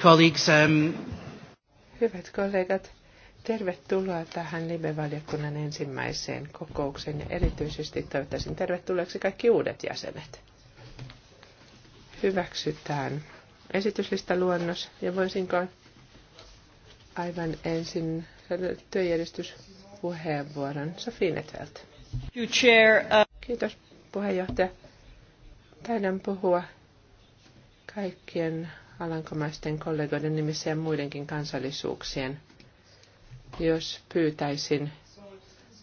colleagues, um... Hyvät kollegat, tervetuloa tähän Libe-valiokunnan ensimmäiseen kokoukseen ja erityisesti toivottaisin tervetulleeksi kaikki uudet jäsenet. Hyväksytään esityslista, luonnos ja voisinko aivan ensin työjärjestyspuheenvuoron Sofie Netveltä. Uh, Kiitos puheenjohtaja. Taidan puhua kaikkien alankomaisten kollegoiden nimissä ja muidenkin kansallisuuksien. Jos pyytäisin,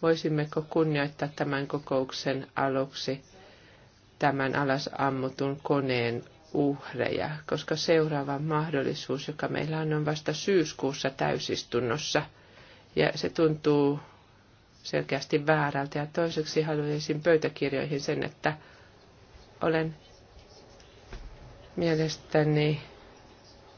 voisimmeko kunnioittaa tämän kokouksen aluksi tämän alas ammutun koneen uhreja, koska seuraava mahdollisuus, joka meillä on, on vasta syyskuussa täysistunnossa. Ja se tuntuu selkeästi väärältä. Ja toiseksi haluaisin pöytäkirjoihin sen, että olen mielestäni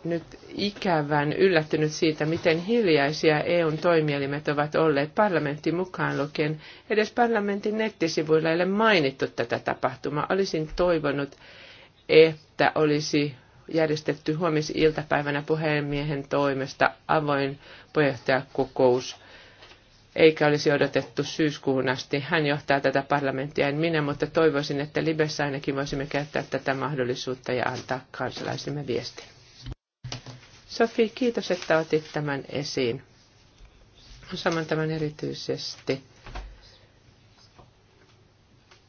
nyt ikävän yllättynyt siitä, miten hiljaisia EUn toimielimet ovat olleet parlamentti mukaan lukien. Edes parlamentin nettisivuilla ei ole mainittu tätä tapahtumaa. Olisin toivonut, että olisi järjestetty huomisiltapäivänä puhemiehen toimesta avoin puheenjohtajakokous, eikä olisi odotettu syyskuun asti. Hän johtaa tätä parlamenttia, en minä, mutta toivoisin, että Libessä ainakin voisimme käyttää tätä mahdollisuutta ja antaa kansalaisimme viestin. Sofi, kiitos, että otit tämän esiin. Saman tämän erityisesti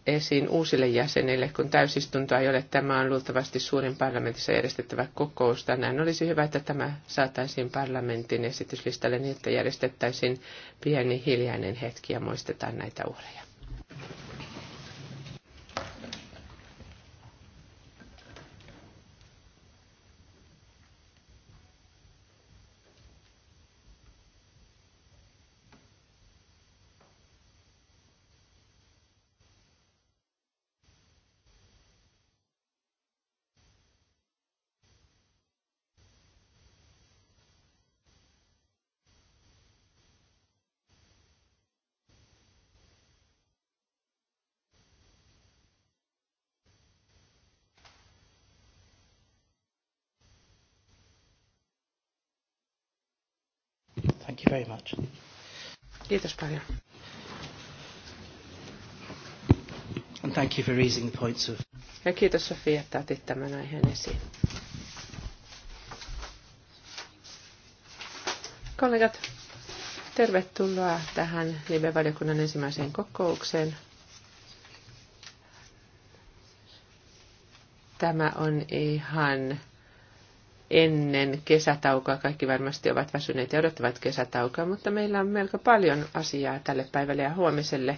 esiin uusille jäsenille, kun täysistunto ei ole. Tämä on luultavasti suurin parlamentissa järjestettävä kokous tänään. Olisi hyvä, että tämä saataisiin parlamentin esityslistalle niin, että järjestettäisiin pieni hiljainen hetki ja muistetaan näitä uhreja. And Thank you for raising the points of... Ja kiitos Sofia, että otit tämän aiheen esiin. Kollegat, tervetuloa tähän live-valiokunnan ensimmäiseen kokoukseen. Tämä on ihan ennen kesätaukoa. Kaikki varmasti ovat väsyneet ja odottavat kesätaukoa, mutta meillä on melko paljon asiaa tälle päivälle ja huomiselle.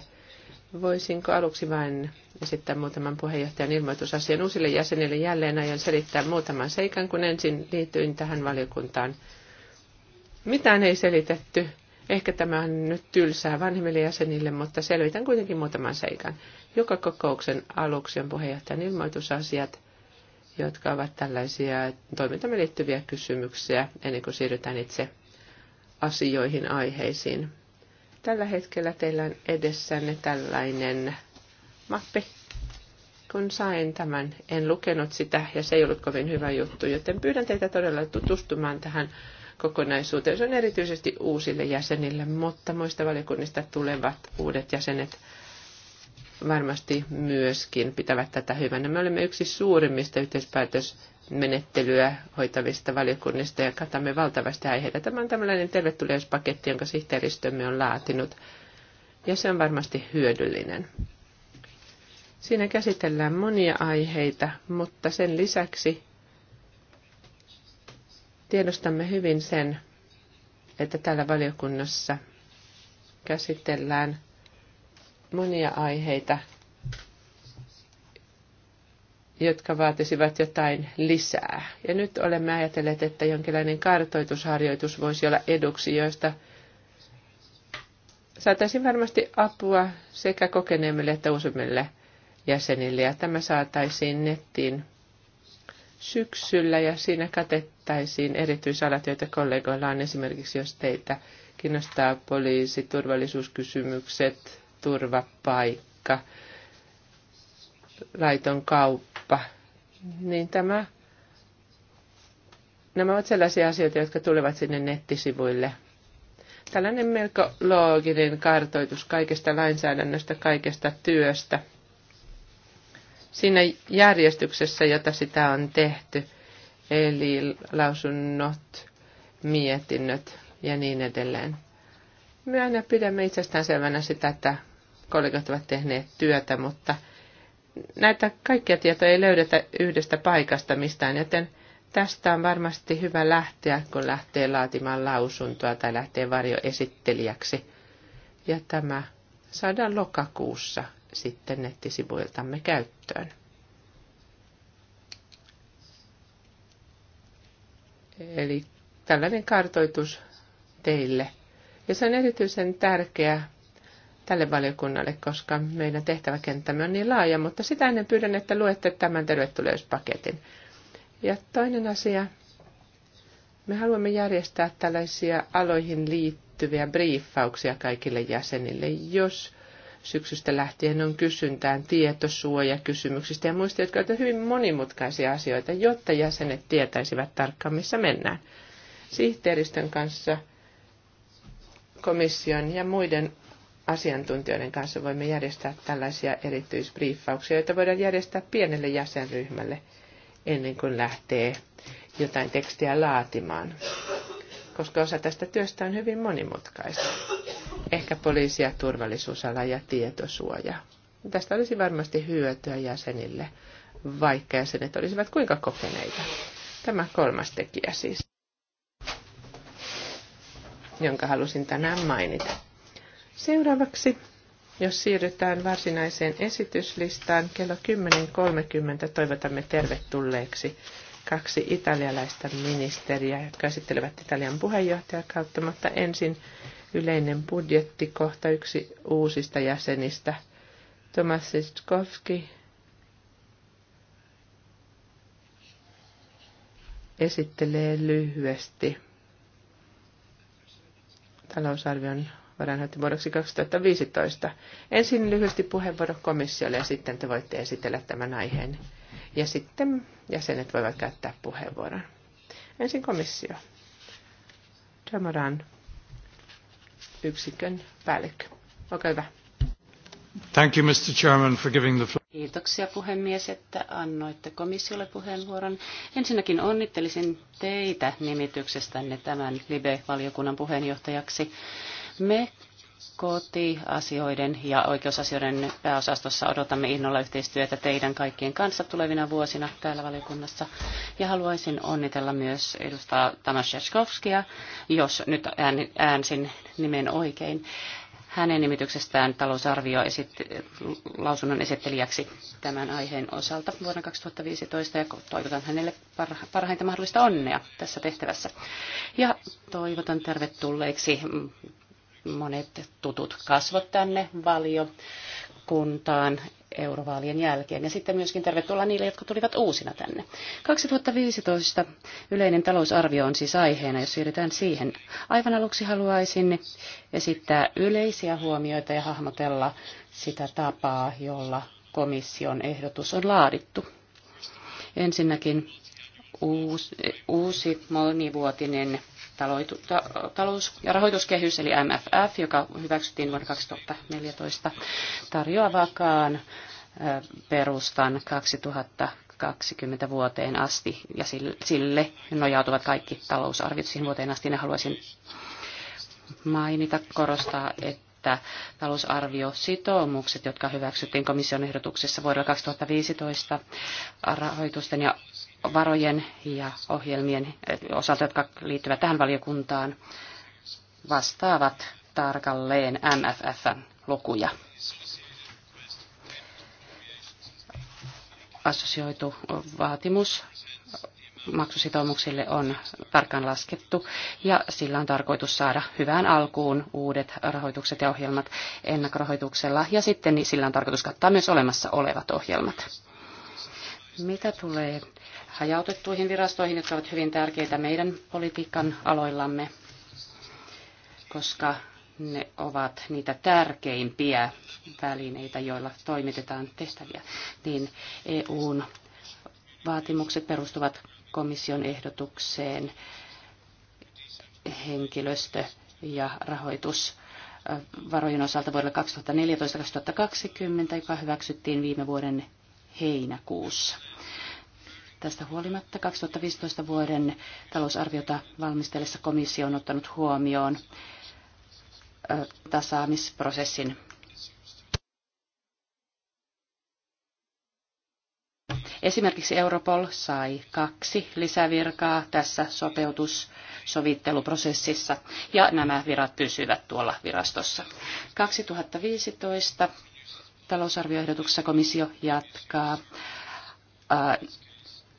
Voisinko aluksi vain esittää muutaman puheenjohtajan ilmoitusasian uusille jäsenille jälleen ajan selittää muutaman seikan, kun ensin liityin tähän valiokuntaan. Mitään ei selitetty. Ehkä tämä on nyt tylsää vanhemmille jäsenille, mutta selvitän kuitenkin muutaman seikan. Joka kokouksen aluksi on puheenjohtajan ilmoitusasiat jotka ovat tällaisia toimintamme liittyviä kysymyksiä, ennen kuin siirrytään itse asioihin, aiheisiin. Tällä hetkellä teillä on edessänne tällainen mappi. Kun sain tämän, en lukenut sitä ja se ei ollut kovin hyvä juttu, joten pyydän teitä todella tutustumaan tähän kokonaisuuteen. Se on erityisesti uusille jäsenille, mutta muista valiokunnista tulevat uudet jäsenet varmasti myöskin pitävät tätä hyvänä. Me olemme yksi suurimmista yhteispäätösmenettelyä hoitavista valiokunnista ja katamme valtavasti aiheita. Tämä on tämmöinen tervetulijaispaketti, jonka sihteeristömme on laatinut, ja se on varmasti hyödyllinen. Siinä käsitellään monia aiheita, mutta sen lisäksi tiedostamme hyvin sen, että täällä valiokunnassa käsitellään – monia aiheita, jotka vaatisivat jotain lisää. Ja nyt olemme ajatelleet, että jonkinlainen kartoitusharjoitus voisi olla eduksi, joista saataisiin varmasti apua sekä kokeneemmille että uusimmille jäsenille. Ja tämä saataisiin nettiin syksyllä ja siinä katettaisiin erityisalat, joita kollegoilla on esimerkiksi, jos teitä kiinnostaa poliisi, turvallisuuskysymykset, turvapaikka, laiton kauppa, niin tämä, nämä ovat sellaisia asioita, jotka tulevat sinne nettisivuille. Tällainen melko looginen kartoitus kaikesta lainsäädännöstä, kaikesta työstä. Siinä järjestyksessä, jota sitä on tehty, eli lausunnot, mietinnöt ja niin edelleen. Me aina pidämme itsestään selvänä sitä, että kollegat ovat tehneet työtä, mutta näitä kaikkia tietoja ei löydetä yhdestä paikasta mistään, joten tästä on varmasti hyvä lähteä, kun lähtee laatimaan lausuntoa tai lähtee varjoesittelijäksi. Ja tämä saadaan lokakuussa sitten nettisivuiltamme käyttöön. Eli tällainen kartoitus teille. Ja se on erityisen tärkeä tälle valiokunnalle, koska meidän tehtäväkenttämme on niin laaja, mutta sitä ennen pyydän, että luette tämän tervetuleuspaketin. Ja toinen asia, me haluamme järjestää tällaisia aloihin liittyviä briefauksia kaikille jäsenille, jos syksystä lähtien on kysyntään tietosuojakysymyksistä ja muista, jotka ovat hyvin monimutkaisia asioita, jotta jäsenet tietäisivät tarkkaan, missä mennään. Sihteeristön kanssa komission ja muiden asiantuntijoiden kanssa voimme järjestää tällaisia erityisbriefauksia, joita voidaan järjestää pienelle jäsenryhmälle ennen kuin lähtee jotain tekstiä laatimaan, koska osa tästä työstä on hyvin monimutkaista. Ehkä poliisi- ja turvallisuusala ja tietosuoja. Tästä olisi varmasti hyötyä jäsenille, vaikka jäsenet olisivat kuinka kokeneita. Tämä kolmas tekijä siis, jonka halusin tänään mainita. Seuraavaksi, jos siirrytään varsinaiseen esityslistaan, kello 10.30 toivotamme tervetulleeksi kaksi italialaista ministeriä, jotka esittelevät Italian puheenjohtajakautta, mutta ensin yleinen budjetti, kohta yksi uusista jäsenistä, Tomas Sitkowski, esittelee lyhyesti talousarvion varainhoitovuodoksi 2015. Ensin lyhyesti puheenvuoro komissiolle ja sitten te voitte esitellä tämän aiheen. Ja sitten jäsenet voivat käyttää puheenvuoron. Ensin komissio. Damaran yksikön päällikkö. Olkaa hyvä. Thank you, Mr. Chairman, for giving the floor. Kiitoksia puhemies, että annoitte komissiolle puheenvuoron. Ensinnäkin onnittelisin teitä nimityksestänne tämän LIBE-valiokunnan puheenjohtajaksi. Me kotiasioiden ja oikeusasioiden pääosastossa odotamme innolla yhteistyötä teidän kaikkien kanssa tulevina vuosina täällä valiokunnassa. Ja haluaisin onnitella myös edustaa Tamas jos nyt äänsin nimen oikein, hänen nimityksestään talousarvio esitt- lausunnon esittelijäksi tämän aiheen osalta vuonna 2015 ja toivotan hänelle parha, parhainta mahdollista onnea tässä tehtävässä. Ja toivotan tervetulleeksi monet tutut kasvot tänne valiokuntaan eurovaalien jälkeen. Ja sitten myöskin tervetuloa niille, jotka tulivat uusina tänne. 2015 yleinen talousarvio on siis aiheena, jos siirrytään siihen. Aivan aluksi haluaisin esittää yleisiä huomioita ja hahmotella sitä tapaa, jolla komission ehdotus on laadittu. Ensinnäkin uusi, uusi monivuotinen talous- ja rahoituskehys eli MFF, joka hyväksyttiin vuonna 2014, tarjoaa vakaan perustan 2020 vuoteen asti ja sille nojautuvat kaikki talousarviot siihen vuoteen asti. Ja haluaisin mainita, korostaa, että talousarviositoumukset, jotka hyväksyttiin komission ehdotuksessa vuodelle 2015 rahoitusten ja varojen ja ohjelmien eh, osalta, jotka liittyvät tähän valiokuntaan, vastaavat tarkalleen MFFn lukuja. Assosioitu vaatimus maksusitoumuksille on tarkkaan laskettu ja sillä on tarkoitus saada hyvään alkuun uudet rahoitukset ja ohjelmat ennakkorahoituksella ja sitten sillä on tarkoitus kattaa myös olemassa olevat ohjelmat. Mitä tulee hajautettuihin virastoihin, jotka ovat hyvin tärkeitä meidän politiikan aloillamme, koska ne ovat niitä tärkeimpiä välineitä, joilla toimitetaan tehtäviä, niin EUn vaatimukset perustuvat komission ehdotukseen henkilöstö- ja rahoitusvarojen osalta vuodelle 2014-2020, joka hyväksyttiin viime vuoden heinäkuussa. Tästä huolimatta 2015 vuoden talousarviota valmistellessa komissio on ottanut huomioon tasaamisprosessin Esimerkiksi Europol sai kaksi lisävirkaa tässä sopeutussovitteluprosessissa ja nämä virat pysyvät tuolla virastossa. 2015 talousarvioehdotuksessa komissio jatkaa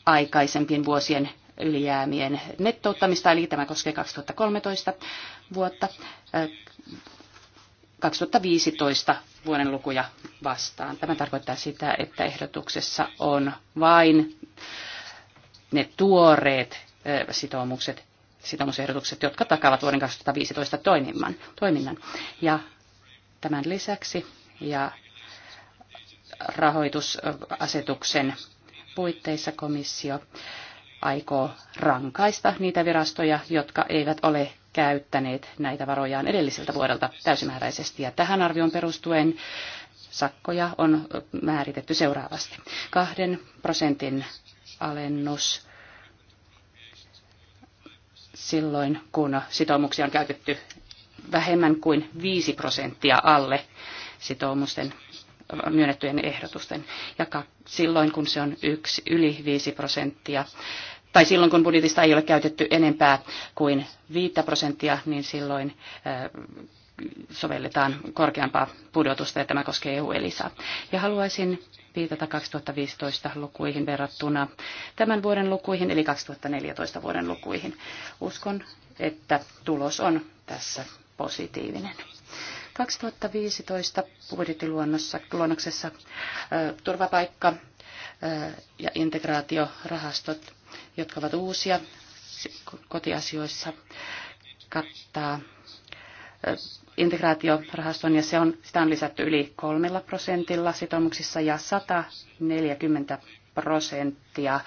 aikaisempien vuosien ylijäämien nettouttamista, eli tämä koskee 2013 vuotta. 2015 äh, vuoden lukuja vastaan. Tämä tarkoittaa sitä, että ehdotuksessa on vain ne tuoreet äh, sitoumukset, sitoumusehdotukset, jotka takavat vuoden 2015 toiminnan. toiminnan. Ja tämän lisäksi ja rahoitusasetuksen puitteissa komissio aikoo rankaista niitä virastoja, jotka eivät ole käyttäneet näitä varojaan edelliseltä vuodelta täysimääräisesti. Ja tähän arvioon perustuen sakkoja on määritetty seuraavasti. Kahden prosentin alennus silloin, kun sitoumuksia on käytetty vähemmän kuin 5 prosenttia alle sitoumusten myönnettyjen ehdotusten. Ja silloin, kun se on yksi, yli 5 prosenttia, tai silloin, kun budjetista ei ole käytetty enempää kuin 5 prosenttia, niin silloin äh, sovelletaan korkeampaa pudotusta, ja tämä koskee EU-elisaa. Ja haluaisin viitata 2015 lukuihin verrattuna tämän vuoden lukuihin, eli 2014 vuoden lukuihin. Uskon, että tulos on tässä positiivinen. 2015 budjettiluonnoksessa turvapaikka ja integraatiorahastot, jotka ovat uusia kotiasioissa, kattaa integraatiorahaston ja se on, sitä on lisätty yli kolmella prosentilla sitoumuksissa ja 140 prosenttia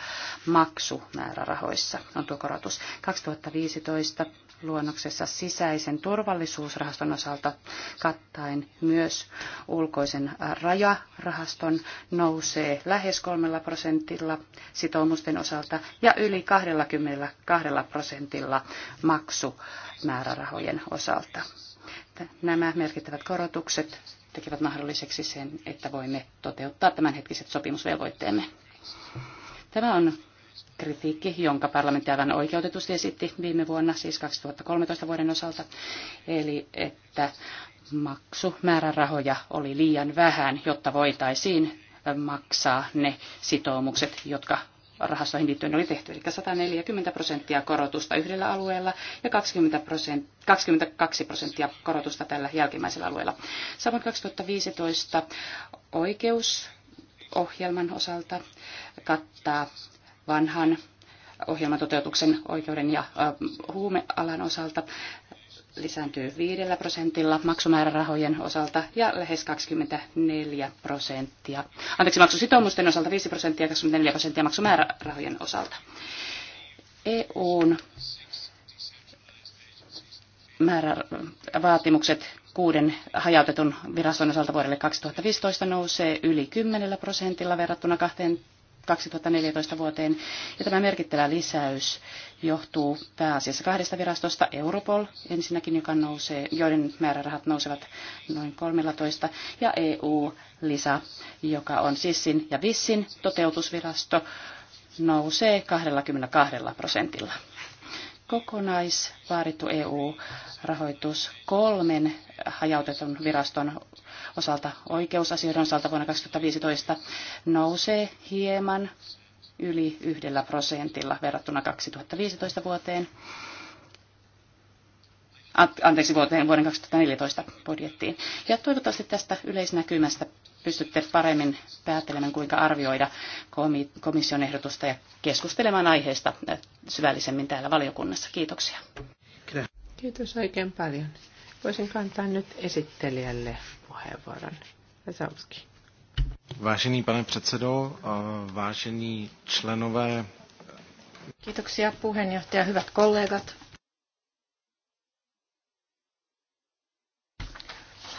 maksumäärärahoissa on tuo korotus. 2015 luonnoksessa sisäisen turvallisuusrahaston osalta kattaen myös ulkoisen rajarahaston nousee lähes kolmella prosentilla sitoumusten osalta ja yli 22 prosentilla maksumäärärahojen osalta. Nämä merkittävät korotukset tekevät mahdolliseksi sen, että voimme toteuttaa tämänhetkiset sopimusvelvoitteemme. Tämä on kritiikki, jonka parlamentti aivan oikeutetusti esitti viime vuonna, siis 2013 vuoden osalta, eli että maksumäärärahoja oli liian vähän, jotta voitaisiin maksaa ne sitoumukset, jotka rahastoihin liittyen oli tehty, eli 140 prosenttia korotusta yhdellä alueella ja 20 prosent, 22 prosenttia korotusta tällä jälkimmäisellä alueella. Samoin 2015 oikeus ohjelman osalta kattaa vanhan ohjelmatoteutuksen oikeuden ja huumealan osalta lisääntyy 5 prosentilla maksumäärärahojen osalta ja lähes 24 prosenttia. Anteeksi, maksusitoumusten osalta 5 prosenttia ja 24 prosenttia maksumäärärahojen osalta. EUn määrä, vaatimukset kuuden hajautetun viraston osalta vuodelle 2015 nousee yli 10 prosentilla verrattuna 2014 vuoteen. Ja tämä merkittävä lisäys johtuu pääasiassa kahdesta virastosta, Europol ensinnäkin, joka nousee, joiden määrärahat nousevat noin 13, ja EU-lisa, joka on SISSin ja VISSin toteutusvirasto, nousee 22 prosentilla kokonaisvaarittu EU-rahoitus kolmen hajautetun viraston osalta oikeusasioiden osalta vuonna 2015 nousee hieman yli yhdellä prosentilla verrattuna 2015 vuoteen anteeksi, vuoteen, vuoden 2014 budjettiin. Ja toivottavasti tästä yleisnäkymästä pystytte paremmin päättelemään, kuinka arvioida komission ehdotusta ja keskustelemaan aiheesta syvällisemmin täällä valiokunnassa. Kiitoksia. Kiitos oikein paljon. Voisin kantaa nyt esittelijälle puheenvuoron. Zasowski. Vážený pane předsedo, vážení členové. Kiitoksia puheenjohtaja, hyvät kollegat.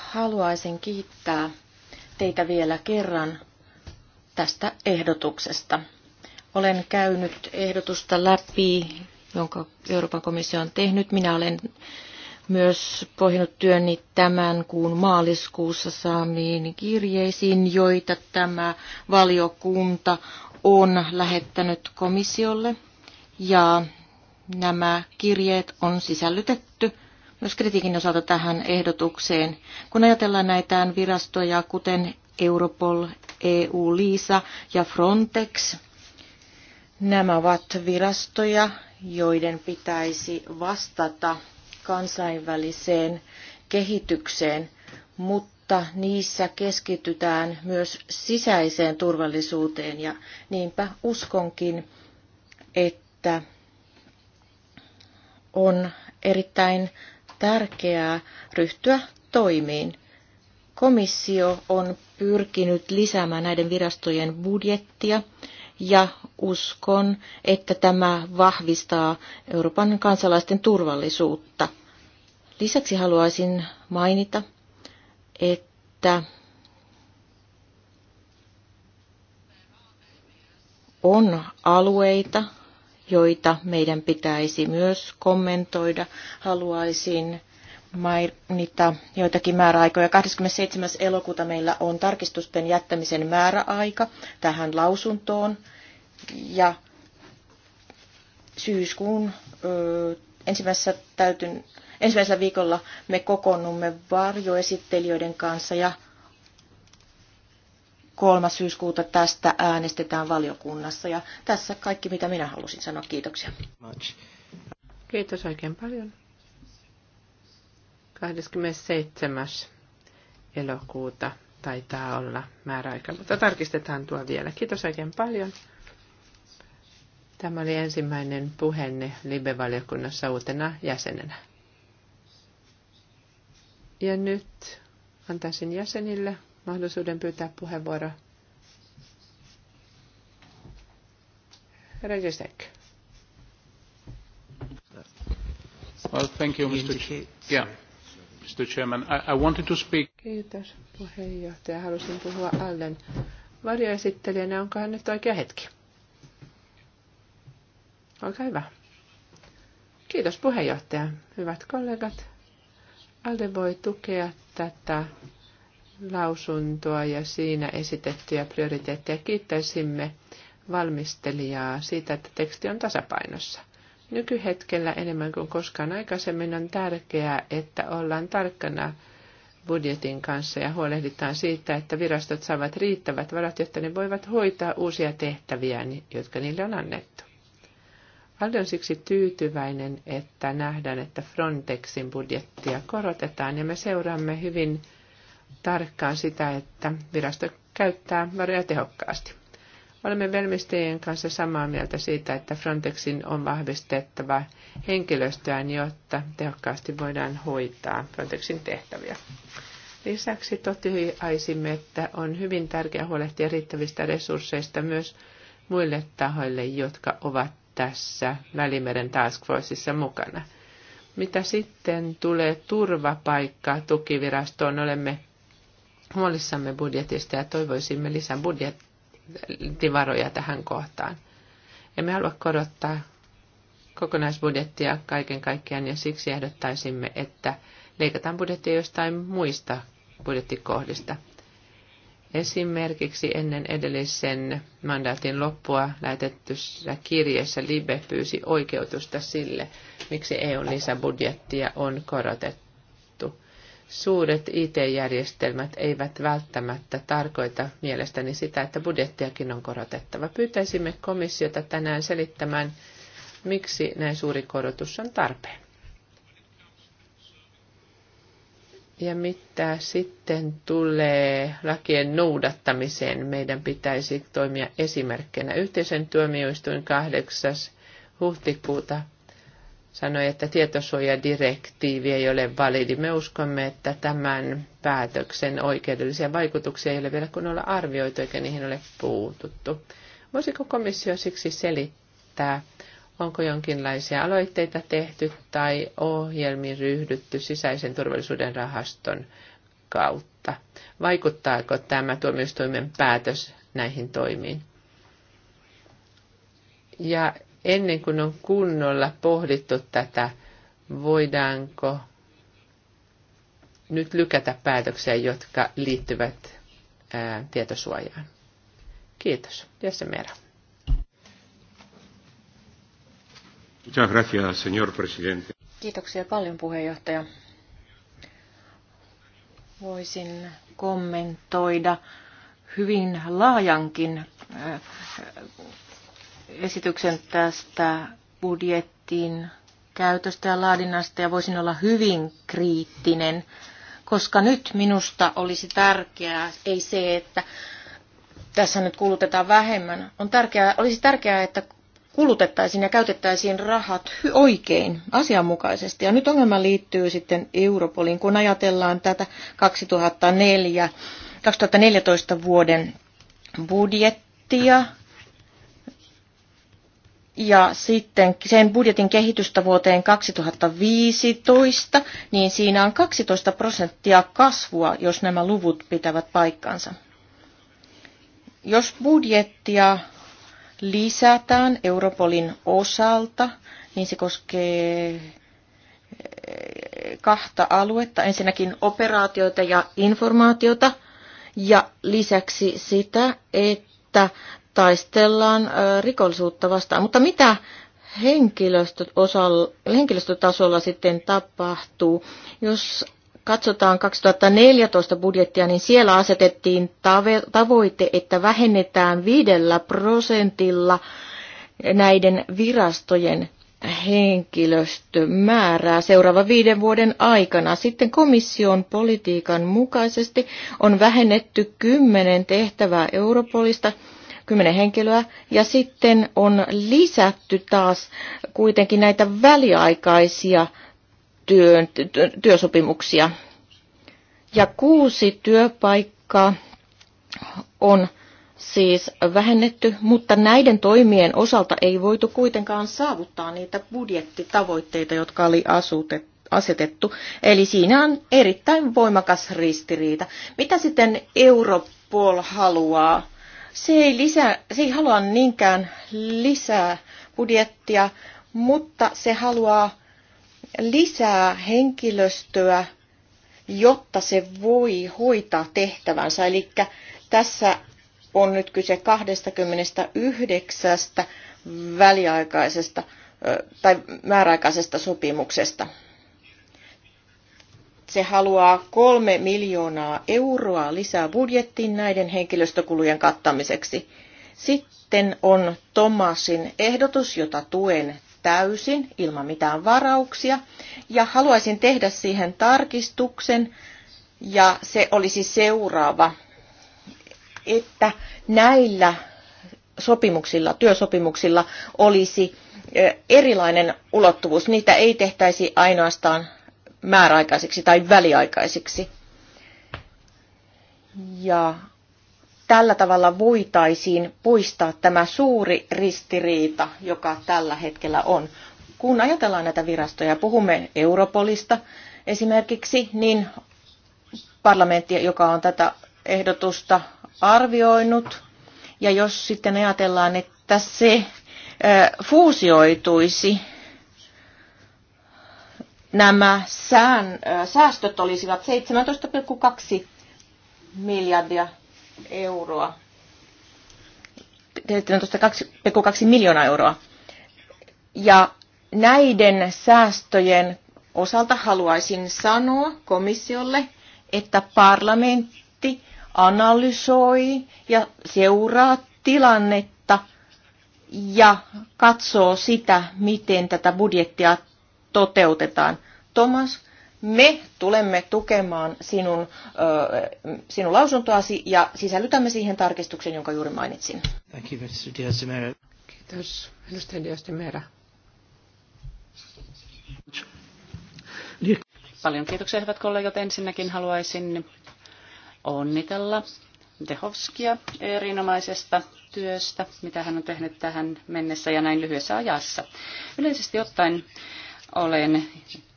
Haluaisin kiittää teitä vielä kerran tästä ehdotuksesta. Olen käynyt ehdotusta läpi, jonka Euroopan komissio on tehnyt. Minä olen myös pohjannut työni tämän kuun maaliskuussa saamiin kirjeisiin, joita tämä valiokunta on lähettänyt komissiolle. Ja nämä kirjeet on sisällytetty myös kritiikin osalta tähän ehdotukseen. Kun ajatellaan näitä virastoja, kuten Europol, EU-LISA ja Frontex, nämä ovat virastoja, joiden pitäisi vastata kansainväliseen kehitykseen, mutta niissä keskitytään myös sisäiseen turvallisuuteen ja niinpä uskonkin, että on erittäin tärkeää ryhtyä toimiin. Komissio on pyrkinyt lisäämään näiden virastojen budjettia ja uskon, että tämä vahvistaa Euroopan kansalaisten turvallisuutta. Lisäksi haluaisin mainita, että on alueita, joita meidän pitäisi myös kommentoida. Haluaisin mainita joitakin määräaikoja. 27. elokuuta meillä on tarkistusten jättämisen määräaika tähän lausuntoon ja syyskuun ö, ensimmäisessä, täytyn, ensimmäisellä viikolla me kokoonnumme varjoesittelijöiden kanssa ja 3. syyskuuta tästä äänestetään valiokunnassa. Ja tässä kaikki, mitä minä halusin sanoa. Kiitoksia. Kiitos oikein paljon. 27. elokuuta taitaa olla määräaika, mutta tarkistetaan tuo vielä. Kiitos oikein paljon. Tämä oli ensimmäinen puheenne Libe-valiokunnassa uutena jäsenenä. Ja nyt antaisin jäsenille mahdollisuuden pyytää puheenvuoro. Rajasek. Well, thank you, Mr. Yeah. Mr. Chairman, I, I wanted to speak. Kiitos puheenjohtaja. Halusin puhua Allen varjoesittelijänä. Onkohan nyt oikea hetki? Olkaa hyvä. Kiitos puheenjohtaja. Hyvät kollegat. Alde voi tukea tätä lausuntoa ja siinä esitettyjä prioriteetteja. Kiittäisimme valmistelijaa siitä, että teksti on tasapainossa. Nykyhetkellä enemmän kuin koskaan aikaisemmin on tärkeää, että ollaan tarkkana budjetin kanssa ja huolehditaan siitä, että virastot saavat riittävät varat, jotta ne voivat hoitaa uusia tehtäviä, jotka niille on annettu. Valli on siksi tyytyväinen, että nähdään, että Frontexin budjettia korotetaan ja me seuraamme hyvin tarkkaan sitä, että virasto käyttää varoja tehokkaasti. Olemme velmistäjien kanssa samaa mieltä siitä, että Frontexin on vahvistettava henkilöstöään, jotta tehokkaasti voidaan hoitaa Frontexin tehtäviä. Lisäksi totiaisimme, että on hyvin tärkeää huolehtia riittävistä resursseista myös muille tahoille, jotka ovat tässä Välimeren Task Forceissa mukana. Mitä sitten tulee turvapaikkaa tukivirastoon, olemme huolissamme budjetista ja toivoisimme lisää budjettivaroja tähän kohtaan. Emme halua korottaa kokonaisbudjettia kaiken kaikkiaan ja siksi ehdottaisimme, että leikataan budjettia jostain muista budjettikohdista. Esimerkiksi ennen edellisen mandaatin loppua lähetettyssä kirjeessä Libe pyysi oikeutusta sille, miksi EUn lisäbudjettia on korotettu suuret IT-järjestelmät eivät välttämättä tarkoita mielestäni sitä, että budjettiakin on korotettava. Pyytäisimme komissiota tänään selittämään, miksi näin suuri korotus on tarpeen. Ja mitä sitten tulee lakien noudattamiseen, meidän pitäisi toimia esimerkkinä. Yhteisen tuomioistuin 8. huhtikuuta sanoi, että tietosuojadirektiivi ei ole validi. Me uskomme, että tämän päätöksen oikeudellisia vaikutuksia ei ole vielä olla arvioitu eikä niihin ole puututtu. Voisiko komissio siksi selittää, onko jonkinlaisia aloitteita tehty tai ohjelmiin ryhdytty sisäisen turvallisuuden rahaston kautta? Vaikuttaako tämä tuomioistuimen päätös näihin toimiin? Ja ennen kuin on kunnolla pohdittu tätä, voidaanko nyt lykätä päätöksiä, jotka liittyvät ää, tietosuojaan. Kiitos. Jesse Mera. Kiitoksia paljon puheenjohtaja. Voisin kommentoida hyvin laajankin esityksen tästä budjettiin käytöstä ja laadinnasta ja voisin olla hyvin kriittinen, koska nyt minusta olisi tärkeää, ei se, että tässä nyt kulutetaan vähemmän, on tärkeää, olisi tärkeää, että kulutettaisiin ja käytettäisiin rahat oikein, asianmukaisesti. Ja nyt ongelma liittyy sitten Europoliin, kun ajatellaan tätä 2004, 2014 vuoden budjettia, ja sitten sen budjetin kehitystä vuoteen 2015, niin siinä on 12 prosenttia kasvua, jos nämä luvut pitävät paikkansa. Jos budjettia lisätään Europolin osalta, niin se koskee eh, kahta aluetta. Ensinnäkin operaatioita ja informaatiota ja lisäksi sitä, että taistellaan rikollisuutta vastaan. Mutta mitä henkilöstötasolla sitten tapahtuu? Jos katsotaan 2014 budjettia, niin siellä asetettiin tavoite, että vähennetään viidellä prosentilla näiden virastojen henkilöstömäärää seuraava viiden vuoden aikana. Sitten komission politiikan mukaisesti on vähennetty kymmenen tehtävää Europolista kymmenen henkilöä. Ja sitten on lisätty taas kuitenkin näitä väliaikaisia työn, työsopimuksia. Ja kuusi työpaikkaa on siis vähennetty, mutta näiden toimien osalta ei voitu kuitenkaan saavuttaa niitä budjettitavoitteita, jotka oli asutettu asetettu. Eli siinä on erittäin voimakas ristiriita. Mitä sitten Europol haluaa se ei, lisää, se ei halua niinkään lisää budjettia, mutta se haluaa lisää henkilöstöä, jotta se voi hoitaa tehtävänsä. Eli tässä on nyt kyse 29 väliaikaisesta tai määräaikaisesta sopimuksesta. Se haluaa kolme miljoonaa euroa lisää budjettiin näiden henkilöstökulujen kattamiseksi. Sitten on Tomasin ehdotus, jota tuen täysin ilman mitään varauksia. Ja haluaisin tehdä siihen tarkistuksen, ja se olisi seuraava, että näillä sopimuksilla, työsopimuksilla olisi erilainen ulottuvuus. Niitä ei tehtäisi ainoastaan määräaikaisiksi tai väliaikaisiksi. Ja tällä tavalla voitaisiin poistaa tämä suuri ristiriita, joka tällä hetkellä on. Kun ajatellaan näitä virastoja, puhumme Europolista esimerkiksi, niin parlamentti, joka on tätä ehdotusta arvioinut, ja jos sitten ajatellaan, että se fuusioituisi nämä sään, säästöt olisivat 17,2 miljardia euroa. 17,2 miljoonaa euroa. Ja näiden säästöjen osalta haluaisin sanoa komissiolle, että parlamentti analysoi ja seuraa tilannetta ja katsoo sitä, miten tätä budjettia toteutetaan. Thomas, me tulemme tukemaan sinun, ö, sinun lausuntoasi ja sisällytämme siihen tarkistuksen, jonka juuri mainitsin. Thank you, Mr. Kiitos, edustaja Diaz Paljon kiitoksia, hyvät kollegat. Ensinnäkin haluaisin onnitella Dehovskia erinomaisesta työstä, mitä hän on tehnyt tähän mennessä ja näin lyhyessä ajassa. Yleisesti ottaen olen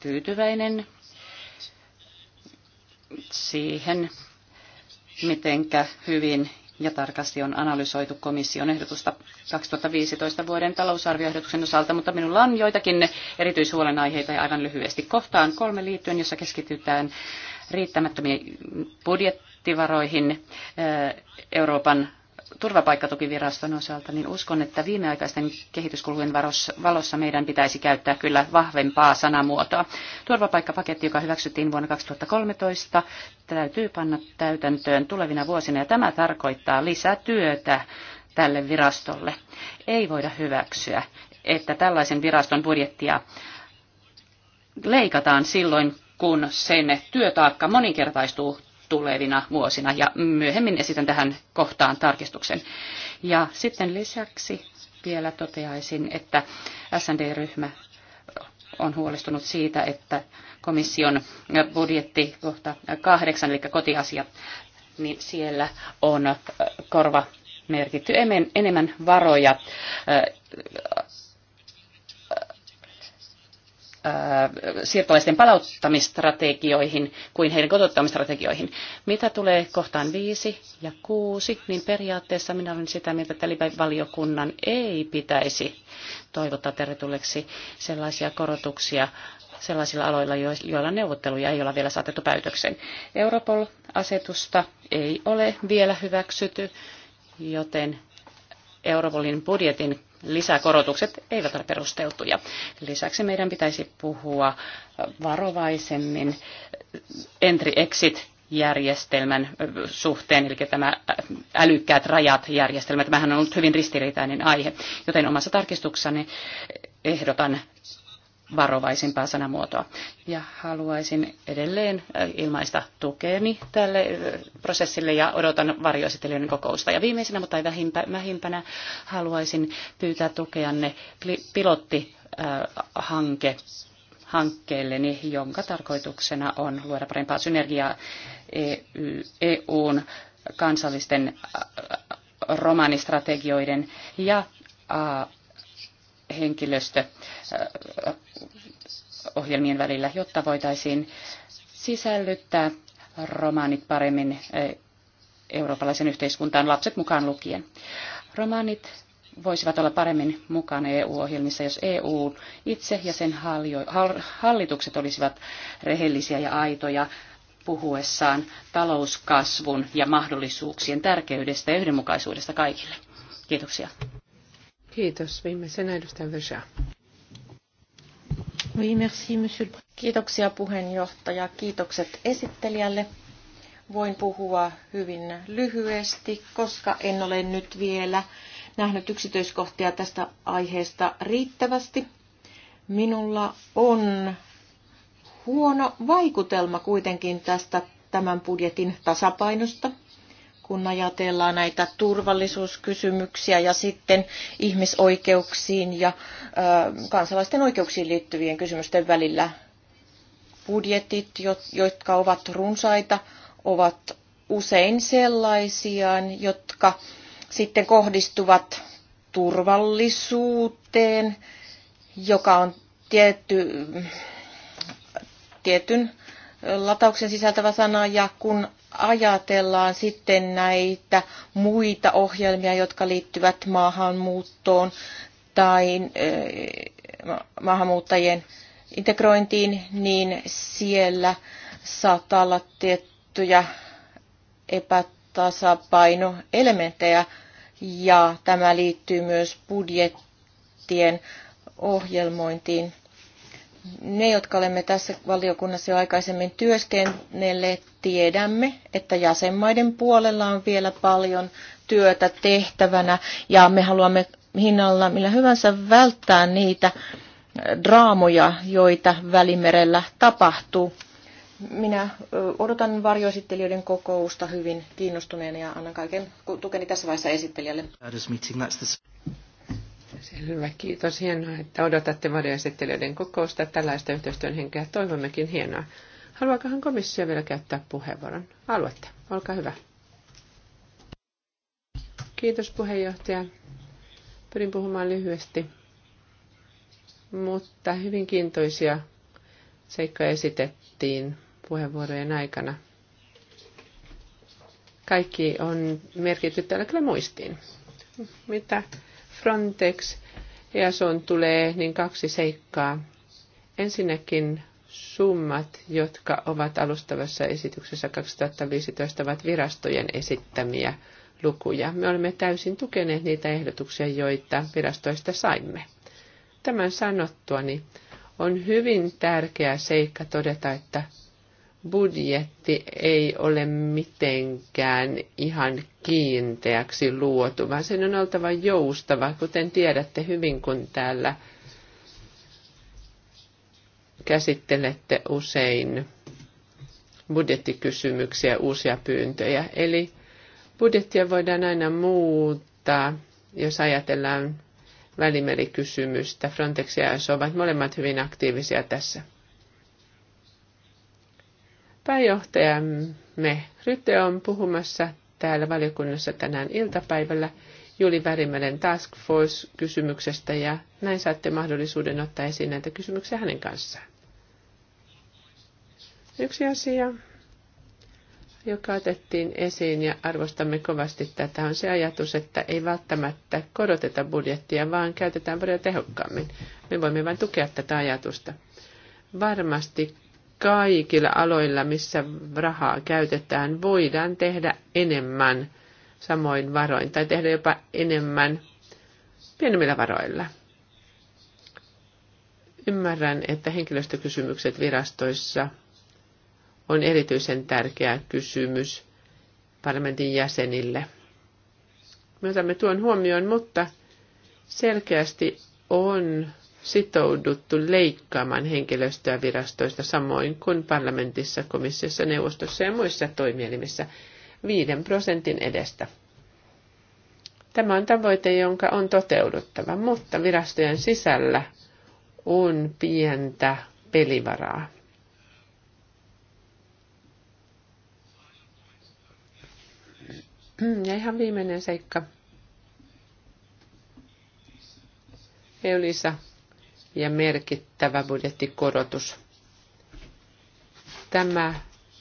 tyytyväinen siihen, mitenkä hyvin ja tarkasti on analysoitu komission ehdotusta 2015 vuoden talousarvioehdotuksen osalta, mutta minulla on joitakin erityishuolenaiheita ja aivan lyhyesti. Kohtaan kolme liittyen, jossa keskitytään riittämättömiin budjettivaroihin eh, Euroopan turvapaikkatukiviraston osalta, niin uskon, että viimeaikaisten kehityskulujen valossa meidän pitäisi käyttää kyllä vahvempaa sanamuotoa. Turvapaikkapaketti, joka hyväksyttiin vuonna 2013, täytyy panna täytäntöön tulevina vuosina, ja tämä tarkoittaa lisätyötä tälle virastolle. Ei voida hyväksyä, että tällaisen viraston budjettia leikataan silloin, kun sen työtaakka moninkertaistuu tulevina vuosina ja myöhemmin esitän tähän kohtaan tarkistuksen. Ja sitten lisäksi vielä toteaisin, että SND-ryhmä on huolestunut siitä, että komission budjetti kohta kahdeksan, eli kotiasiat, niin siellä on korva merkitty enemmän varoja Äh, siirtolaisten palauttamistrategioihin kuin heidän kotouttamistrategioihin. Mitä tulee kohtaan viisi ja kuusi, niin periaatteessa minä olen sitä mieltä, että valiokunnan ei pitäisi toivottaa tervetulleeksi sellaisia korotuksia sellaisilla aloilla, joilla neuvotteluja ei ole vielä saatettu päätökseen. Europol-asetusta ei ole vielä hyväksytty, joten Europolin budjetin lisäkorotukset eivät ole perusteltuja. Lisäksi meidän pitäisi puhua varovaisemmin entry-exit järjestelmän suhteen, eli tämä älykkäät rajat järjestelmä. Tämähän on ollut hyvin ristiriitainen aihe, joten omassa tarkistuksessani ehdotan varovaisimpaa sanamuotoa. Ja haluaisin edelleen äh, ilmaista tukeni tälle äh, prosessille ja odotan varjoesittelijöiden kokousta. Ja viimeisenä, mutta ei vähimpänä, haluaisin pyytää tukeanne pilottihanke äh, hankkeelleni, jonka tarkoituksena on luoda parempaa synergiaa EUn e kansallisten romanistrategioiden ja henkilöstö äh, ohjelmien välillä, jotta voitaisiin sisällyttää romaanit paremmin äh, eurooppalaisen yhteiskuntaan, lapset mukaan lukien. Romaanit voisivat olla paremmin mukana EU-ohjelmissa, jos EU itse ja sen hallitukset olisivat rehellisiä ja aitoja puhuessaan talouskasvun ja mahdollisuuksien tärkeydestä ja yhdenmukaisuudesta kaikille. Kiitoksia. Kiitos. Viimeisenä edustaja Vesha. Kiitoksia puheenjohtaja. Kiitokset esittelijälle. Voin puhua hyvin lyhyesti, koska en ole nyt vielä nähnyt yksityiskohtia tästä aiheesta riittävästi. Minulla on huono vaikutelma kuitenkin tästä tämän budjetin tasapainosta kun ajatellaan näitä turvallisuuskysymyksiä ja sitten ihmisoikeuksiin ja kansalaisten oikeuksiin liittyvien kysymysten välillä. Budjetit, jotka ovat runsaita, ovat usein sellaisiaan, jotka sitten kohdistuvat turvallisuuteen, joka on tietty, tietyn latauksen sisältävä sana, ja kun ajatellaan sitten näitä muita ohjelmia, jotka liittyvät maahanmuuttoon tai eh, maahanmuuttajien integrointiin, niin siellä saattaa olla tiettyjä epätasapainoelementtejä ja tämä liittyy myös budjettien ohjelmointiin. Ne, jotka olemme tässä valiokunnassa jo aikaisemmin työskennelleet, tiedämme, että jäsenmaiden puolella on vielä paljon työtä tehtävänä ja me haluamme hinnalla millä hyvänsä välttää niitä draamoja, joita Välimerellä tapahtuu. Minä odotan varjoesittelijöiden kokousta hyvin kiinnostuneena ja annan kaiken tukeni tässä vaiheessa esittelijälle. Selvä, kiitos. Hienoa, että odotatte varjoesittelijöiden kokousta. Tällaista yhteistyön henkeä toivommekin hienoa. Haluakohan komissio vielä käyttää puheenvuoron? Haluatte. Olkaa hyvä. Kiitos puheenjohtaja. Pyrin puhumaan lyhyesti, mutta hyvin kiintoisia seikkoja esitettiin puheenvuorojen aikana. Kaikki on merkitty täällä kyllä muistiin. Mitä Frontex ja sun tulee niin kaksi seikkaa. Ensinnäkin summat, jotka ovat alustavassa esityksessä 2015, ovat virastojen esittämiä lukuja. Me olemme täysin tukeneet niitä ehdotuksia, joita virastoista saimme. Tämän sanottuani on hyvin tärkeä seikka todeta, että budjetti ei ole mitenkään ihan kiinteäksi luotu, vaan sen on oltava joustava, kuten tiedätte hyvin, kun täällä käsittelette usein budjettikysymyksiä, uusia pyyntöjä. Eli budjettia voidaan aina muuttaa, jos ajatellaan välimerikysymystä. Frontex ja ESO ovat molemmat hyvin aktiivisia tässä. Pääjohtajamme Rytte on puhumassa täällä valiokunnassa tänään iltapäivällä Juli Värimälen Task Force-kysymyksestä ja näin saatte mahdollisuuden ottaa esiin näitä kysymyksiä hänen kanssaan. Yksi asia, joka otettiin esiin ja arvostamme kovasti tätä, on se ajatus, että ei välttämättä koroteta budjettia, vaan käytetään paljon tehokkaammin. Me voimme vain tukea tätä ajatusta. Varmasti kaikilla aloilla, missä rahaa käytetään, voidaan tehdä enemmän samoin varoin tai tehdä jopa enemmän pienemmillä varoilla. Ymmärrän, että henkilöstökysymykset virastoissa on erityisen tärkeä kysymys parlamentin jäsenille. Me otamme tuon huomioon, mutta selkeästi on sitouduttu leikkaamaan henkilöstöä virastoista samoin kuin parlamentissa, komissiossa, neuvostossa ja muissa toimielimissä viiden prosentin edestä. Tämä on tavoite, jonka on toteuduttava, mutta virastojen sisällä on pientä pelivaraa. Ja ihan viimeinen seikka. Eulisa ja merkittävä budjettikorotus. Tämä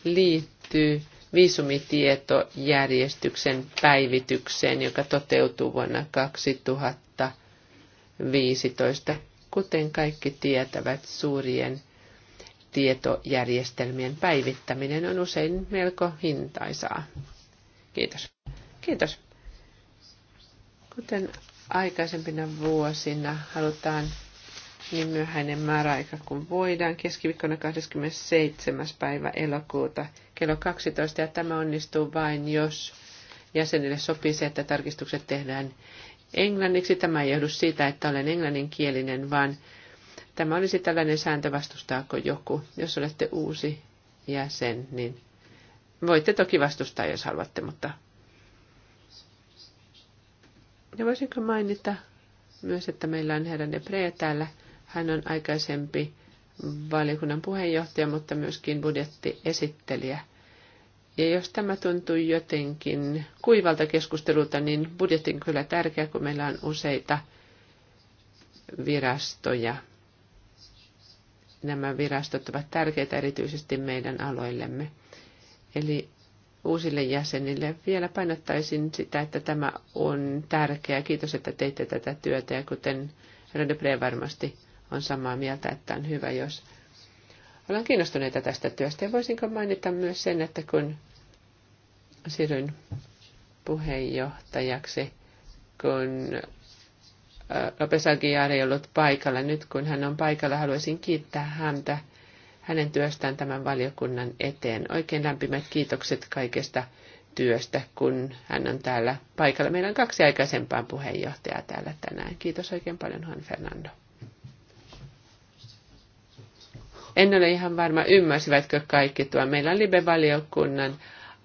liittyy viisumitietojärjestyksen päivitykseen, joka toteutuu vuonna 2015. Kuten kaikki tietävät, suurien tietojärjestelmien päivittäminen on usein melko hintaisaa. Kiitos. Kiitos. Kuten aikaisempina vuosina halutaan niin myöhäinen määräaika kuin voidaan, keskiviikkona 27. päivä elokuuta kello 12, ja tämä onnistuu vain, jos jäsenille sopii se, että tarkistukset tehdään englanniksi. Tämä ei johdu siitä, että olen englanninkielinen, vaan tämä olisi tällainen sääntö, vastustaako joku. Jos olette uusi jäsen, niin voitte toki vastustaa, jos haluatte, mutta... Ja voisinko mainita myös, että meillä on herranne Debre täällä – hän on aikaisempi valiokunnan puheenjohtaja, mutta myöskin budjettiesittelijä. Ja jos tämä tuntuu jotenkin kuivalta keskustelulta, niin budjetti on kyllä tärkeä, kun meillä on useita virastoja. Nämä virastot ovat tärkeitä erityisesti meidän aloillemme. Eli uusille jäsenille vielä painottaisin sitä, että tämä on tärkeää. Kiitos, että teitte tätä työtä ja kuten Rade varmasti on samaa mieltä, että on hyvä, jos ollaan kiinnostuneita tästä työstä. Ja voisinko mainita myös sen, että kun siirryn puheenjohtajaksi, kun Lopes Aguiar ei ollut paikalla. Nyt kun hän on paikalla, haluaisin kiittää häntä hänen työstään tämän valiokunnan eteen. Oikein lämpimät kiitokset kaikesta työstä, kun hän on täällä paikalla. Meillä on kaksi aikaisempaa puheenjohtajaa täällä tänään. Kiitos oikein paljon, Juan Fernando. En ole ihan varma, ymmärsivätkö kaikki tuo. Meillä on Libe-valiokunnan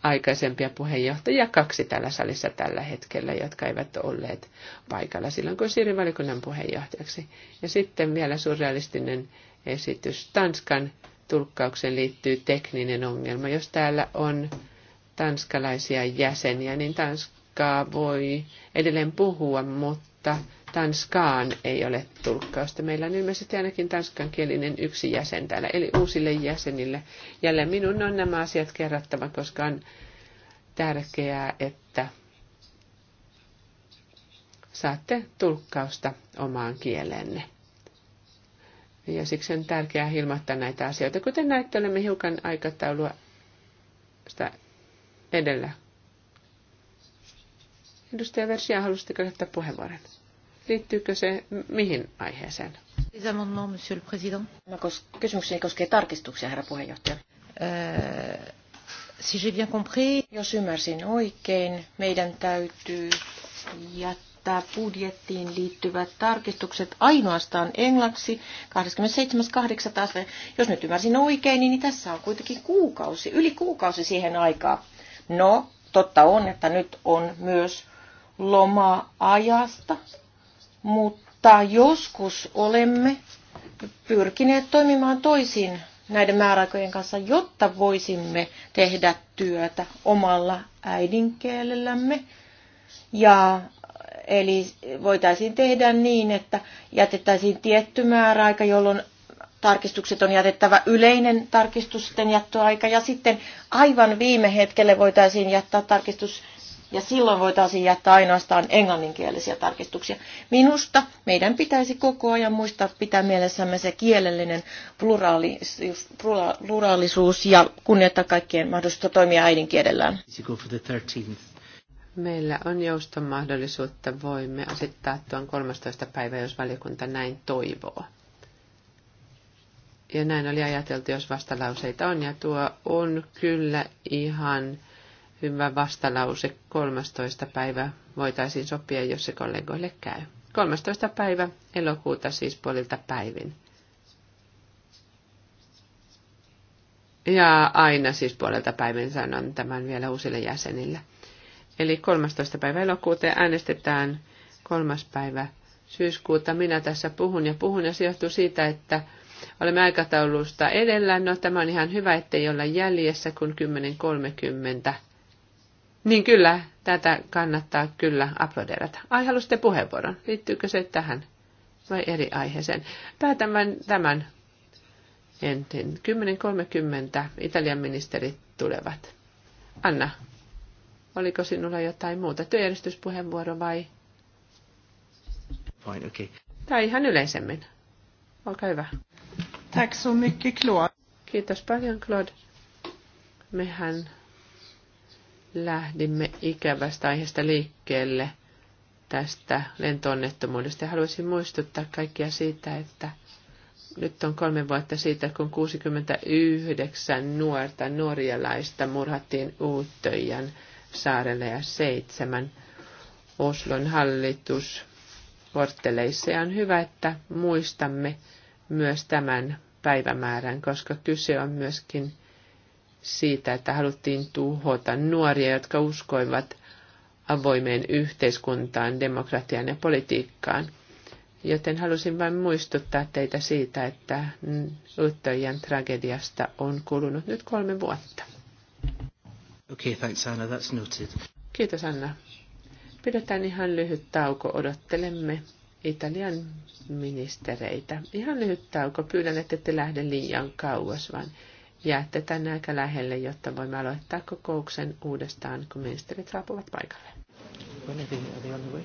aikaisempia puheenjohtajia, kaksi täällä salissa tällä hetkellä, jotka eivät olleet paikalla silloin, kun siirryin valiokunnan puheenjohtajaksi. Ja sitten vielä surrealistinen esitys. Tanskan tulkkaukseen liittyy tekninen ongelma. Jos täällä on tanskalaisia jäseniä, niin tanskaa voi edelleen puhua, mutta Tanskaan ei ole tulkkausta. Meillä on ilmeisesti ainakin tanskankielinen yksi jäsen täällä, eli uusille jäsenille. Jälleen minun on nämä asiat kerrattava, koska on tärkeää, että saatte tulkkausta omaan kielenne. Ja siksi on tärkeää ilmoittaa näitä asioita. Kuten näette, olemme hiukan aikataulua sitä edellä. Edustaja Versia, haluaisitko käyttää puheenvuoron? Liittyykö se mihin aiheeseen? Monsieur le Président. No, kysymykseni koskee tarkistuksia, herra puheenjohtaja. Öö, si j'ai bien compris. Jos ymmärsin oikein, meidän täytyy jättää budjettiin liittyvät tarkistukset ainoastaan englanniksi 27.8. Jos nyt ymmärsin oikein, niin tässä on kuitenkin kuukausi, yli kuukausi siihen aikaa. No, totta on, että nyt on myös loma-ajasta mutta joskus olemme pyrkineet toimimaan toisin näiden määräaikojen kanssa, jotta voisimme tehdä työtä omalla äidinkielellämme. Ja eli voitaisiin tehdä niin, että jätettäisiin tietty määräaika, jolloin tarkistukset on jätettävä yleinen tarkistusten jättöaika ja sitten aivan viime hetkelle voitaisiin jättää tarkistus ja silloin voitaisiin jättää ainoastaan englanninkielisiä tarkistuksia. Minusta meidän pitäisi koko ajan muistaa pitää mielessämme se kielellinen pluraalisuus, pluraalisuus ja kunnioittaa kaikkien mahdollisuutta toimia äidinkielellään. Meillä on jouston mahdollisuutta, voimme asettaa tuon 13. päivä, jos valiokunta näin toivoo. Ja näin oli ajateltu, jos vastalauseita on, ja tuo on kyllä ihan hyvä vastalause 13. päivä voitaisiin sopia, jos se kollegoille käy. 13. päivä elokuuta siis puolilta päivin. Ja aina siis puolelta päivin sanon tämän vielä uusille jäsenille. Eli 13. päivä elokuuta ja äänestetään kolmas päivä syyskuuta. Minä tässä puhun ja puhun ja se johtuu siitä, että olemme aikataulusta edellä. No tämä on ihan hyvä, ettei olla jäljessä, kun 10.30 niin kyllä, tätä kannattaa kyllä aplodeerata. Ai, halusitte puheenvuoron. Liittyykö se tähän vai eri aiheeseen? Päätämään tämän entin. 10.30 Italian ministerit tulevat. Anna, oliko sinulla jotain muuta? Työjärjestyspuheenvuoro vai? Vain, okei. Okay. Tai ihan yleisemmin. Olkaa hyvä. Tack så mycket, Claude. Kiitos paljon, Claude. Mehän lähdimme ikävästä aiheesta liikkeelle tästä lentoonnettomuudesta. Ja haluaisin muistuttaa kaikkia siitä, että nyt on kolme vuotta siitä, kun 69 nuorta norjalaista murhattiin Uuttöjän saarelle ja seitsemän Oslon hallitus kortteleissa. Ja on hyvä, että muistamme myös tämän päivämäärän, koska kyse on myöskin – siitä, että haluttiin tuhota nuoria, jotka uskoivat avoimeen yhteiskuntaan, demokratiaan ja politiikkaan. Joten halusin vain muistuttaa teitä siitä, että Uttöjän tragediasta on kulunut nyt kolme vuotta. Okay, thanks Anna, that's noted. Kiitos Anna. Pidetään ihan lyhyt tauko, odottelemme Italian ministereitä. Ihan lyhyt tauko, pyydän, että te lähde liian kauas, vaan ja että tänne aika lähelle, jotta voimme aloittaa kokouksen uudestaan, kun ministerit saapuvat paikalle. When are they, are they on the way?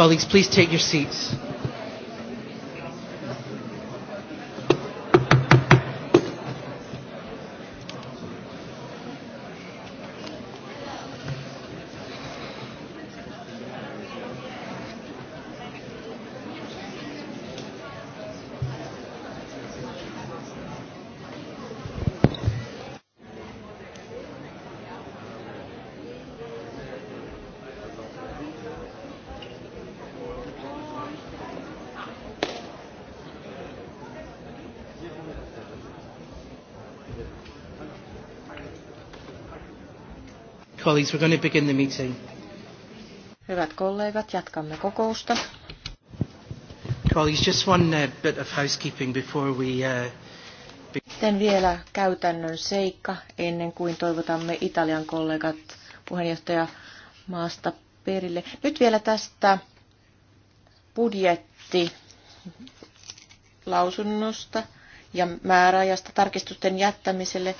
colleagues, please take your seats. Colleagues, we're going to begin the meeting. Hyvät kollegat, jatkamme kokousta. Colleagues, just one uh, bit of housekeeping before we uh, sitten vielä käytännön seikka ennen kuin toivotamme Italian kollegat puheenjohtaja maasta perille. Nyt vielä tästä budjetti lausunnosta ja määräajasta tarkistusten jättämiselle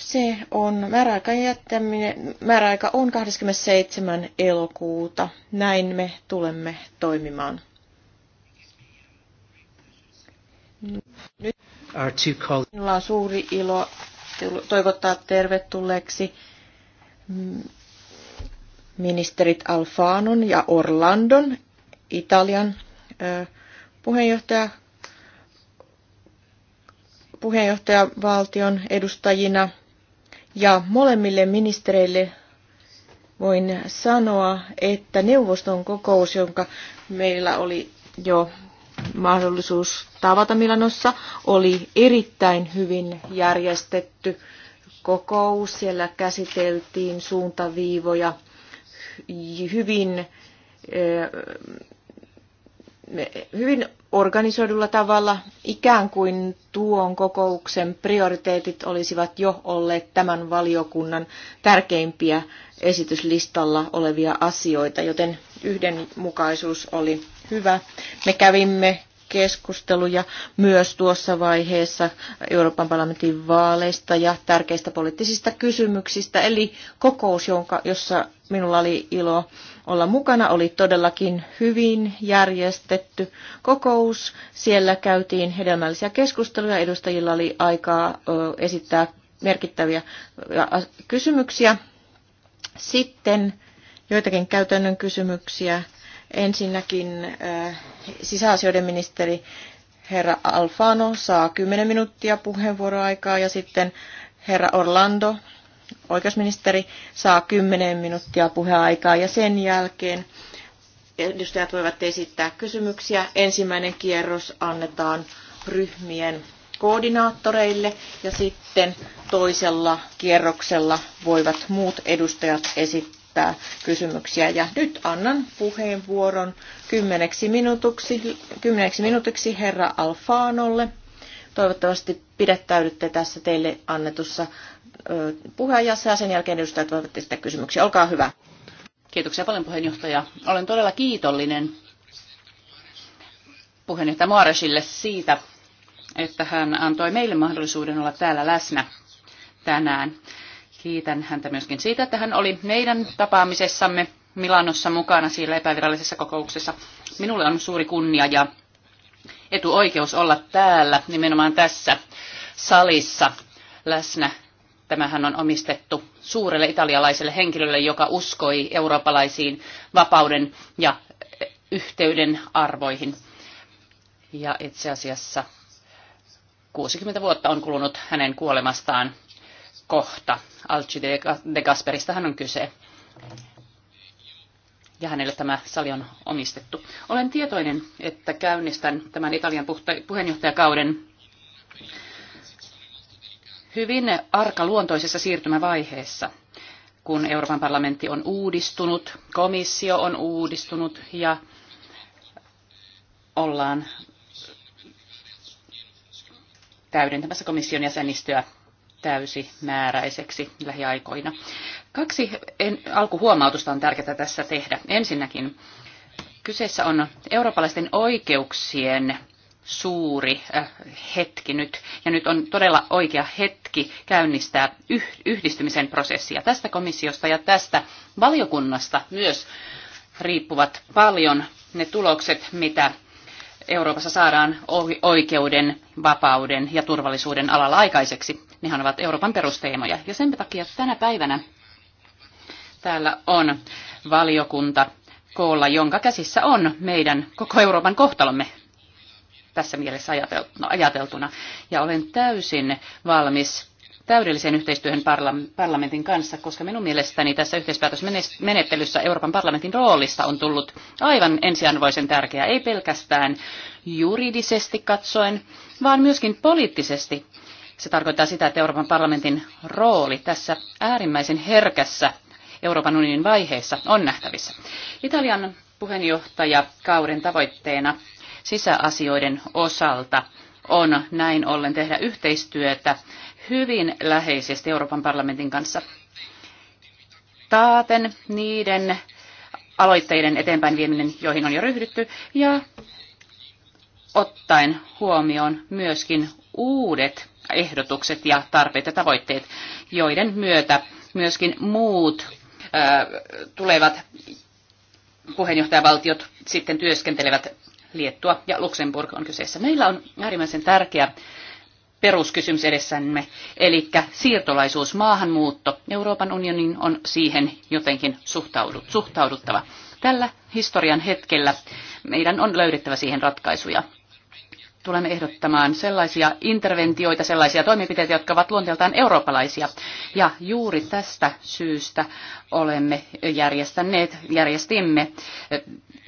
se on määräaika, jättäminen. Määräaika on 27. elokuuta. Näin me tulemme toimimaan. Nyt minulla on suuri ilo toivottaa tervetulleeksi ministerit Alfanon ja Orlandon, Italian puheenjohtaja, puheenjohtajavaltion edustajina – ja molemmille ministereille voin sanoa, että neuvoston kokous, jonka meillä oli jo mahdollisuus tavata Milanossa, oli erittäin hyvin järjestetty kokous. Siellä käsiteltiin suuntaviivoja hyvin, hyvin organisoidulla tavalla ikään kuin tuon kokouksen prioriteetit olisivat jo olleet tämän valiokunnan tärkeimpiä esityslistalla olevia asioita, joten yhdenmukaisuus oli hyvä. Me kävimme keskusteluja myös tuossa vaiheessa Euroopan parlamentin vaaleista ja tärkeistä poliittisista kysymyksistä, eli kokous, jonka, jossa minulla oli ilo olla mukana. Oli todellakin hyvin järjestetty kokous. Siellä käytiin hedelmällisiä keskusteluja. Edustajilla oli aikaa esittää merkittäviä kysymyksiä. Sitten joitakin käytännön kysymyksiä. Ensinnäkin sisäasioiden ministeri herra Alfano saa 10 minuuttia puheenvuoroaikaa ja sitten herra Orlando oikeusministeri saa 10 minuuttia puheaikaa ja sen jälkeen edustajat voivat esittää kysymyksiä. Ensimmäinen kierros annetaan ryhmien koordinaattoreille ja sitten toisella kierroksella voivat muut edustajat esittää kysymyksiä. Ja nyt annan puheenvuoron kymmeneksi minuutiksi, kymmeneksi minuutiksi herra Alfaanolle. Toivottavasti pidättäydytte tässä teille annetussa puheenjohtaja. ja sen jälkeen edustajat voivat esittää kysymyksiä. Olkaa hyvä. Kiitoksia paljon puheenjohtaja. Olen todella kiitollinen puheenjohtaja Maaresille siitä, että hän antoi meille mahdollisuuden olla täällä läsnä tänään. Kiitän häntä myöskin siitä, että hän oli meidän tapaamisessamme Milanossa mukana siellä epävirallisessa kokouksessa. Minulle on suuri kunnia ja etuoikeus olla täällä, nimenomaan tässä salissa läsnä Tämähän on omistettu suurelle italialaiselle henkilölle, joka uskoi eurooppalaisiin vapauden ja yhteyden arvoihin. Ja itse asiassa 60 vuotta on kulunut hänen kuolemastaan kohta. Alci de Gasperista hän on kyse. Ja hänelle tämä sali on omistettu. Olen tietoinen, että käynnistän tämän Italian puheenjohtajakauden hyvin arkaluontoisessa siirtymävaiheessa, kun Euroopan parlamentti on uudistunut, komissio on uudistunut ja ollaan täydentämässä komission jäsenistöä täysimääräiseksi lähiaikoina. Kaksi en, alkuhuomautusta on tärkeää tässä tehdä. Ensinnäkin kyseessä on eurooppalaisten oikeuksien suuri äh, hetki nyt, ja nyt on todella oikea hetki käynnistää yhdistymisen prosessia. Tästä komissiosta ja tästä valiokunnasta myös riippuvat paljon ne tulokset, mitä Euroopassa saadaan oikeuden, vapauden ja turvallisuuden alalla aikaiseksi. Nehän ovat Euroopan perusteemoja. Ja sen takia tänä päivänä täällä on valiokunta koolla, jonka käsissä on meidän koko Euroopan kohtalomme tässä mielessä no, ajateltuna. Ja olen täysin valmis täydelliseen yhteistyöhön parlamentin kanssa, koska minun mielestäni tässä yhteispäätösmenettelyssä Euroopan parlamentin roolista on tullut aivan ensiarvoisen tärkeää, ei pelkästään juridisesti katsoen, vaan myöskin poliittisesti. Se tarkoittaa sitä, että Euroopan parlamentin rooli tässä äärimmäisen herkässä Euroopan unionin vaiheessa on nähtävissä. Italian puheenjohtajakauden tavoitteena sisäasioiden osalta on näin ollen tehdä yhteistyötä hyvin läheisesti Euroopan parlamentin kanssa. Taaten niiden aloitteiden eteenpäin vieminen, joihin on jo ryhdytty, ja ottaen huomioon myöskin uudet ehdotukset ja tarpeet ja tavoitteet, joiden myötä myöskin muut tulevat puheenjohtajavaltiot sitten työskentelevät Liettua ja Luxemburg on kyseessä. Meillä on äärimmäisen tärkeä peruskysymys edessämme, eli siirtolaisuus, maahanmuutto. Euroopan unionin on siihen jotenkin suhtauduttava. Tällä historian hetkellä meidän on löydettävä siihen ratkaisuja tulemme ehdottamaan sellaisia interventioita, sellaisia toimenpiteitä, jotka ovat luonteeltaan eurooppalaisia. Ja juuri tästä syystä olemme järjestäneet, järjestimme eh,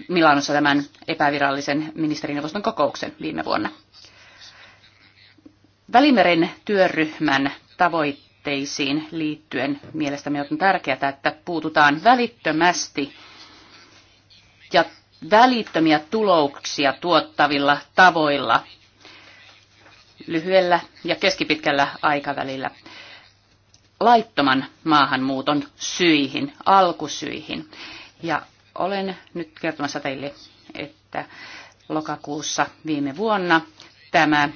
Milanossa tämän epävirallisen ministerineuvoston kokouksen viime vuonna. Välimeren työryhmän tavoitteisiin liittyen mielestäni on tärkeää, että puututaan välittömästi ja välittömiä tuloksia tuottavilla tavoilla lyhyellä ja keskipitkällä aikavälillä laittoman maahanmuuton syihin, alkusyihin. Ja olen nyt kertomassa teille, että lokakuussa viime vuonna tämä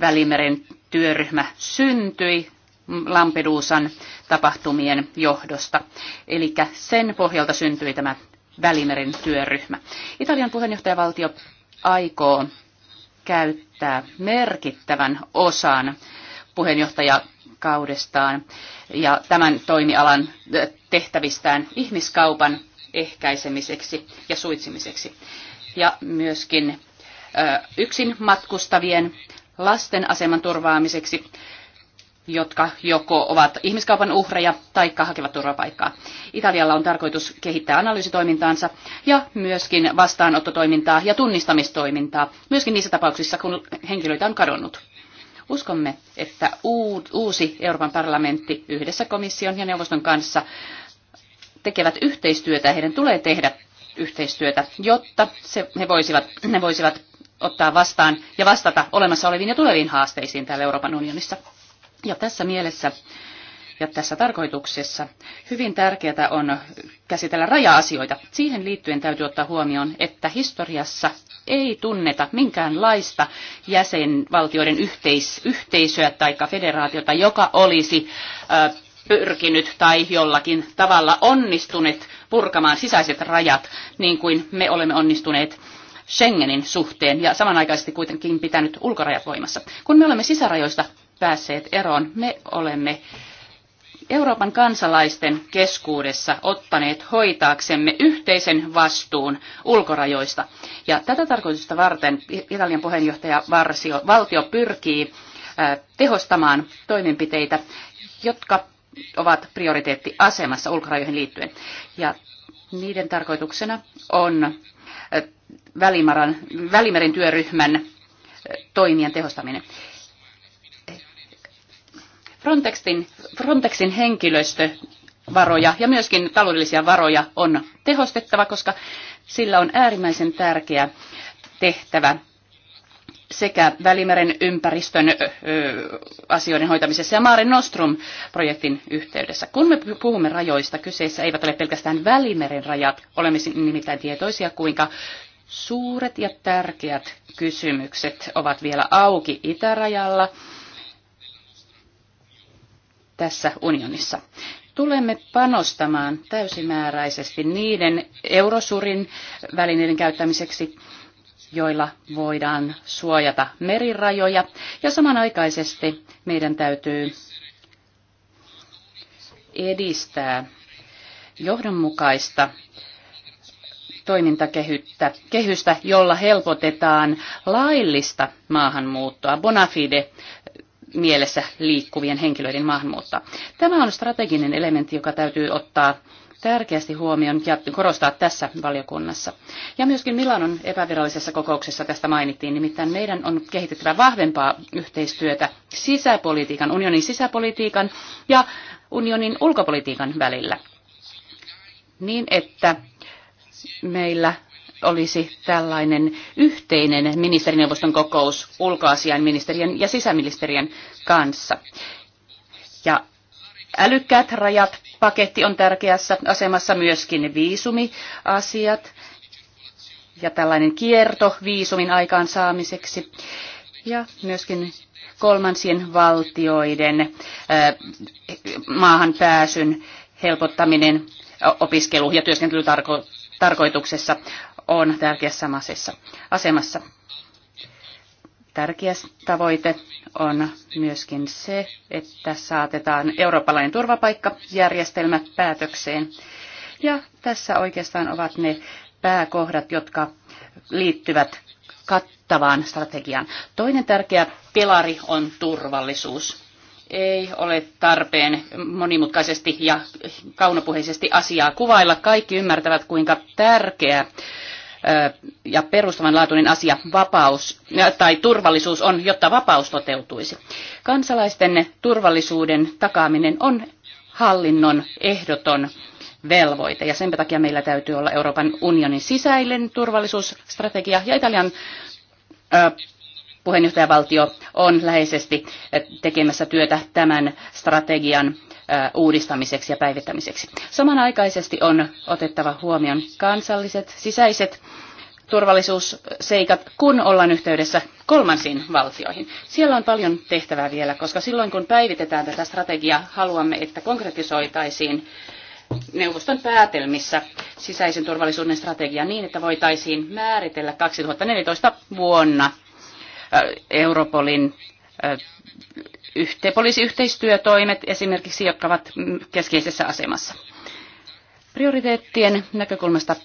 Välimeren työryhmä syntyi Lampedusan tapahtumien johdosta. Eli sen pohjalta syntyi tämä Välimeren työryhmä. Italian puheenjohtajavaltio aikoo käyttää merkittävän osan puheenjohtajakaudestaan ja tämän toimialan tehtävistään ihmiskaupan ehkäisemiseksi ja suitsimiseksi. Ja myöskin yksin matkustavien lasten aseman turvaamiseksi jotka joko ovat ihmiskaupan uhreja tai hakevat turvapaikkaa. Italialla on tarkoitus kehittää analyysitoimintaansa ja myöskin vastaanottotoimintaa ja tunnistamistoimintaa, myöskin niissä tapauksissa, kun henkilöitä on kadonnut. Uskomme, että uusi Euroopan parlamentti yhdessä komission ja neuvoston kanssa tekevät yhteistyötä, heidän tulee tehdä yhteistyötä, jotta se, he voisivat, ne voisivat ottaa vastaan ja vastata olemassa oleviin ja tuleviin haasteisiin täällä Euroopan unionissa. Ja tässä mielessä ja tässä tarkoituksessa hyvin tärkeää on käsitellä raja-asioita. Siihen liittyen täytyy ottaa huomioon, että historiassa ei tunneta minkäänlaista jäsenvaltioiden yhteis- yhteisöä tai federaatiota, joka olisi pyrkinyt tai jollakin tavalla onnistuneet purkamaan sisäiset rajat, niin kuin me olemme onnistuneet Schengenin suhteen ja samanaikaisesti kuitenkin pitänyt ulkorajat voimassa. Kun me olemme sisärajoista päässeet eroon. Me olemme Euroopan kansalaisten keskuudessa ottaneet hoitaaksemme yhteisen vastuun ulkorajoista. Ja tätä tarkoitusta varten Italian puheenjohtaja Varsio, valtio pyrkii tehostamaan toimenpiteitä, jotka ovat prioriteettiasemassa ulkorajoihin liittyen. Ja niiden tarkoituksena on Välimeren työryhmän toimien tehostaminen. Frontexin, Frontexin henkilöstövaroja ja myöskin taloudellisia varoja on tehostettava, koska sillä on äärimmäisen tärkeä tehtävä sekä Välimeren ympäristön asioiden hoitamisessa ja Maaren Nostrum-projektin yhteydessä. Kun me puhumme rajoista, kyseessä eivät ole pelkästään Välimeren rajat. Olemme nimittäin tietoisia, kuinka suuret ja tärkeät kysymykset ovat vielä auki itärajalla tässä unionissa. Tulemme panostamaan täysimääräisesti niiden eurosurin välineiden käyttämiseksi, joilla voidaan suojata merirajoja. Ja samanaikaisesti meidän täytyy edistää johdonmukaista toimintakehystä, kehystä, jolla helpotetaan laillista maahanmuuttoa, bona fide mielessä liikkuvien henkilöiden maahanmuuttoa. Tämä on strateginen elementti, joka täytyy ottaa tärkeästi huomioon ja korostaa tässä valiokunnassa. Ja myöskin Milanon epävirallisessa kokouksessa tästä mainittiin, nimittäin meidän on kehitettävä vahvempaa yhteistyötä sisäpolitiikan, unionin sisäpolitiikan ja unionin ulkopolitiikan välillä. Niin, että meillä olisi tällainen yhteinen ministerineuvoston kokous ulkoasiainministeriön ja sisäministeriön kanssa. Ja älykkäät rajat paketti on tärkeässä asemassa myöskin viisumiasiat ja tällainen kierto viisumin aikaansaamiseksi ja myöskin kolmansien valtioiden äh, maahan pääsyn helpottaminen opiskelu- ja työskentelytarkoituksessa on tärkeässä asemassa. Tärkeä tavoite on myöskin se, että saatetaan eurooppalainen turvapaikkajärjestelmä päätökseen. Ja tässä oikeastaan ovat ne pääkohdat, jotka liittyvät kattavaan strategiaan. Toinen tärkeä pilari on turvallisuus. Ei ole tarpeen monimutkaisesti ja kaunopuheisesti asiaa kuvailla. Kaikki ymmärtävät, kuinka tärkeä ja perustavanlaatuinen asia vapaus tai turvallisuus on, jotta vapaus toteutuisi. Kansalaisten turvallisuuden takaaminen on hallinnon ehdoton velvoite. Ja sen takia meillä täytyy olla Euroopan unionin sisäinen turvallisuusstrategia ja Italian ö, puheenjohtajavaltio on läheisesti tekemässä työtä tämän strategian uudistamiseksi ja päivittämiseksi. Samanaikaisesti on otettava huomioon kansalliset sisäiset turvallisuusseikat, kun ollaan yhteydessä kolmansiin valtioihin. Siellä on paljon tehtävää vielä, koska silloin kun päivitetään tätä strategiaa, haluamme, että konkretisoitaisiin neuvoston päätelmissä sisäisen turvallisuuden strategia niin, että voitaisiin määritellä 2014 vuonna Europolin yhte, poliisiyhteistyötoimet esimerkiksi, jotka ovat keskeisessä asemassa. Prioriteettien näkökulmasta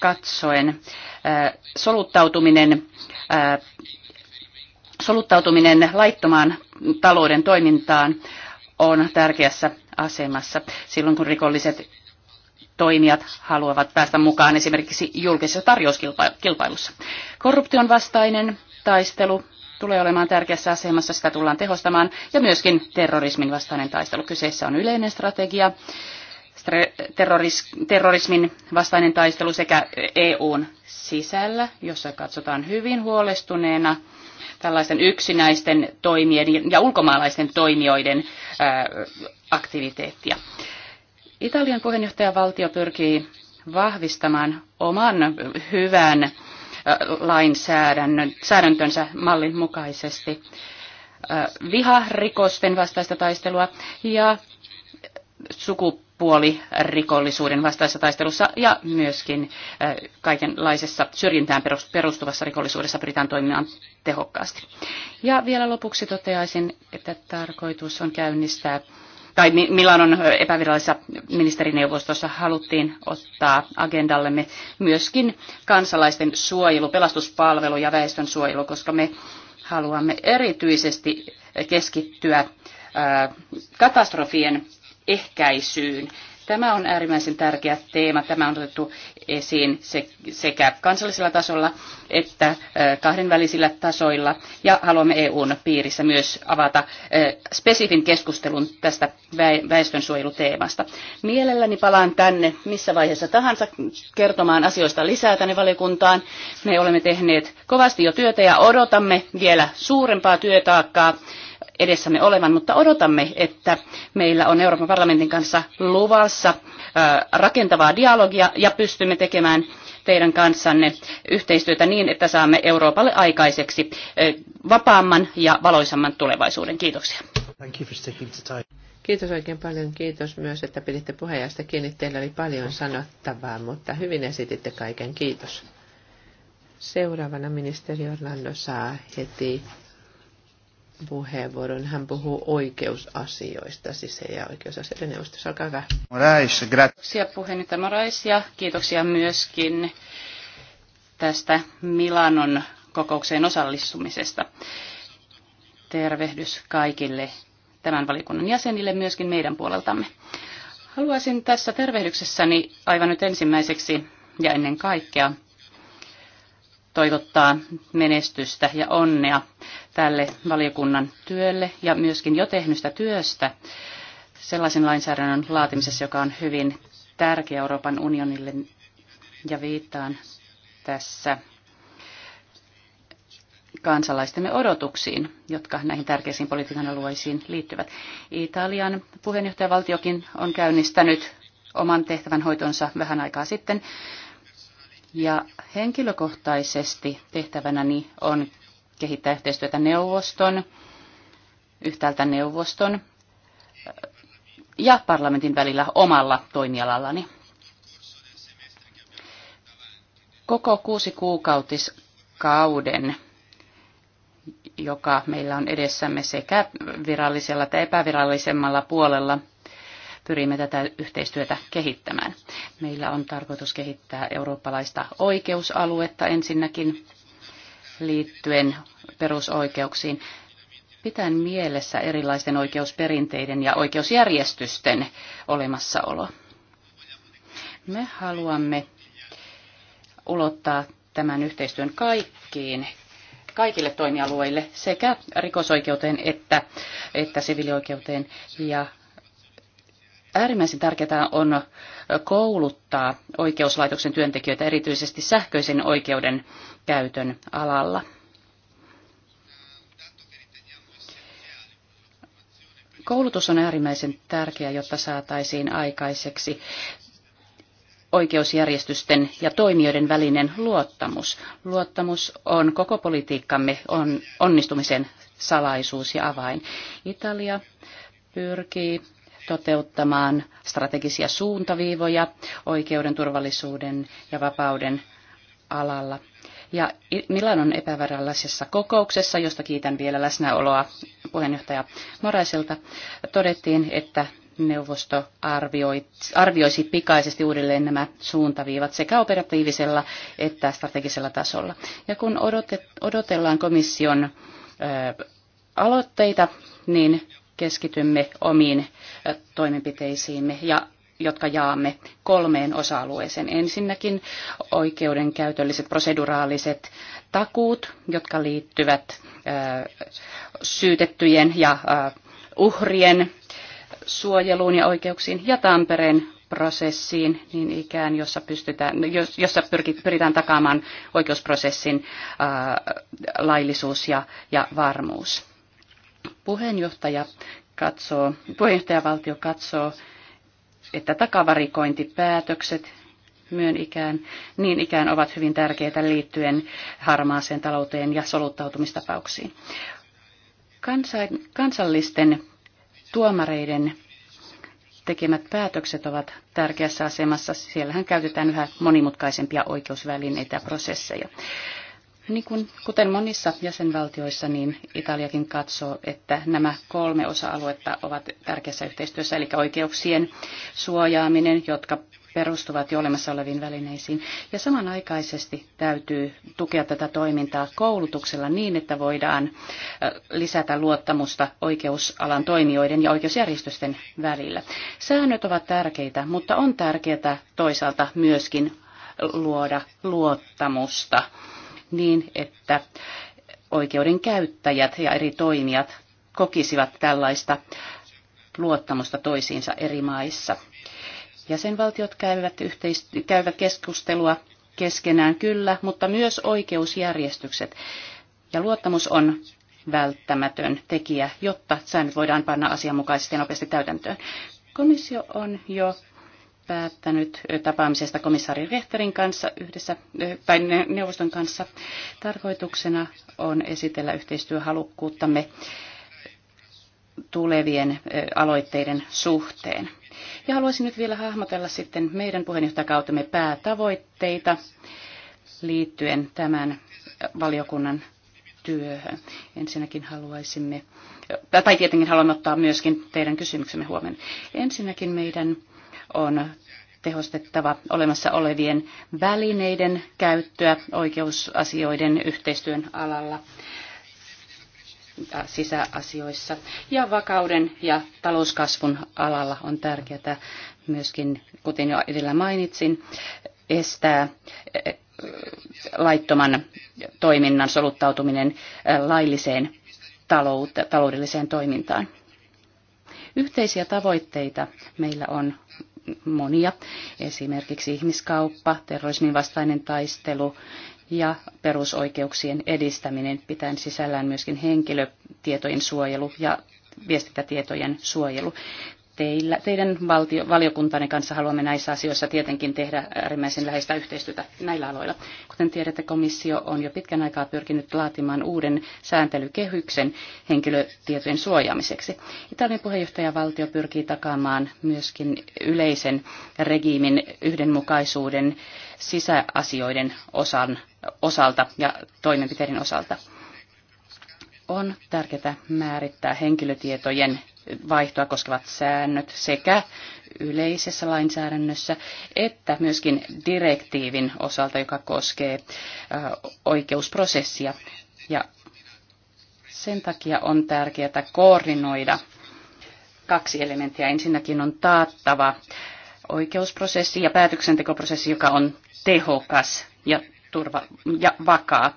katsoen soluttautuminen, soluttautuminen laittomaan talouden toimintaan on tärkeässä asemassa silloin, kun rikolliset toimijat haluavat päästä mukaan esimerkiksi julkisessa tarjouskilpailussa. Korruption vastainen taistelu tulee olemaan tärkeässä asemassa, sitä tullaan tehostamaan, ja myöskin terrorismin vastainen taistelu. Kyseessä on yleinen strategia, terrorismin vastainen taistelu sekä EUn sisällä, jossa katsotaan hyvin huolestuneena tällaisten yksinäisten toimien ja ulkomaalaisten toimijoiden aktiviteettia. Italian puheenjohtajavaltio pyrkii vahvistamaan oman hyvän lainsäädäntönsä mallin mukaisesti viharikosten vastaista taistelua ja sukupuolirikollisuuden vastaisessa taistelussa ja myöskin kaikenlaisessa syrjintään perustuvassa rikollisuudessa pyritään toimimaan tehokkaasti. Ja vielä lopuksi toteaisin, että tarkoitus on käynnistää tai Milanon epävirallisessa ministerineuvostossa haluttiin ottaa agendallemme myöskin kansalaisten suojelu, pelastuspalvelu ja väestön suojelu, koska me haluamme erityisesti keskittyä katastrofien ehkäisyyn Tämä on äärimmäisen tärkeä teema. Tämä on otettu esiin sekä kansallisella tasolla että kahdenvälisillä tasoilla. Ja haluamme EUn piirissä myös avata spesifin keskustelun tästä väestönsuojeluteemasta. Mielelläni palaan tänne missä vaiheessa tahansa kertomaan asioista lisää tänne valiokuntaan. Me olemme tehneet kovasti jo työtä ja odotamme vielä suurempaa työtaakkaa edessämme olevan, mutta odotamme, että meillä on Euroopan parlamentin kanssa luvassa rakentavaa dialogia ja pystymme tekemään teidän kanssanne yhteistyötä niin, että saamme Euroopalle aikaiseksi vapaamman ja valoisamman tulevaisuuden. Kiitoksia. Kiitos oikein paljon. Kiitos myös, että piditte puheenjohtajasta kiinni. Teillä oli paljon sanottavaa, mutta hyvin esititte kaiken. Kiitos. Seuraavana ministeri Orlando saa heti puheenvuoron. Hän puhuu oikeusasioista, siis ei ja oikeusasioiden neuvostossa. Olkaa hyvä. Morais, kiitoksia puheenjohtaja Morais ja kiitoksia myöskin tästä Milanon kokoukseen osallistumisesta. Tervehdys kaikille tämän valikunnan jäsenille myöskin meidän puoleltamme. Haluaisin tässä tervehdyksessäni aivan nyt ensimmäiseksi ja ennen kaikkea toivottaa menestystä ja onnea tälle valiokunnan työlle ja myöskin jo tehnystä työstä sellaisen lainsäädännön laatimisessa, joka on hyvin tärkeä Euroopan unionille ja viittaan tässä kansalaistemme odotuksiin, jotka näihin tärkeisiin politiikan alueisiin liittyvät. Italian puheenjohtajavaltiokin on käynnistänyt oman tehtävän hoitonsa vähän aikaa sitten ja henkilökohtaisesti tehtävänäni on kehittää yhteistyötä neuvoston, yhtäältä neuvoston äh, ja parlamentin välillä omalla toimialallani. Koko kuusi kuukautiskauden joka meillä on edessämme sekä virallisella että epävirallisemmalla puolella, pyrimme tätä yhteistyötä kehittämään. Meillä on tarkoitus kehittää eurooppalaista oikeusaluetta ensinnäkin liittyen perusoikeuksiin pitäen mielessä erilaisten oikeusperinteiden ja oikeusjärjestysten olemassaolo. Me haluamme ulottaa tämän yhteistyön kaikkiin, kaikille toimialueille sekä rikosoikeuteen että, että sivilioikeuteen ja äärimmäisen tärkeää on kouluttaa oikeuslaitoksen työntekijöitä erityisesti sähköisen oikeuden käytön alalla. Koulutus on äärimmäisen tärkeää, jotta saataisiin aikaiseksi oikeusjärjestysten ja toimijoiden välinen luottamus. Luottamus on koko politiikkamme on onnistumisen salaisuus ja avain. Italia pyrkii toteuttamaan strategisia suuntaviivoja oikeuden, turvallisuuden ja vapauden alalla. Ja Milanon epävarallisessa kokouksessa, josta kiitän vielä läsnäoloa puheenjohtaja Moraiselta, todettiin, että neuvosto arvioi, arvioisi pikaisesti uudelleen nämä suuntaviivat sekä operatiivisella että strategisella tasolla. Ja kun odotet, odotellaan komission ö, aloitteita, niin keskitymme omiin toimenpiteisiimme ja jotka jaamme kolmeen osa-alueeseen. Ensinnäkin oikeudenkäytölliset proseduraaliset takuut, jotka liittyvät syytettyjen ja uhrien suojeluun ja oikeuksiin ja Tampereen prosessiin niin ikään, jossa, pystytään, jossa pyritään takaamaan oikeusprosessin laillisuus ja, ja varmuus. Puheenjohtaja katsoo, puheenjohtajavaltio katsoo, että takavarikointipäätökset myön ikään, niin ikään ovat hyvin tärkeitä liittyen harmaaseen talouteen ja soluttautumistapauksiin. Kansain, kansallisten tuomareiden tekemät päätökset ovat tärkeässä asemassa. Siellähän käytetään yhä monimutkaisempia oikeusvälineitä ja prosesseja. Niin kuin, kuten monissa jäsenvaltioissa, niin Italiakin katsoo, että nämä kolme osa-aluetta ovat tärkeässä yhteistyössä, eli oikeuksien suojaaminen, jotka perustuvat jo olemassa oleviin välineisiin. Ja samanaikaisesti täytyy tukea tätä toimintaa koulutuksella niin, että voidaan lisätä luottamusta oikeusalan toimijoiden ja oikeusjärjestösten välillä. Säännöt ovat tärkeitä, mutta on tärkeää toisaalta myöskin luoda luottamusta niin, että oikeuden käyttäjät ja eri toimijat kokisivat tällaista luottamusta toisiinsa eri maissa. Jäsenvaltiot käyvät, yhteist- käyvät keskustelua keskenään kyllä, mutta myös oikeusjärjestykset. Ja luottamus on välttämätön tekijä, jotta säännöt voidaan panna asianmukaisesti ja nopeasti täytäntöön. Komissio on jo päättänyt tapaamisesta komissaari Rehterin kanssa yhdessä, tai eh, neuvoston kanssa. Tarkoituksena on esitellä yhteistyöhalukkuuttamme tulevien eh, aloitteiden suhteen. Ja haluaisin nyt vielä hahmotella sitten meidän puheenjohtajakautemme päätavoitteita liittyen tämän valiokunnan työhön. Ensinnäkin haluaisimme, tai tietenkin haluan ottaa myöskin teidän kysymyksemme huomenna. Ensinnäkin meidän on tehostettava olemassa olevien välineiden käyttöä oikeusasioiden yhteistyön alalla äh, sisäasioissa. Ja vakauden ja talouskasvun alalla on tärkeää myöskin, kuten jo edellä mainitsin, estää äh, laittoman toiminnan soluttautuminen äh, lailliseen taloudelliseen toimintaan. Yhteisiä tavoitteita meillä on monia, esimerkiksi ihmiskauppa, terrorismin vastainen taistelu ja perusoikeuksien edistäminen pitäen sisällään myöskin henkilötietojen suojelu ja viestintätietojen suojelu teillä, teidän valtio, valiokuntanne kanssa haluamme näissä asioissa tietenkin tehdä äärimmäisen läheistä yhteistyötä näillä aloilla. Kuten tiedätte, komissio on jo pitkän aikaa pyrkinyt laatimaan uuden sääntelykehyksen henkilötietojen suojaamiseksi. Italian puheenjohtajavaltio pyrkii takaamaan myöskin yleisen regiimin yhdenmukaisuuden sisäasioiden osan, osalta ja toimenpiteiden osalta on tärkeää määrittää henkilötietojen vaihtoa koskevat säännöt sekä yleisessä lainsäädännössä että myöskin direktiivin osalta, joka koskee oikeusprosessia. Ja sen takia on tärkeää koordinoida kaksi elementtiä. Ensinnäkin on taattava oikeusprosessi ja päätöksentekoprosessi, joka on tehokas ja, turva- ja vakaa.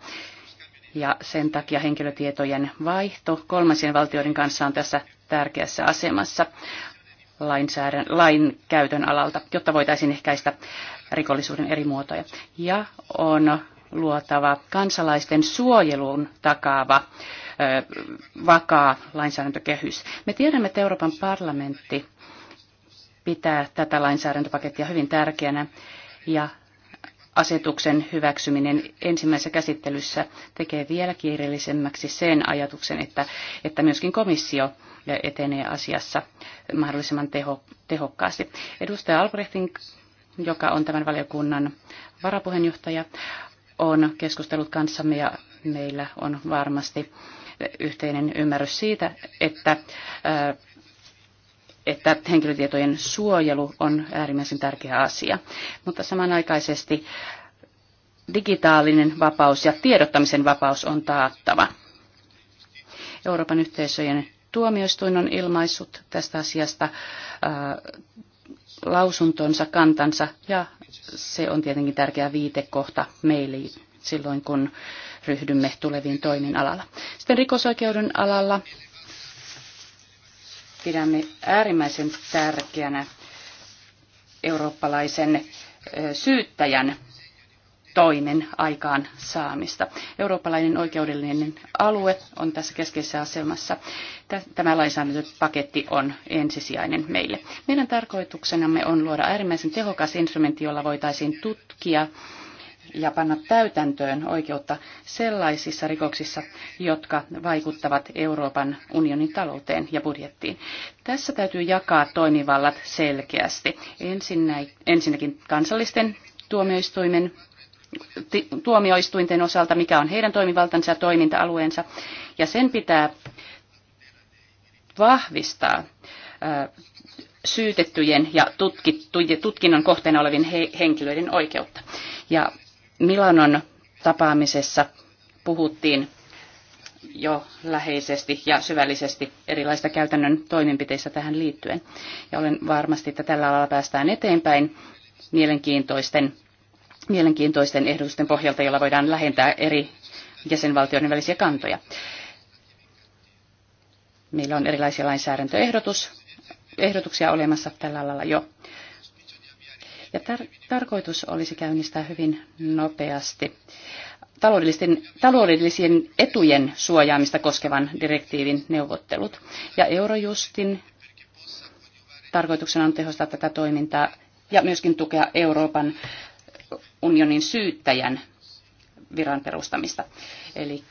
Ja sen takia henkilötietojen vaihto kolmansien valtioiden kanssa on tässä tärkeässä asemassa lainsäädän, lain käytön alalta, jotta voitaisiin ehkäistä rikollisuuden eri muotoja. Ja on luotava kansalaisten suojelun takaava ö, vakaa lainsäädäntökehys. Me tiedämme, että Euroopan parlamentti pitää tätä lainsäädäntöpakettia hyvin tärkeänä ja asetuksen hyväksyminen ensimmäisessä käsittelyssä tekee vielä kiireellisemmäksi sen ajatuksen, että, että myöskin komissio ja etenee asiassa mahdollisimman teho, tehokkaasti. Edustaja Albrechtin, joka on tämän valiokunnan varapuheenjohtaja, on keskustellut kanssamme ja meillä on varmasti yhteinen ymmärrys siitä, että äh, että henkilötietojen suojelu on äärimmäisen tärkeä asia. Mutta samanaikaisesti digitaalinen vapaus ja tiedottamisen vapaus on taattava. Euroopan yhteisöjen Tuomioistuin on ilmaissut tästä asiasta äh, lausuntonsa, kantansa ja se on tietenkin tärkeä viitekohta meille silloin, kun ryhdymme tuleviin toimin alalla. Sitten rikosoikeuden alalla pidämme äärimmäisen tärkeänä eurooppalaisen äh, syyttäjän toimen aikaan saamista. Eurooppalainen oikeudellinen alue on tässä keskeisessä asemassa. Tämä lainsäädäntöpaketti on ensisijainen meille. Meidän tarkoituksenamme on luoda äärimmäisen tehokas instrumentti, jolla voitaisiin tutkia ja panna täytäntöön oikeutta sellaisissa rikoksissa, jotka vaikuttavat Euroopan unionin talouteen ja budjettiin. Tässä täytyy jakaa toimivallat selkeästi. Ensinnäkin kansallisten tuomioistuimen tuomioistuinten osalta, mikä on heidän toimivaltansa ja toiminta-alueensa. Ja sen pitää vahvistaa syytettyjen ja tutkinnon kohteena olevien henkilöiden oikeutta. Ja Milanon tapaamisessa puhuttiin jo läheisesti ja syvällisesti erilaisista käytännön toimenpiteistä tähän liittyen. Ja olen varmasti, että tällä alalla päästään eteenpäin mielenkiintoisten mielenkiintoisten ehdotusten pohjalta, jolla voidaan lähentää eri jäsenvaltioiden välisiä kantoja. Meillä on erilaisia lainsäädäntöehdotuksia olemassa tällä alalla jo. Ja tar- tarkoitus olisi käynnistää hyvin nopeasti taloudellisten, taloudellisien etujen suojaamista koskevan direktiivin neuvottelut. Ja Eurojustin tarkoituksena on tehostaa tätä toimintaa ja myöskin tukea Euroopan unionin syyttäjän viran perustamista. Eli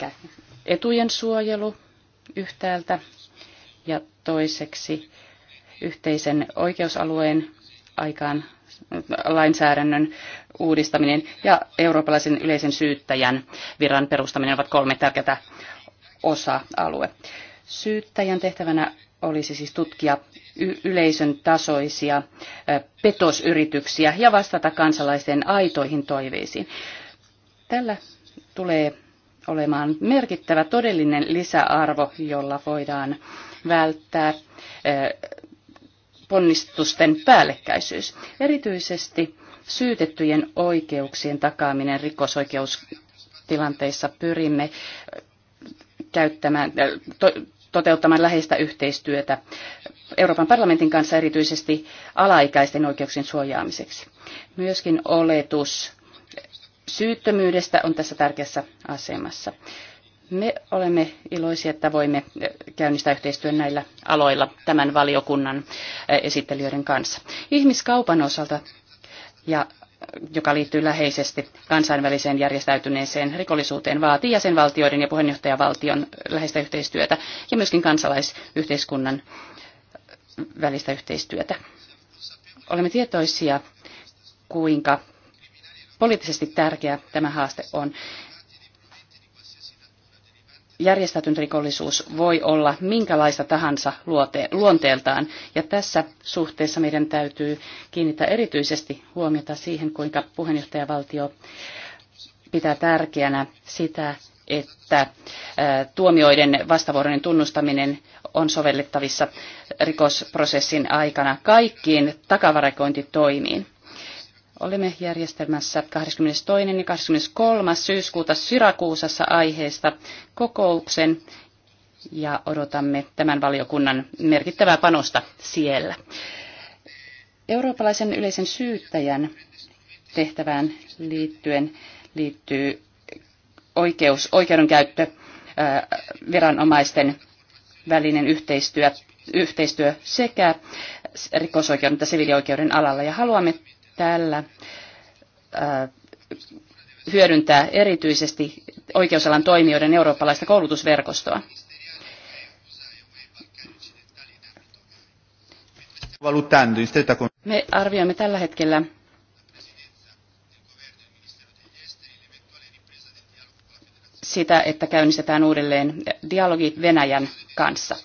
etujen suojelu yhtäältä ja toiseksi yhteisen oikeusalueen aikaan lainsäädännön uudistaminen ja eurooppalaisen yleisen syyttäjän viran perustaminen ovat kolme tärkeää osa-alue. Syyttäjän tehtävänä olisi siis tutkia yleisön tasoisia petosyrityksiä ja vastata kansalaisten aitoihin toiveisiin. Tällä tulee olemaan merkittävä todellinen lisäarvo, jolla voidaan välttää ponnistusten päällekkäisyys. Erityisesti syytettyjen oikeuksien takaaminen rikosoikeustilanteissa pyrimme käyttämään, toteuttamaan läheistä yhteistyötä Euroopan parlamentin kanssa erityisesti alaikäisten oikeuksien suojaamiseksi. Myöskin oletus syyttömyydestä on tässä tärkeässä asemassa. Me olemme iloisia, että voimme käynnistää yhteistyön näillä aloilla tämän valiokunnan esittelijöiden kanssa. Ihmiskaupan osalta ja joka liittyy läheisesti kansainväliseen järjestäytyneeseen rikollisuuteen, vaatii jäsenvaltioiden ja puheenjohtajavaltion läheistä yhteistyötä ja myöskin kansalaisyhteiskunnan välistä yhteistyötä. Olemme tietoisia, kuinka poliittisesti tärkeä tämä haaste on järjestäytynyt rikollisuus voi olla minkälaista tahansa luote, luonteeltaan. Ja tässä suhteessa meidän täytyy kiinnittää erityisesti huomiota siihen, kuinka puheenjohtajavaltio pitää tärkeänä sitä, että tuomioiden vastavuoroinen tunnustaminen on sovellettavissa rikosprosessin aikana kaikkiin takavarikointitoimiin. Olemme järjestelmässä 22. ja 23. syyskuuta Syrakuusassa aiheesta kokouksen ja odotamme tämän valiokunnan merkittävää panosta siellä. Eurooppalaisen yleisen syyttäjän tehtävään liittyen liittyy oikeus, oikeudenkäyttö, viranomaisten välinen yhteistyö, yhteistyö sekä rikosoikeuden että siviilioikeuden alalla. Ja haluamme tällä äh, hyödyntää erityisesti oikeusalan toimijoiden eurooppalaista koulutusverkostoa. Me arvioimme tällä hetkellä sitä, että käynnistetään uudelleen dialogi Venäjän kanssa.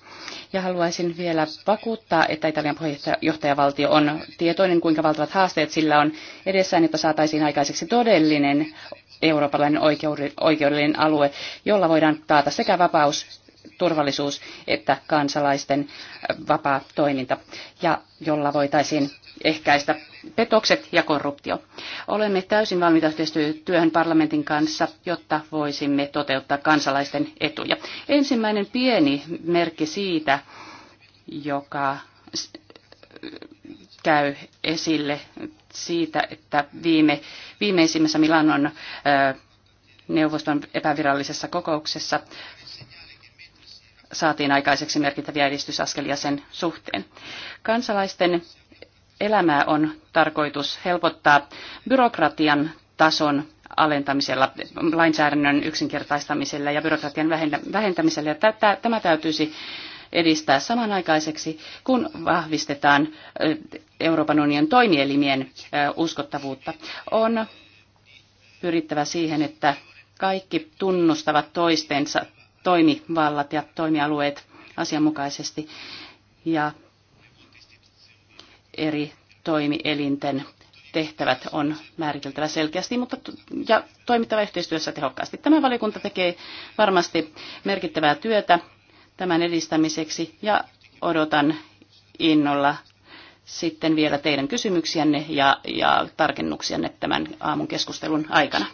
Ja haluaisin vielä vakuuttaa, että Italian puheenjohtajavaltio on tietoinen, kuinka valtavat haasteet sillä on edessään, jotta saataisiin aikaiseksi todellinen eurooppalainen oikeudellinen alue, jolla voidaan taata sekä vapaus, turvallisuus että kansalaisten vapaa toiminta, ja jolla voitaisiin ehkäistä petokset ja korruptio. Olemme täysin valmiita yhteistyöhön parlamentin kanssa, jotta voisimme toteuttaa kansalaisten etuja. Ensimmäinen pieni merkki siitä, joka käy esille siitä, että viime, viimeisimmässä Milanon neuvoston epävirallisessa kokouksessa saatiin aikaiseksi merkittäviä edistysaskelia sen suhteen. Kansalaisten elämää on tarkoitus helpottaa byrokratian tason alentamisella, lainsäädännön yksinkertaistamisella ja byrokratian vähentämisellä. tämä täytyisi edistää samanaikaiseksi, kun vahvistetaan Euroopan unionin toimielimien uskottavuutta. On pyrittävä siihen, että kaikki tunnustavat toistensa toimivallat ja toimialueet asianmukaisesti ja eri toimielinten tehtävät on määriteltävä selkeästi mutta, ja toimittava yhteistyössä tehokkaasti. Tämä valiokunta tekee varmasti merkittävää työtä tämän edistämiseksi ja odotan innolla sitten vielä teidän kysymyksiänne ja, ja tarkennuksianne tämän aamun keskustelun aikana.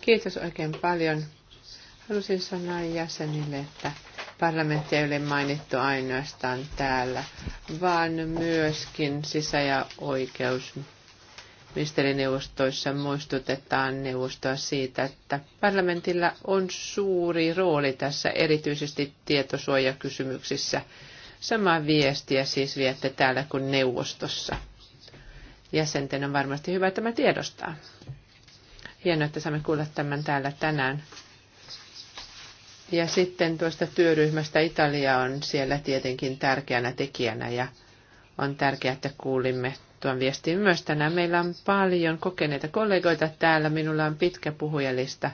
Kiitos oikein paljon. Halusin sanoa jäsenille, että Parlamentti ei ole mainittu ainoastaan täällä, vaan myöskin sisä- ja oikeus ministerineuvostoissa muistutetaan neuvostoa siitä, että parlamentilla on suuri rooli tässä erityisesti tietosuojakysymyksissä. sama viestiä siis viette täällä kuin neuvostossa. Jäsenten on varmasti hyvä tämä tiedostaa. Hienoa, että saamme kuulla tämän täällä tänään. Ja sitten tuosta työryhmästä Italia on siellä tietenkin tärkeänä tekijänä ja on tärkeää, että kuulimme tuon viestin myös tänään. Meillä on paljon kokeneita kollegoita täällä. Minulla on pitkä puhujalista.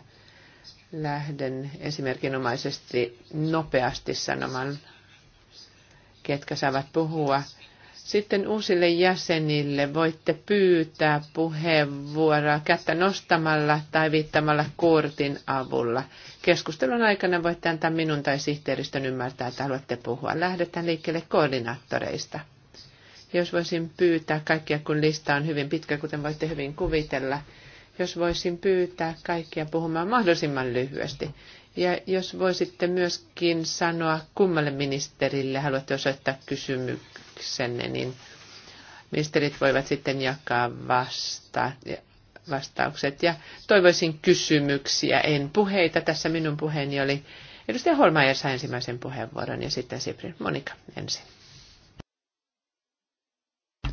Lähden esimerkinomaisesti nopeasti sanomaan, ketkä saavat puhua. Sitten uusille jäsenille voitte pyytää puheenvuoroa kättä nostamalla tai viittamalla kortin avulla. Keskustelun aikana voitte antaa minun tai sihteeristön ymmärtää, että haluatte puhua. Lähdetään liikkeelle koordinaattoreista. Jos voisin pyytää kaikkia, kun lista on hyvin pitkä, kuten voitte hyvin kuvitella, jos voisin pyytää kaikkia puhumaan mahdollisimman lyhyesti. Ja jos voisitte myöskin sanoa, kummalle ministerille haluatte osoittaa kysymyksiä kysymyksenne, niin ministerit voivat sitten jakaa vasta, vastaukset. Ja toivoisin kysymyksiä, en puheita. Tässä minun puheeni oli edustaja Holmaier sai ensimmäisen puheenvuoron ja sitten Sipri Monika ensin.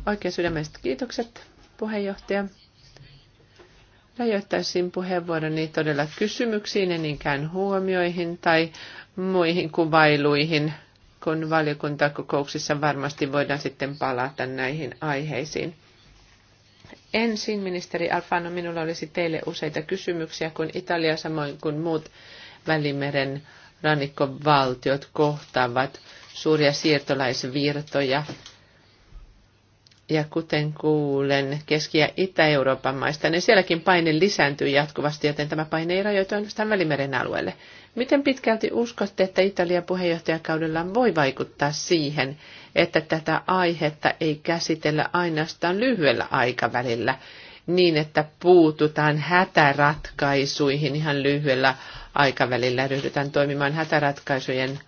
Oikein sydämestä kiitokset puheenjohtaja. Rajoittaisin puheenvuoroni todella kysymyksiin, eninkään huomioihin tai muihin kuvailuihin – kun valiokuntakokouksissa varmasti voidaan sitten palata näihin aiheisiin. Ensin, ministeri Alfano, minulla olisi teille useita kysymyksiä, kun Italia samoin kuin muut Välimeren rannikkovaltiot kohtaavat suuria siirtolaisvirtoja. Ja kuten kuulen Keski- ja Itä-Euroopan maista, niin sielläkin paine lisääntyy jatkuvasti, joten tämä paine ei rajoitu ainoastaan Välimeren alueelle. Miten pitkälti uskotte, että Italian puheenjohtajakaudella voi vaikuttaa siihen, että tätä aihetta ei käsitellä ainoastaan lyhyellä aikavälillä, niin että puututaan hätäratkaisuihin ihan lyhyellä aikavälillä, ryhdytään toimimaan hätäratkaisujen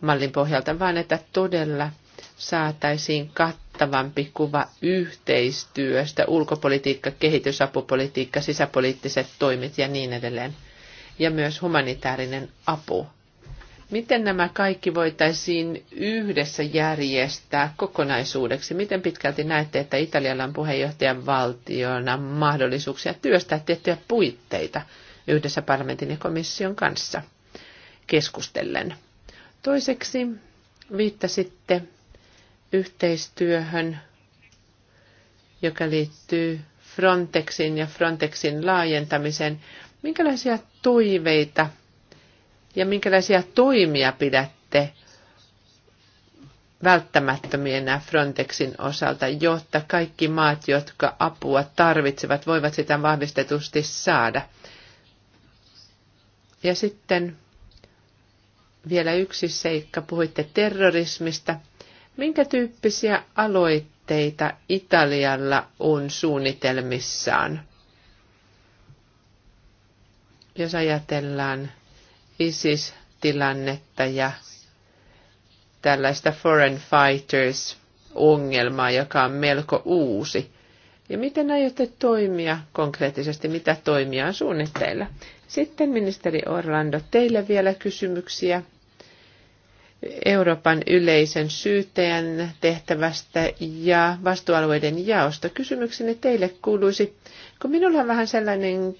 mallin pohjalta, vaan että todella saataisiin kattavampi kuva yhteistyöstä, ulkopolitiikka, kehitysapupolitiikka, sisäpoliittiset toimet ja niin edelleen ja myös humanitaarinen apu. Miten nämä kaikki voitaisiin yhdessä järjestää kokonaisuudeksi? Miten pitkälti näette, että Italialla on puheenjohtajan valtiona mahdollisuuksia työstää tiettyjä puitteita yhdessä parlamentin ja komission kanssa keskustellen? Toiseksi viittasitte yhteistyöhön, joka liittyy Frontexin ja Frontexin laajentamisen Minkälaisia toiveita ja minkälaisia toimia pidätte välttämättömienä Frontexin osalta, jotta kaikki maat, jotka apua tarvitsevat, voivat sitä vahvistetusti saada. Ja sitten vielä yksi seikka. Puhuitte terrorismista. Minkä tyyppisiä aloitteita Italialla on suunnitelmissaan jos ajatellaan ISIS-tilannetta ja tällaista foreign fighters-ongelmaa, joka on melko uusi, ja miten aiotte toimia konkreettisesti, mitä toimia on suunnitteilla? Sitten ministeri Orlando, teille vielä kysymyksiä Euroopan yleisen syyttäjän tehtävästä ja vastuualueiden jaosta. Kysymykseni teille kuuluisi, kun minulla on vähän sellainen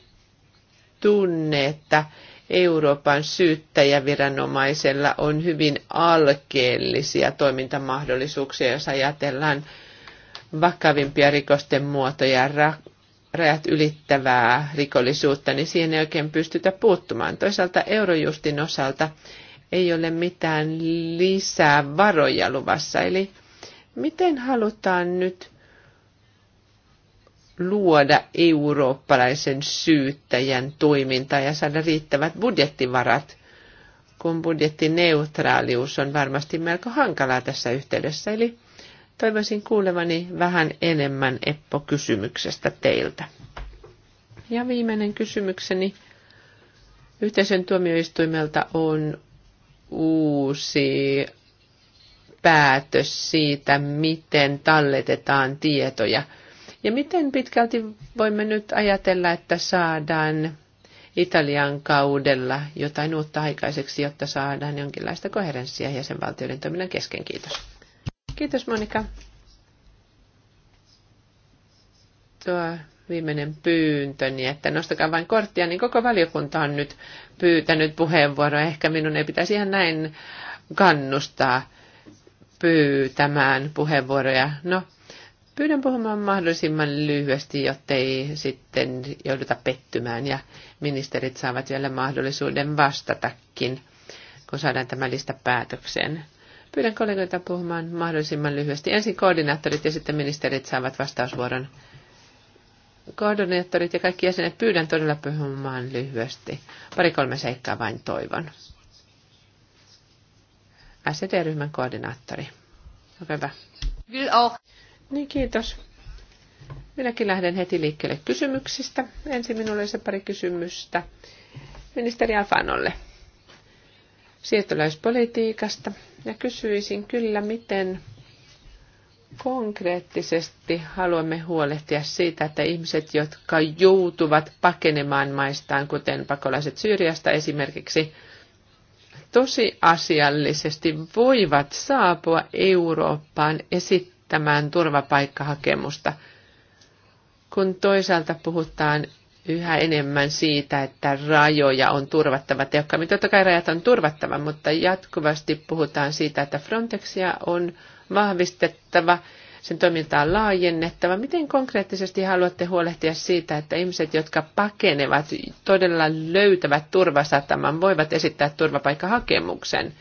tunne, että Euroopan syyttäjäviranomaisella on hyvin alkeellisia toimintamahdollisuuksia, jos ajatellaan vakavimpia rikosten muotoja, rajat ylittävää rikollisuutta, niin siihen ei oikein pystytä puuttumaan. Toisaalta Eurojustin osalta ei ole mitään lisää varoja luvassa. Eli miten halutaan nyt luoda eurooppalaisen syyttäjän toimintaa ja saada riittävät budjettivarat, kun budjettineutraalius on varmasti melko hankalaa tässä yhteydessä. Eli toivoisin kuulevani vähän enemmän Eppo-kysymyksestä teiltä. Ja viimeinen kysymykseni yhteisön tuomioistuimelta on uusi päätös siitä, miten talletetaan tietoja – ja miten pitkälti voimme nyt ajatella, että saadaan Italian kaudella jotain uutta aikaiseksi, jotta saadaan jonkinlaista koherenssia jäsenvaltioiden toiminnan kesken? Kiitos. Kiitos Monika. Tuo viimeinen pyyntöni, niin että nostakaa vain korttia, niin koko valiokunta on nyt pyytänyt puheenvuoroa. Ehkä minun ei pitäisi ihan näin kannustaa pyytämään puheenvuoroja. No, Pyydän puhumaan mahdollisimman lyhyesti, jottei sitten jouduta pettymään ja ministerit saavat vielä mahdollisuuden vastatakin, kun saadaan tämä lista päätökseen. Pyydän kollegoita puhumaan mahdollisimman lyhyesti. Ensin koordinaattorit ja sitten ministerit saavat vastausvuoron. Koordinaattorit ja kaikki jäsenet pyydän todella puhumaan lyhyesti. Pari-kolme seikkaa vain toivon. SED-ryhmän koordinaattori. Olkaa hyvä. Niin, kiitos. Minäkin lähden heti liikkeelle kysymyksistä. Ensin minulle se pari kysymystä ministeri Alfanolle siirtolaispolitiikasta. Ja kysyisin kyllä, miten konkreettisesti haluamme huolehtia siitä, että ihmiset, jotka joutuvat pakenemaan maistaan, kuten pakolaiset Syyriasta esimerkiksi, tosiasiallisesti voivat saapua Eurooppaan esittämään tämän turvapaikkahakemusta, kun toisaalta puhutaan yhä enemmän siitä, että rajoja on turvattava tehokkaammin. Totta kai rajat on turvattava, mutta jatkuvasti puhutaan siitä, että Frontexia on vahvistettava, sen toimintaa on laajennettava. Miten konkreettisesti haluatte huolehtia siitä, että ihmiset, jotka pakenevat, todella löytävät turvasataman, voivat esittää turvapaikkahakemuksen?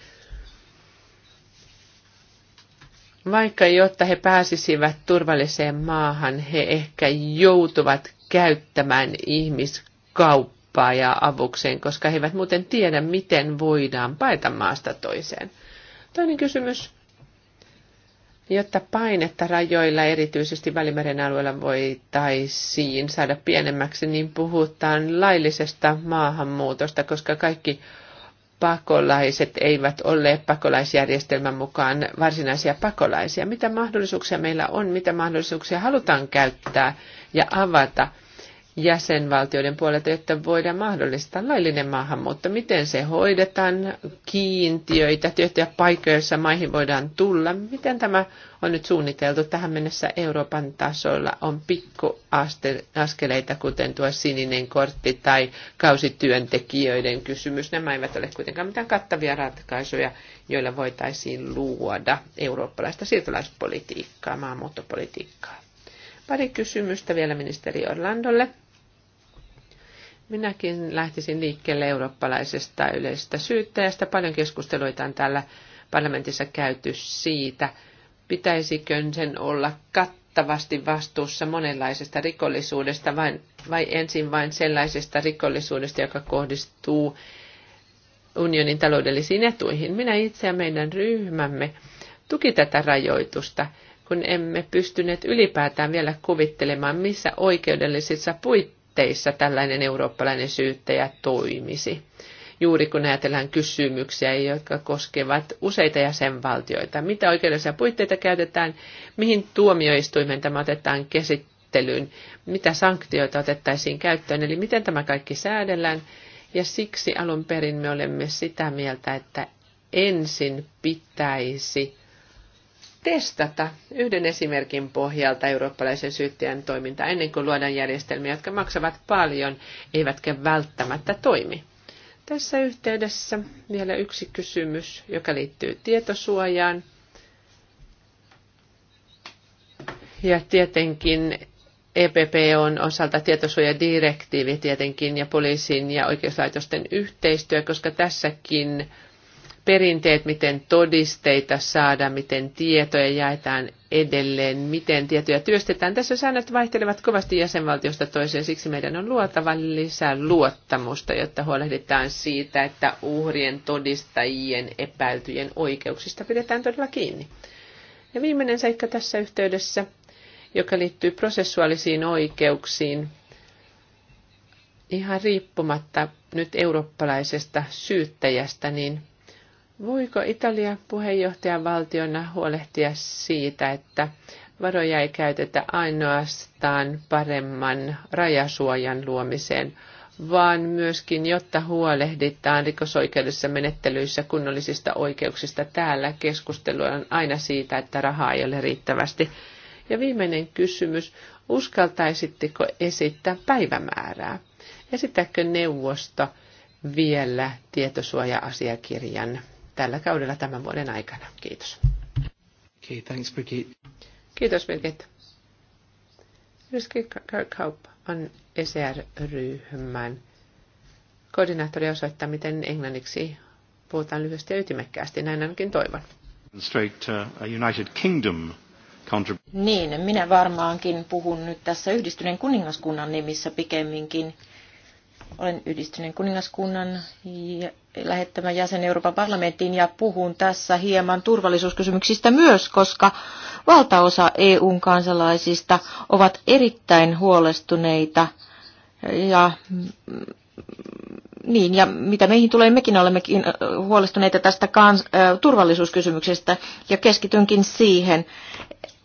Vaikka jotta he pääsisivät turvalliseen maahan, he ehkä joutuvat käyttämään ihmiskauppaa ja avukseen, koska he eivät muuten tiedä, miten voidaan paeta maasta toiseen. Toinen kysymys. Jotta painetta rajoilla, erityisesti Välimeren alueella, voitaisiin saada pienemmäksi, niin puhutaan laillisesta maahanmuutosta, koska kaikki pakolaiset eivät ole pakolaisjärjestelmän mukaan varsinaisia pakolaisia. Mitä mahdollisuuksia meillä on, mitä mahdollisuuksia halutaan käyttää ja avata – jäsenvaltioiden puolelta, jotta voidaan mahdollistaa laillinen maahanmuutto. Miten se hoidetaan, kiintiöitä, tiettyjä paikkoja, joissa maihin voidaan tulla. Miten tämä on nyt suunniteltu? Tähän mennessä Euroopan tasolla on pikkuaskeleita, kuten tuo sininen kortti tai kausityöntekijöiden kysymys. Nämä eivät ole kuitenkaan mitään kattavia ratkaisuja, joilla voitaisiin luoda eurooppalaista siirtolaispolitiikkaa, maahanmuuttopolitiikkaa. Pari kysymystä vielä ministeri Orlandolle. Minäkin lähtisin liikkeelle eurooppalaisesta yleisestä syyttäjästä. Paljon keskusteluita on täällä parlamentissa käyty siitä, pitäisikö sen olla kattavasti vastuussa monenlaisesta rikollisuudesta vai, vai ensin vain sellaisesta rikollisuudesta, joka kohdistuu unionin taloudellisiin etuihin. Minä itse ja meidän ryhmämme tuki tätä rajoitusta – kun emme pystyneet ylipäätään vielä kuvittelemaan, missä oikeudellisissa puitteissa tällainen eurooppalainen syyttäjä toimisi. Juuri kun ajatellaan kysymyksiä, jotka koskevat useita jäsenvaltioita, mitä oikeudellisia puitteita käytetään, mihin tuomioistuimen tämä otetaan käsittelyyn, mitä sanktioita otettaisiin käyttöön, eli miten tämä kaikki säädellään. Ja siksi alun perin me olemme sitä mieltä, että ensin pitäisi testata yhden esimerkin pohjalta eurooppalaisen syyttäjän toimintaa ennen kuin luodaan järjestelmiä, jotka maksavat paljon, eivätkä välttämättä toimi. Tässä yhteydessä vielä yksi kysymys, joka liittyy tietosuojaan. Ja tietenkin EPP on osalta tietosuojadirektiivi tietenkin ja poliisin ja oikeuslaitosten yhteistyö, koska tässäkin perinteet, miten todisteita saadaan, miten tietoja jaetaan edelleen, miten tietoja työstetään. Tässä säännöt vaihtelevat kovasti jäsenvaltiosta toiseen, siksi meidän on luotava lisää luottamusta, jotta huolehditaan siitä, että uhrien, todistajien, epäiltyjen oikeuksista pidetään todella kiinni. Ja viimeinen seikka tässä yhteydessä, joka liittyy prosessuaalisiin oikeuksiin, ihan riippumatta nyt eurooppalaisesta syyttäjästä, niin Voiko Italia puheenjohtajan valtiona huolehtia siitä, että varoja ei käytetä ainoastaan paremman rajasuojan luomiseen, vaan myöskin, jotta huolehditaan rikosoikeudessa menettelyissä kunnollisista oikeuksista. Täällä keskustelua on aina siitä, että rahaa ei ole riittävästi. Ja viimeinen kysymys, uskaltaisitteko esittää päivämäärää? Esittääkö neuvosto vielä tietosuoja-asiakirjan tällä kaudella tämän vuoden aikana. Kiitos. Okay, thanks, Brigitte. Kiitos, Birgit. Riski Kirkhope on esr ryhmän koordinaattori osoittaa, miten englanniksi puhutaan lyhyesti ja ytimekkäästi. Näin ainakin toivon. Uh, United Kingdom niin, minä varmaankin puhun nyt tässä yhdistyneen kuningaskunnan nimissä pikemminkin. Olen yhdistyneen kuningaskunnan lähettämä jäsen Euroopan parlamenttiin ja puhun tässä hieman turvallisuuskysymyksistä myös, koska valtaosa EUn kansalaisista ovat erittäin huolestuneita ja mm, niin, ja mitä meihin tulee, mekin olemme huolestuneita tästä kans, turvallisuuskysymyksestä ja keskitynkin siihen.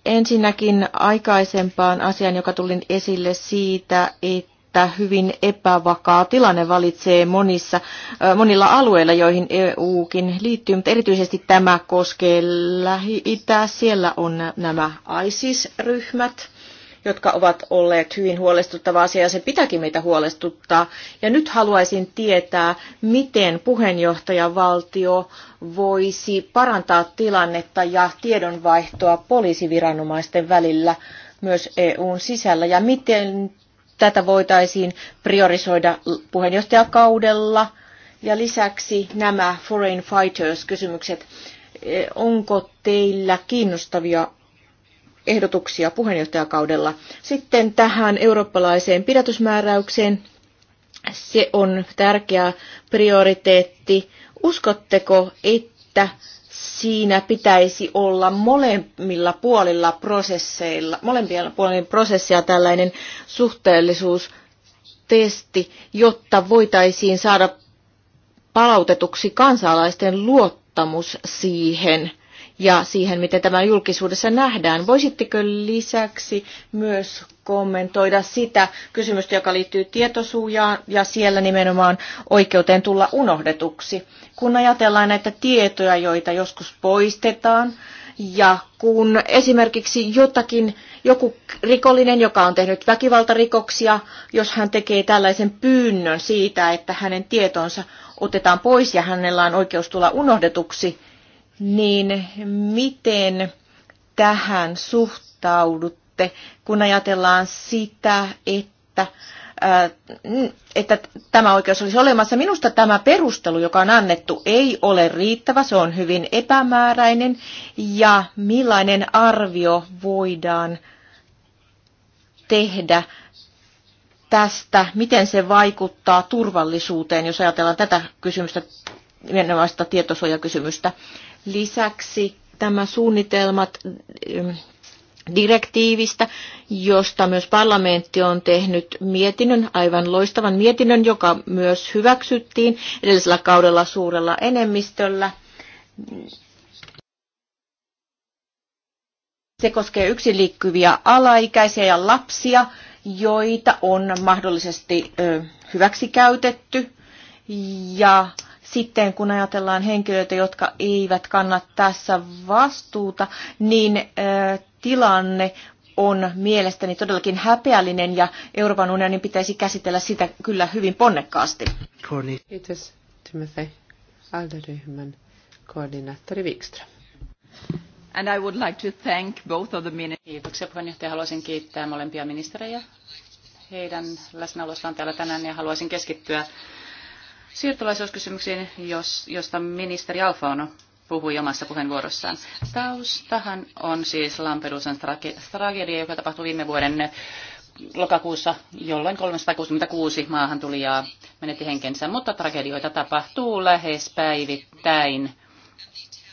Ensinnäkin aikaisempaan asiaan, joka tuli esille siitä, että että hyvin epävakaa tilanne valitsee monissa, monilla alueilla, joihin EUkin liittyy, mutta erityisesti tämä koskee Lähi-Itää. Siellä on nämä ISIS-ryhmät jotka ovat olleet hyvin huolestuttava asia ja se pitääkin meitä huolestuttaa. Ja nyt haluaisin tietää, miten puheenjohtajavaltio voisi parantaa tilannetta ja tiedonvaihtoa poliisiviranomaisten välillä myös EUn sisällä ja miten tätä voitaisiin priorisoida puheenjohtajakaudella. Ja lisäksi nämä foreign fighters-kysymykset. Eh, onko teillä kiinnostavia ehdotuksia puheenjohtajakaudella? Sitten tähän eurooppalaiseen pidätysmääräykseen. Se on tärkeä prioriteetti. Uskotteko, että siinä pitäisi olla molemmilla puolilla prosesseilla, molempien puolin prosessia tällainen suhteellisuustesti, jotta voitaisiin saada palautetuksi kansalaisten luottamus siihen ja siihen, miten tämä julkisuudessa nähdään. Voisitteko lisäksi myös kommentoida sitä kysymystä, joka liittyy tietosuojaan ja siellä nimenomaan oikeuteen tulla unohdetuksi. Kun ajatellaan näitä tietoja, joita joskus poistetaan, ja kun esimerkiksi jotakin, joku rikollinen, joka on tehnyt väkivaltarikoksia, jos hän tekee tällaisen pyynnön siitä, että hänen tietonsa otetaan pois ja hänellä on oikeus tulla unohdetuksi, niin miten tähän suhtaudutaan? sitten, kun ajatellaan sitä, että äh, että tämä oikeus olisi olemassa. Minusta tämä perustelu, joka on annettu, ei ole riittävä. Se on hyvin epämääräinen. Ja millainen arvio voidaan tehdä tästä, miten se vaikuttaa turvallisuuteen, jos ajatellaan tätä kysymystä, nimenomaan tietosuojakysymystä. Lisäksi tämä suunnitelmat direktiivistä, josta myös parlamentti on tehnyt mietinnön, aivan loistavan mietinnön, joka myös hyväksyttiin edellisellä kaudella suurella enemmistöllä. Se koskee yksin liikkuvia alaikäisiä ja lapsia, joita on mahdollisesti hyväksikäytetty. Ja sitten kun ajatellaan henkilöitä, jotka eivät kanna tässä vastuuta, niin tilanne on mielestäni todellakin häpeällinen ja Euroopan unionin pitäisi käsitellä sitä kyllä hyvin ponnekkaasti. Kiitos Timothy Alderyhmän koordinaattori Wikström. And I would like to thank both of the ministers. Kiitoksia puheenjohtaja. Haluaisin kiittää molempia ministerejä heidän läsnäolostaan täällä tänään ja haluaisin keskittyä siirtolaisuuskysymyksiin, jos, josta ministeri Alfa on puhui omassa puheenvuorossaan. Taustahan on siis Lampedusan tragedia, joka tapahtui viime vuoden eh, lokakuussa, jolloin 366 maahan tuli ja menetti henkensä, mutta tragedioita tapahtuu lähes päivittäin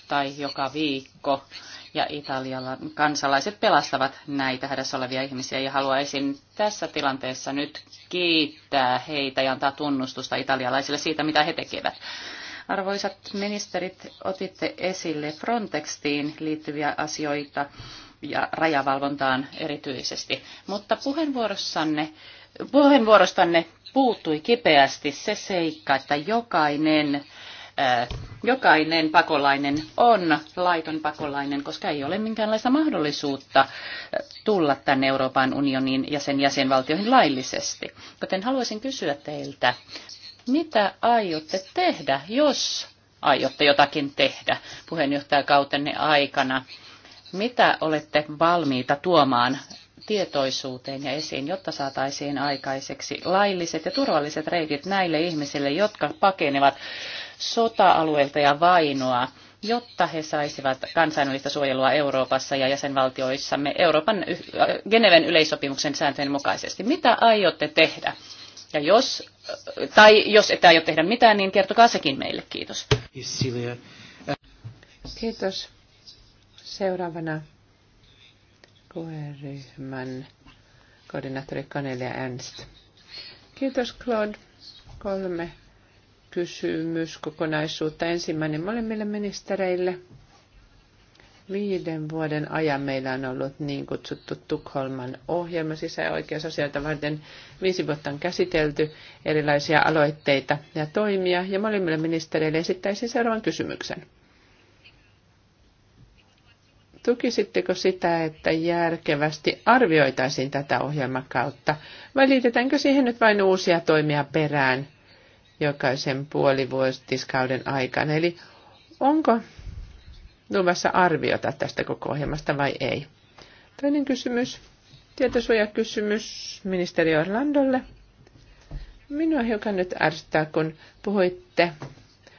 tai joka viikko. Ja Italialla kansalaiset pelastavat näitä hädässä olevia ihmisiä ja haluaisin tässä tilanteessa nyt kiittää heitä ja antaa tunnustusta italialaisille siitä, mitä he tekevät. Arvoisat ministerit, otitte esille Frontextiin liittyviä asioita ja rajavalvontaan erityisesti, mutta puheenvuorossanne, puheenvuorostanne puuttui kipeästi se seikka, että jokainen äh, jokainen pakolainen on laiton pakolainen, koska ei ole minkäänlaista mahdollisuutta äh, tulla tänne Euroopan unioniin ja sen jäsenvaltioihin laillisesti. Joten haluaisin kysyä teiltä, mitä aiotte tehdä, jos aiotte jotakin tehdä puheenjohtajakautenne aikana? Mitä olette valmiita tuomaan tietoisuuteen ja esiin, jotta saataisiin aikaiseksi lailliset ja turvalliset reitit näille ihmisille, jotka pakenevat sota-alueelta ja vainoa, jotta he saisivat kansainvälistä suojelua Euroopassa ja jäsenvaltioissamme Euroopan äh, Geneven yleissopimuksen sääntöjen mukaisesti. Mitä aiotte tehdä? Ja jos, tai jos et aio tehdä mitään, niin kertokaa sekin meille. Kiitos. Uh, Kiitos. Seuraavana koeryhmän koordinaattori Kanelia Ernst. Kiitos Claude. Kolme kysymyskokonaisuutta. Ensimmäinen molemmille ministereille. Viiden vuoden ajan meillä on ollut niin kutsuttu Tukholman ohjelma sisäoikeusasioita varten. Viisi vuotta on käsitelty erilaisia aloitteita ja toimia, ja molemmille ministereille esittäisin seuraavan kysymyksen. Tukisitteko sitä, että järkevästi arvioitaisiin tätä ohjelmakautta, vai liitetäänkö siihen nyt vain uusia toimia perään jokaisen puolivuotiskauden aikana? Eli onko luvassa arviota tästä koko ohjelmasta vai ei? Toinen kysymys, tietosuojakysymys ministeri Orlandolle. Minua hiukan nyt ärsyttää, kun puhuitte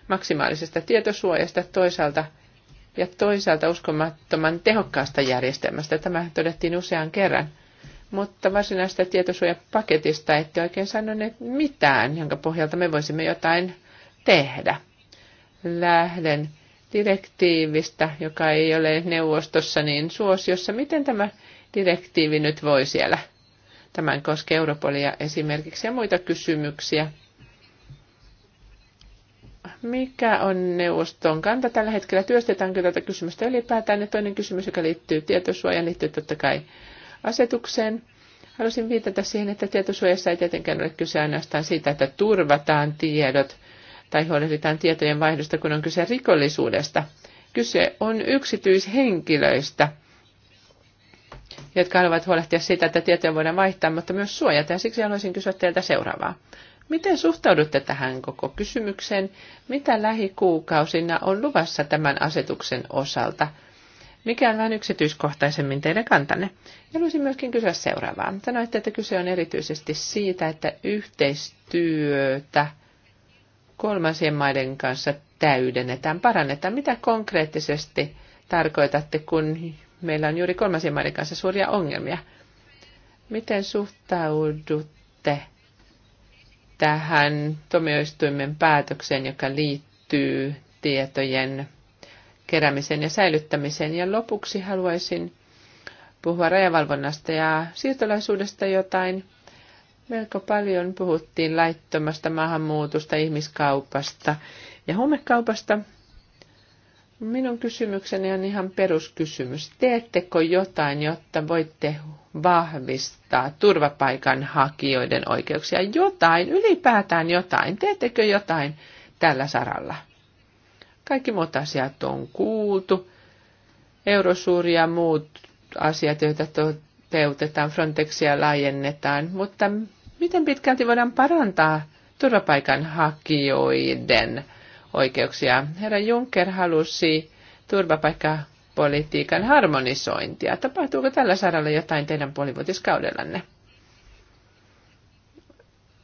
maksimaalisesta tietosuojasta toisaalta ja toisaalta uskomattoman tehokkaasta järjestelmästä. Tämä todettiin usean kerran. Mutta varsinaista tietosuojapaketista ette oikein sanoneet mitään, jonka pohjalta me voisimme jotain tehdä. Lähden direktiivistä, joka ei ole neuvostossa niin suosiossa. Miten tämä direktiivi nyt voi siellä? Tämän koskee Europolia esimerkiksi ja muita kysymyksiä. Mikä on neuvoston kanta tällä hetkellä? Työstetäänkö tätä kysymystä ylipäätään? Ja toinen kysymys, joka liittyy tietosuojaan, liittyy totta kai asetukseen. Haluaisin viitata siihen, että tietosuojassa ei tietenkään ole kyse ainoastaan siitä, että turvataan tiedot, tai huolehditaan tietojen vaihdosta, kun on kyse rikollisuudesta. Kyse on yksityishenkilöistä, jotka haluavat huolehtia siitä, että tietoja voidaan vaihtaa, mutta myös suojata. Ja siksi haluaisin kysyä teiltä seuraavaa. Miten suhtaudutte tähän koko kysymykseen? Mitä lähikuukausina on luvassa tämän asetuksen osalta? Mikä on vähän yksityiskohtaisemmin teidän kantanne? Ja haluaisin myöskin kysyä seuraavaa. Sanoitte, että kyse on erityisesti siitä, että yhteistyötä – kolmansien maiden kanssa täydennetään, parannetaan? Mitä konkreettisesti tarkoitatte, kun meillä on juuri kolmansien maiden kanssa suuria ongelmia? Miten suhtaudutte tähän tuomioistuimen päätökseen, joka liittyy tietojen keräämiseen ja säilyttämiseen? Ja lopuksi haluaisin puhua rajavalvonnasta ja siirtolaisuudesta jotain. Melko paljon puhuttiin laittomasta maahanmuutosta, ihmiskaupasta ja huumekaupasta. Minun kysymykseni on ihan peruskysymys. Teettekö jotain, jotta voitte vahvistaa turvapaikan hakijoiden oikeuksia? Jotain, ylipäätään jotain. Teettekö jotain tällä saralla? Kaikki muut asiat on kuultu. Eurosuuri ja muut asiat, joita sopeutetaan, Frontexia laajennetaan, mutta miten pitkälti voidaan parantaa turvapaikanhakijoiden oikeuksia? Herra Juncker halusi turvapaikkapolitiikan harmonisointia. Tapahtuuko tällä saralla jotain teidän puolivuotiskaudellanne?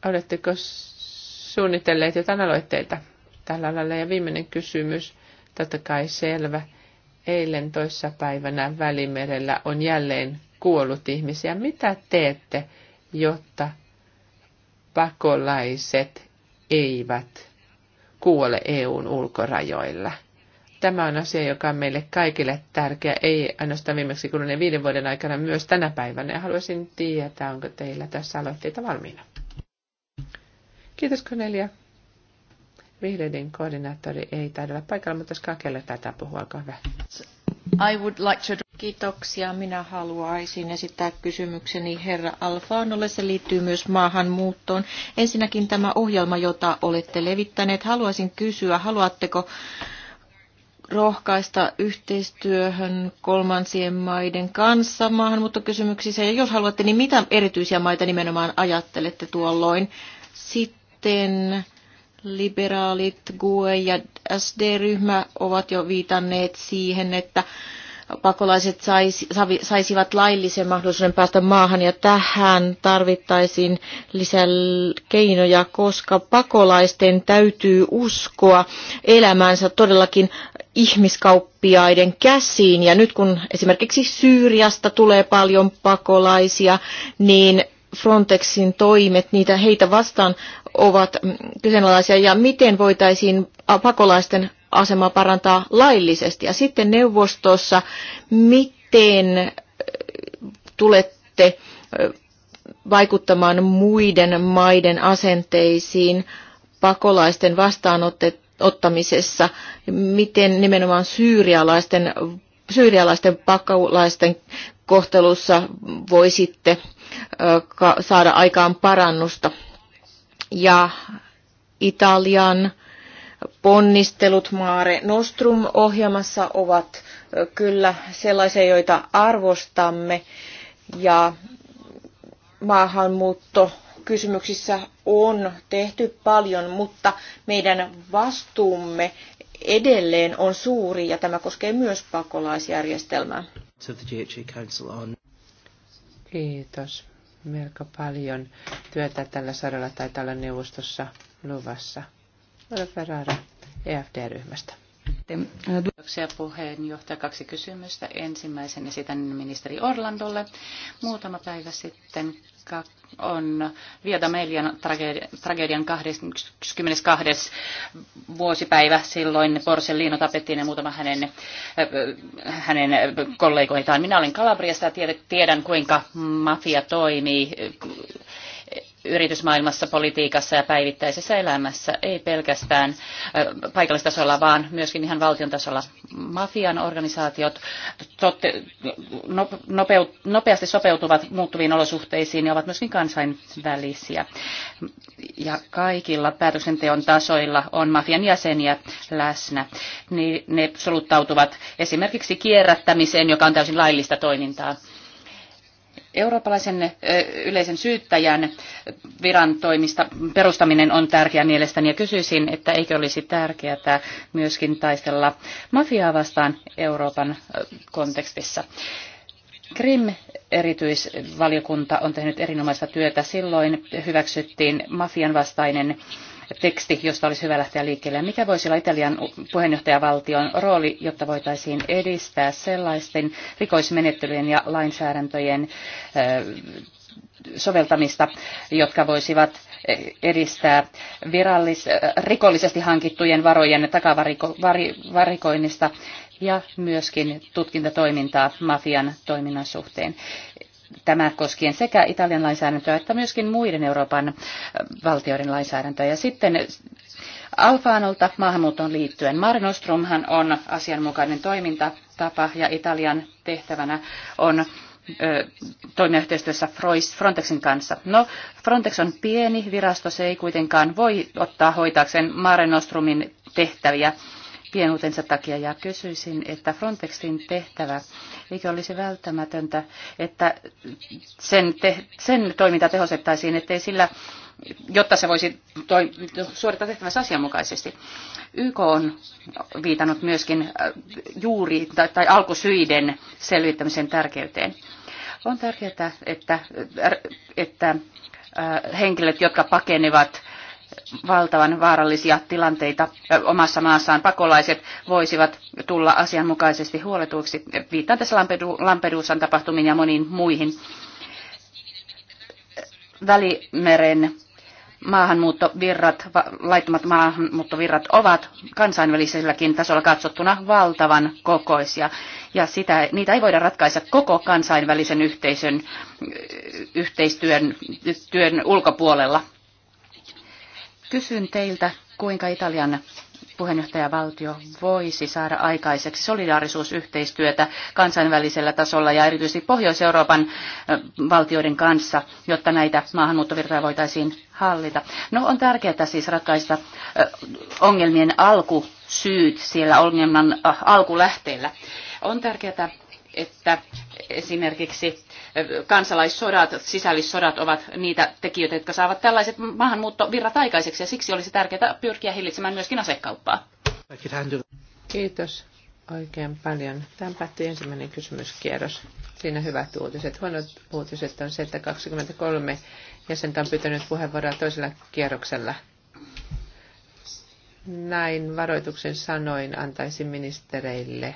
Oletteko suunnitelleet jotain aloitteita tällä alalla? Ja viimeinen kysymys, totta kai selvä. Eilen toissapäivänä Välimerellä on jälleen kuollut ihmisiä. Mitä teette, jotta pakolaiset eivät kuole EUn ulkorajoilla? Tämä on asia, joka on meille kaikille tärkeä, ei ainoastaan viimeksi kuluneen viiden vuoden aikana, myös tänä päivänä. Haluaisin tietää, onko teillä tässä aloitteita valmiina. Kiitos Cornelia. Vihreiden koordinaattori ei taida olla paikalla, mutta kakelle tätä puhua, olkaa hyvä. I would like to... Kiitoksia. Minä haluaisin esittää kysymykseni herra Alfaanolle. Se liittyy myös maahanmuuttoon. Ensinnäkin tämä ohjelma, jota olette levittäneet. Haluaisin kysyä, haluatteko rohkaista yhteistyöhön kolmansien maiden kanssa maahanmuuttokysymyksissä? Ja jos haluatte, niin mitä erityisiä maita nimenomaan ajattelette tuolloin? Sitten liberaalit, GUE ja SD-ryhmä ovat jo viitanneet siihen, että pakolaiset saisivat laillisen mahdollisuuden päästä maahan ja tähän tarvittaisiin lisää keinoja, koska pakolaisten täytyy uskoa elämänsä todellakin ihmiskauppiaiden käsiin. Ja nyt kun esimerkiksi Syyriasta tulee paljon pakolaisia, niin Frontexin toimet niitä heitä vastaan ovat kyseenalaisia ja miten voitaisiin pakolaisten asemaa parantaa laillisesti. Ja sitten neuvostossa, miten tulette vaikuttamaan muiden maiden asenteisiin pakolaisten vastaanottamisessa, miten nimenomaan syyrialaisten, syyrialaisten pakolaisten kohtelussa voisitte saada aikaan parannusta. Ja Italian ponnistelut Maare Nostrum-ohjelmassa ovat kyllä sellaisia, joita arvostamme. Ja maahanmuutto kysymyksissä on tehty paljon, mutta meidän vastuumme edelleen on suuri ja tämä koskee myös pakolaisjärjestelmää. E Kiitos. Melko paljon työtä tällä saralla tai tällä neuvostossa luvassa. Ferrara EFD-ryhmästä. Kiitoksia puheenjohtaja. Kaksi kysymystä. Ensimmäisen esitän ministeri Orlandolle. Muutama päivä sitten on Vieta Melian tragedian 22. vuosipäivä. Silloin Porcellino tapettiin ja muutama hänen, äh, hänen kollegoitaan. Minä olen Kalabriasta ja tiedän, kuinka mafia toimii yritysmaailmassa, politiikassa ja päivittäisessä elämässä, ei pelkästään paikallistasolla, vaan myöskin ihan valtion tasolla. Mafian organisaatiot totte, no-, nopeut, nopeasti sopeutuvat muuttuviin olosuhteisiin ja ovat myöskin kansainvälisiä. Ja kaikilla päätöksenteon tasoilla on mafian jäseniä läsnä. Niin ne soluttautuvat esimerkiksi kierrättämiseen, joka on täysin laillista toimintaa Eurooppalaisen yleisen syyttäjän viran toimista perustaminen on tärkeä mielestäni ja kysyisin, että eikö olisi tärkeää myöskin taistella mafiaa vastaan Euroopan kontekstissa. Krim erityisvaliokunta on tehnyt erinomaista työtä. Silloin hyväksyttiin mafian vastainen teksti, josta olisi hyvä lähteä liikkeelle. Mikä voisi olla Italian puheenjohtajavaltion rooli, jotta voitaisiin edistää sellaisten rikoismenettelyjen ja lainsäädäntöjen soveltamista, jotka voisivat edistää virallis, rikollisesti hankittujen varojen takavarikoinnista ja myöskin tutkintatoimintaa mafian toiminnan suhteen. Tämä koskien sekä Italian lainsäädäntöä että myöskin muiden Euroopan valtioiden lainsäädäntöä. Ja sitten Alfaanolta maahanmuuttoon liittyen. Mare Nostrumhan on asianmukainen toimintatapa ja Italian tehtävänä on toimia yhteistyössä Frontexin kanssa. No, Frontex on pieni virasto, se ei kuitenkaan voi ottaa hoitaakseen Mare Nostrumin tehtäviä pienuutensa takia ja kysyisin, että Frontexin tehtävä, eikö olisi välttämätöntä, että sen, te, sen toiminta tehostettaisiin, ettei sillä, jotta se voisi toi, suorittaa tehtävänsä asianmukaisesti. YK on viitannut myöskin äh, juuri tai, tai alkusyiden selvittämisen tärkeyteen. On tärkeää, että, että äh, äh, henkilöt, jotka pakenevat valtavan vaarallisia tilanteita omassa maassaan. Pakolaiset voisivat tulla asianmukaisesti huoletuiksi. Viittaan tässä Lampedusan tapahtumiin ja moniin muihin. Välimeren maahanmuuttovirrat, laittomat maahanmuuttovirrat ovat kansainväliselläkin tasolla katsottuna valtavan kokoisia. Ja sitä, niitä ei voida ratkaista koko kansainvälisen yhteisön, yhteistyön työn ulkopuolella Kysyn teiltä, kuinka Italian puheenjohtajavaltio voisi saada aikaiseksi solidaarisuusyhteistyötä kansainvälisellä tasolla ja erityisesti Pohjois-Euroopan valtioiden kanssa, jotta näitä maahanmuuttovirtoja voitaisiin hallita. No on tärkeää siis ratkaista ongelmien alkusyyt siellä ongelman alkulähteellä. On tärkeää, että esimerkiksi kansalaissodat, sisällissodat ovat niitä tekijöitä, jotka saavat tällaiset maahanmuuttovirrat aikaiseksi, ja siksi olisi tärkeää pyrkiä hillitsemään myöskin asekauppaa. Kiitos oikein paljon. Tämä päättyi ensimmäinen kysymyskierros. Siinä hyvät uutiset. Huonot uutiset on se, että 23 jäsentä on pyytänyt puheenvuoroa toisella kierroksella. Näin varoituksen sanoin antaisin ministereille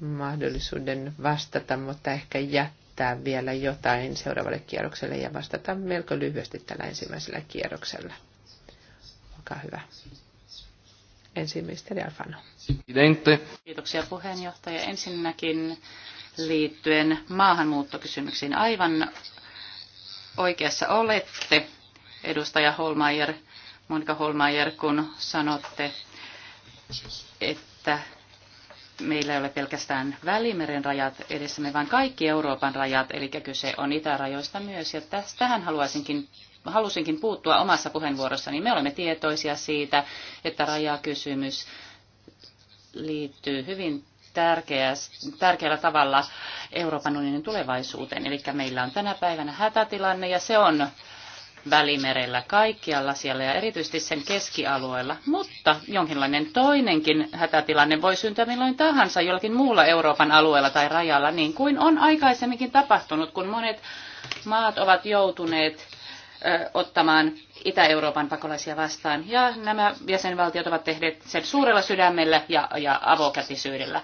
mahdollisuuden vastata, mutta ehkä jättää vielä jotain seuraavalle kierrokselle ja vastata melko lyhyesti tällä ensimmäisellä kierroksella. Olkaa hyvä. Ensin ministeri Alfano. Kiitoksia puheenjohtaja. Ensinnäkin liittyen maahanmuuttokysymyksiin. Aivan oikeassa olette, edustaja Holmeier, Monika Holmeier, kun sanotte, että meillä ei ole pelkästään Välimeren rajat edessämme, vaan kaikki Euroopan rajat, eli kyse on itärajoista myös. Ja tähän haluaisinkin, halusinkin puuttua omassa puheenvuorossani. Me olemme tietoisia siitä, että rajakysymys liittyy hyvin tärkeä, tärkeällä tavalla Euroopan unionin tulevaisuuteen. Eli meillä on tänä päivänä hätätilanne ja se on Välimerellä kaikkialla siellä ja erityisesti sen keskialueella, mutta jonkinlainen toinenkin hätätilanne voi syntyä milloin tahansa jollakin muulla Euroopan alueella tai rajalla, niin kuin on aikaisemminkin tapahtunut, kun monet maat ovat joutuneet ö, ottamaan Itä-Euroopan pakolaisia vastaan. Ja nämä jäsenvaltiot ovat tehneet sen suurella sydämellä ja, ja avokätisyydellä.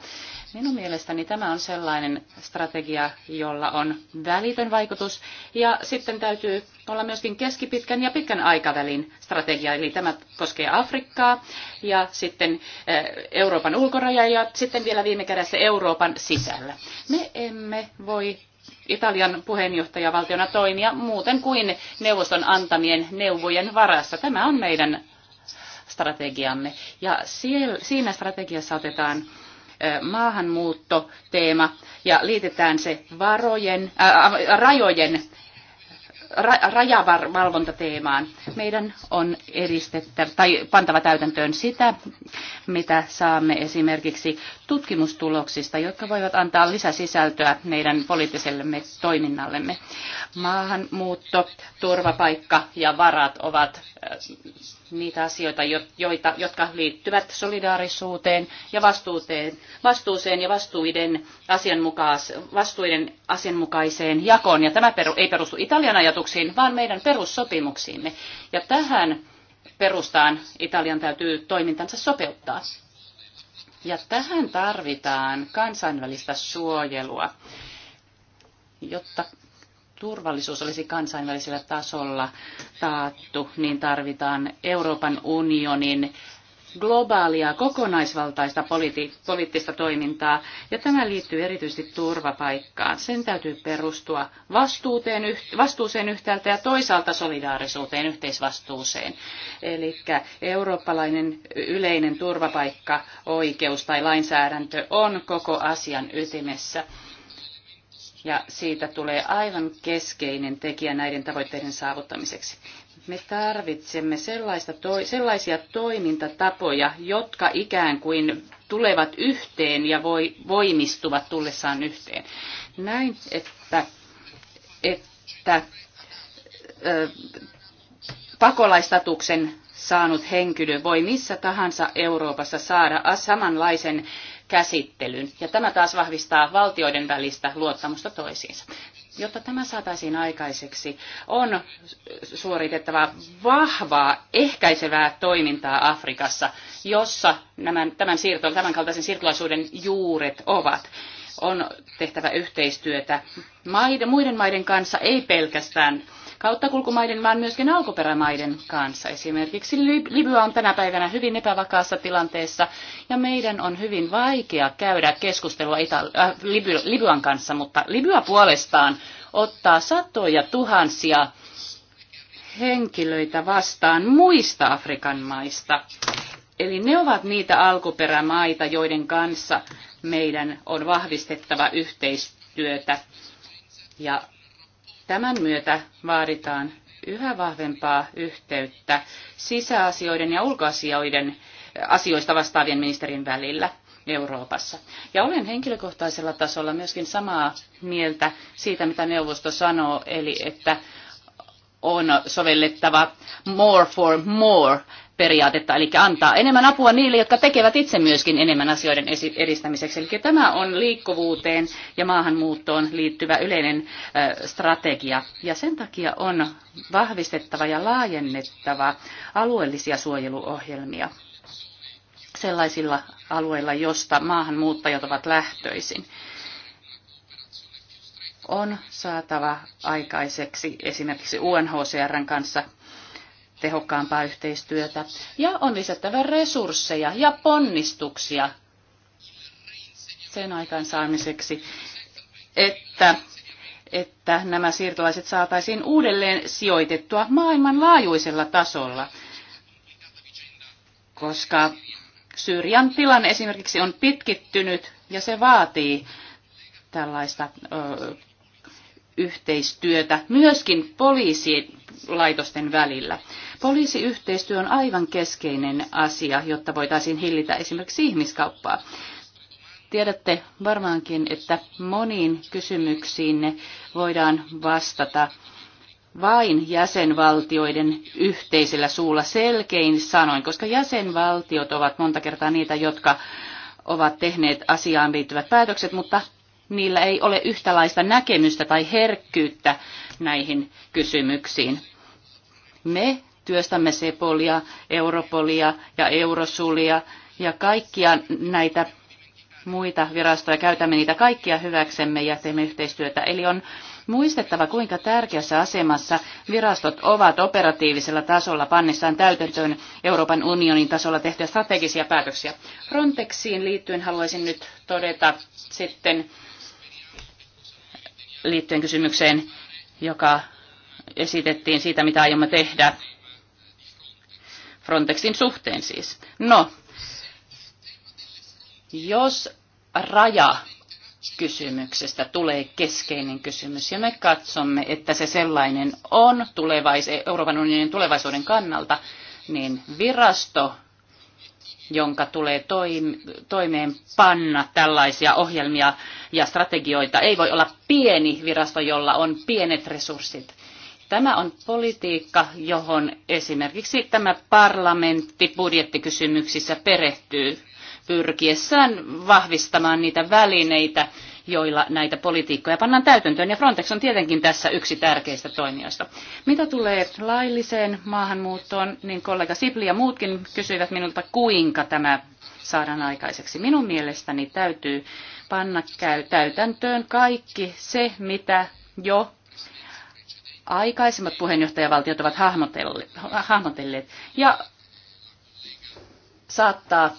Minun mielestäni tämä on sellainen strategia, jolla on välitön vaikutus ja sitten täytyy olla myöskin keskipitkän ja pitkän aikavälin strategia, eli tämä koskee Afrikkaa ja sitten eh, Euroopan ulkorajaa ja sitten vielä viime kädessä Euroopan sisällä. Me emme voi Italian puheenjohtajavaltiona toimia muuten kuin neuvoston antamien neuvojen varassa. Tämä on meidän strategiamme. Ja siellä, siinä strategiassa otetaan maahanmuuttoteema ja liitetään se varojen, ää, rajojen rajavalvontateemaan. Meidän on edistettä, tai pantava täytäntöön sitä, mitä saamme esimerkiksi tutkimustuloksista, jotka voivat antaa lisäsisältöä meidän poliittisellemme toiminnallemme. Maahanmuutto, turvapaikka ja varat ovat äh, niitä asioita, joita, jotka liittyvät solidaarisuuteen ja vastuuteen, vastuuseen ja vastuiden, asianmukaas, vastuiden asianmukaiseen jakoon. Ja tämä peru, ei perustu Italian ajatukseen, ehdotuksiin, vaan meidän perussopimuksiimme. Ja tähän perustaan Italian täytyy toimintansa sopeuttaa. Ja tähän tarvitaan kansainvälistä suojelua, jotta turvallisuus olisi kansainvälisellä tasolla taattu, niin tarvitaan Euroopan unionin globaalia, kokonaisvaltaista politi- poliittista toimintaa, ja tämä liittyy erityisesti turvapaikkaan. Sen täytyy perustua vastuuteen, vastuuseen yhtäältä ja toisaalta solidaarisuuteen, yhteisvastuuseen. Eli eurooppalainen yleinen turvapaikka tai lainsäädäntö on koko asian ytimessä. Ja siitä tulee aivan keskeinen tekijä näiden tavoitteiden saavuttamiseksi. Me tarvitsemme sellaista to, sellaisia toimintatapoja, jotka ikään kuin tulevat yhteen ja voi, voimistuvat tullessaan yhteen. Näin, että, että ö, pakolaistatuksen saanut henkilö voi missä tahansa Euroopassa saada samanlaisen käsittelyn. Ja tämä taas vahvistaa valtioiden välistä luottamusta toisiinsa. Jotta tämä saataisiin aikaiseksi, on suoritettava vahvaa ehkäisevää toimintaa Afrikassa, jossa nämä, tämän, siirto, tämän kaltaisen siirtolaisuuden juuret ovat. On tehtävä yhteistyötä maiden, muiden maiden kanssa, ei pelkästään kauttakulkumaiden, vaan myöskin alkuperämaiden kanssa. Esimerkiksi Libya on tänä päivänä hyvin epävakaassa tilanteessa ja meidän on hyvin vaikea käydä keskustelua Itali- äh, Libyan kanssa, mutta Libya puolestaan ottaa satoja tuhansia henkilöitä vastaan muista Afrikan maista. Eli ne ovat niitä alkuperämaita, joiden kanssa meidän on vahvistettava yhteistyötä ja Tämän myötä vaaditaan yhä vahvempaa yhteyttä sisäasioiden ja ulkoasioiden äh, asioista vastaavien ministerin välillä Euroopassa. Ja olen henkilökohtaisella tasolla myöskin samaa mieltä siitä, mitä neuvosto sanoo, eli että on sovellettava more for more periaatetta, eli antaa enemmän apua niille, jotka tekevät itse myöskin enemmän asioiden edistämiseksi. Eli tämä on liikkuvuuteen ja maahanmuuttoon liittyvä yleinen strategia, ja sen takia on vahvistettava ja laajennettava alueellisia suojeluohjelmia sellaisilla alueilla, josta maahanmuuttajat ovat lähtöisin on saatava aikaiseksi esimerkiksi UNHCRn kanssa tehokkaampaa yhteistyötä ja on lisättävä resursseja ja ponnistuksia sen aikaansaamiseksi, että, että nämä siirtolaiset saataisiin uudelleen sijoitettua maailmanlaajuisella tasolla, koska Syyrian tilanne esimerkiksi on pitkittynyt ja se vaatii tällaista ö, yhteistyötä myöskin poliisilaitosten välillä. Poliisiyhteistyö on aivan keskeinen asia, jotta voitaisiin hillitä esimerkiksi ihmiskauppaa. Tiedätte varmaankin, että moniin kysymyksiin voidaan vastata vain jäsenvaltioiden yhteisellä suulla selkein sanoin, koska jäsenvaltiot ovat monta kertaa niitä, jotka ovat tehneet asiaan liittyvät päätökset, mutta niillä ei ole yhtälaista näkemystä tai herkkyyttä näihin kysymyksiin. Me työstämme Sepolia, Europolia ja Eurosulia ja kaikkia näitä muita virastoja, käytämme niitä kaikkia hyväksemme ja teemme yhteistyötä. Eli on muistettava, kuinka tärkeässä asemassa virastot ovat operatiivisella tasolla pannessaan täytäntöön Euroopan unionin tasolla tehtyjä strategisia päätöksiä. Frontexiin liittyen haluaisin nyt todeta sitten liittyen kysymykseen, joka esitettiin siitä, mitä aiomme tehdä Frontexin suhteen siis. No, jos raja kysymyksestä tulee keskeinen kysymys ja me katsomme, että se sellainen on tulevais- Euroopan unionin tulevaisuuden kannalta, niin virasto jonka tulee toimeenpanna tällaisia ohjelmia ja strategioita. Ei voi olla pieni virasto, jolla on pienet resurssit. Tämä on politiikka, johon esimerkiksi tämä parlamentti budjettikysymyksissä perehtyy pyrkiessään vahvistamaan niitä välineitä, joilla näitä politiikkoja pannaan täytäntöön. Ja Frontex on tietenkin tässä yksi tärkeistä toimijoista. Mitä tulee lailliseen maahanmuuttoon, niin kollega Sipli ja muutkin kysyivät minulta, kuinka tämä saadaan aikaiseksi. Minun mielestäni täytyy panna käy täytäntöön kaikki se, mitä jo aikaisemmat puheenjohtajavaltiot ovat hahmotelleet ja saattaa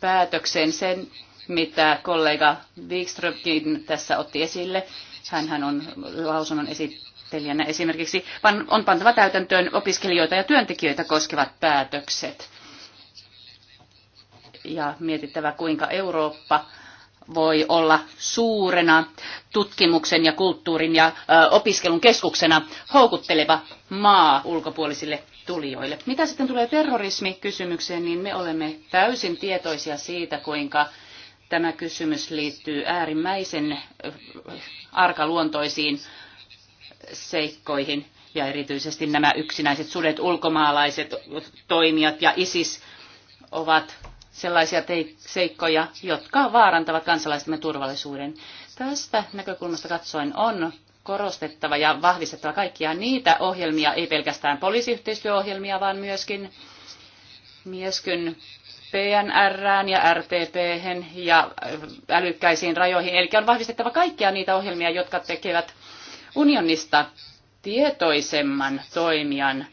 päätökseen sen mitä kollega Wikströmkin tässä otti esille. Hänhän on lausunnon esittelijänä esimerkiksi. On pantava täytäntöön opiskelijoita ja työntekijöitä koskevat päätökset. Ja mietittävä, kuinka Eurooppa voi olla suurena tutkimuksen ja kulttuurin ja opiskelun keskuksena houkutteleva maa ulkopuolisille tulijoille. Mitä sitten tulee terrorismikysymykseen, niin me olemme täysin tietoisia siitä, kuinka tämä kysymys liittyy äärimmäisen arkaluontoisiin seikkoihin ja erityisesti nämä yksinäiset sudet, ulkomaalaiset toimijat ja ISIS ovat sellaisia seikkoja, jotka vaarantavat kansalaistemme turvallisuuden. Tästä näkökulmasta katsoen on korostettava ja vahvistettava kaikkia niitä ohjelmia, ei pelkästään poliisiyhteistyöohjelmia, vaan myöskin, myöskin PNR ja RTP ja älykkäisiin rajoihin. Eli on vahvistettava kaikkia niitä ohjelmia, jotka tekevät unionista tietoisemman toimijan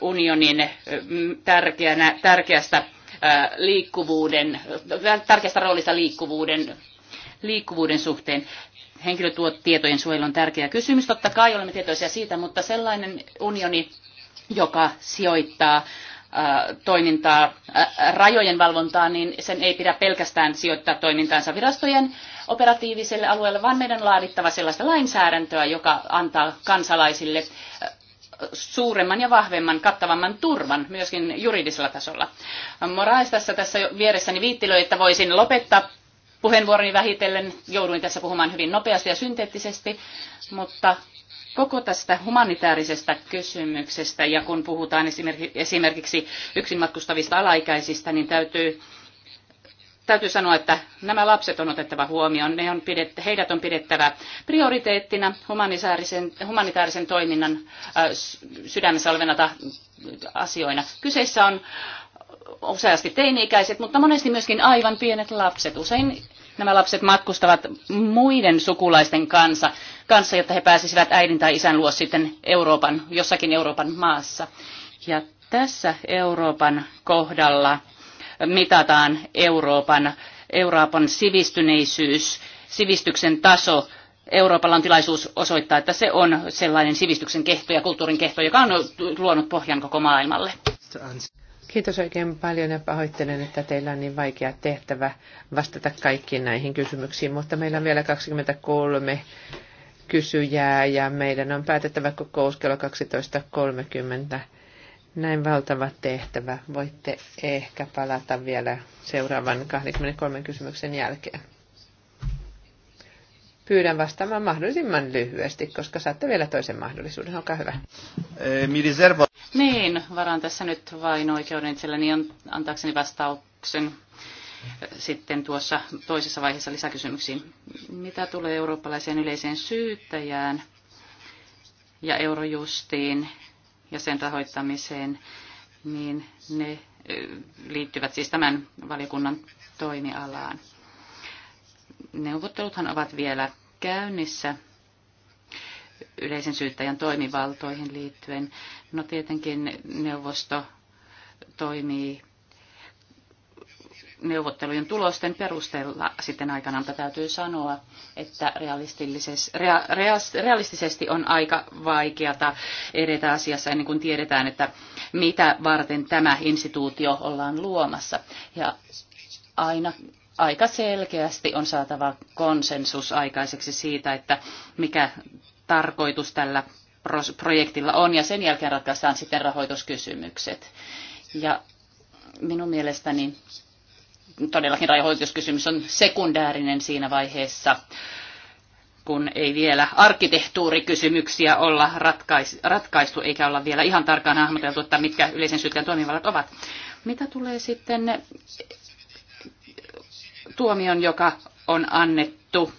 unionin tärkeänä, tärkeästä liikkuvuuden, tärkeästä roolista liikkuvuuden, liikkuvuuden suhteen. Henkilötietojen suojelu on tärkeä kysymys. Totta kai olemme tietoisia siitä, mutta sellainen unioni, joka sijoittaa toimintaa, rajojen valvontaa, niin sen ei pidä pelkästään sijoittaa toimintaansa virastojen operatiiviselle alueelle, vaan meidän on laadittava sellaista lainsäädäntöä, joka antaa kansalaisille suuremman ja vahvemman, kattavamman turvan myöskin juridisella tasolla. Moraes tässä, tässä vieressäni viittilöi, että voisin lopettaa puheenvuoroni vähitellen. Jouduin tässä puhumaan hyvin nopeasti ja synteettisesti, mutta koko tästä humanitaarisesta kysymyksestä. Ja kun puhutaan esimerkiksi yksin matkustavista alaikäisistä, niin täytyy, täytyy sanoa, että nämä lapset on otettava huomioon. Ne on pidettä, heidät on pidettävä prioriteettina humanitaarisen, humanitaarisen toiminnan äh, sydämessä olevina ta, asioina. Kyseessä on useasti teini-ikäiset, mutta monesti myöskin aivan pienet lapset. Usein nämä lapset matkustavat muiden sukulaisten kanssa, kanssa, jotta he pääsisivät äidin tai isän luo sitten Euroopan, jossakin Euroopan maassa. Ja tässä Euroopan kohdalla mitataan Euroopan, Euroopan sivistyneisyys, sivistyksen taso. Euroopalla on tilaisuus osoittaa, että se on sellainen sivistyksen kehto ja kulttuurin kehto, joka on luonut pohjan koko maailmalle. Kiitos oikein paljon ja pahoittelen, että teillä on niin vaikea tehtävä vastata kaikkiin näihin kysymyksiin, mutta meillä on vielä 23 kysyjää ja meidän on päätettävä kokous kello 12.30. Näin valtava tehtävä. Voitte ehkä palata vielä seuraavan 23 kysymyksen jälkeen pyydän vastaamaan mahdollisimman lyhyesti, koska saatte vielä toisen mahdollisuuden. Olkaa hyvä. Eh, niin, varaan tässä nyt vain oikeuden itselleni niin antaakseni vastauksen eh, sitten tuossa toisessa vaiheessa lisäkysymyksiin. Mitä tulee eurooppalaiseen yleiseen syyttäjään ja eurojustiin ja sen rahoittamiseen, niin ne eh, liittyvät siis tämän valiokunnan toimialaan. Neuvotteluthan ovat vielä käynnissä yleisen syyttäjän toimivaltoihin liittyen. No tietenkin neuvosto toimii neuvottelujen tulosten perusteella sitten aikanaan, mutta täytyy sanoa, että rea, realistisesti on aika vaikeata edetä asiassa ennen kuin tiedetään, että mitä varten tämä instituutio ollaan luomassa. Ja aina aika selkeästi on saatava konsensus aikaiseksi siitä, että mikä tarkoitus tällä projektilla on, ja sen jälkeen ratkaistaan sitten rahoituskysymykset. Ja minun mielestäni todellakin rahoituskysymys on sekundäärinen siinä vaiheessa, kun ei vielä arkkitehtuurikysymyksiä olla ratkais, ratkaistu, eikä olla vielä ihan tarkkaan hahmoteltu, että mitkä yleisen syyttäjän toimivallat ovat. Mitä tulee sitten tuomion, joka on annettu,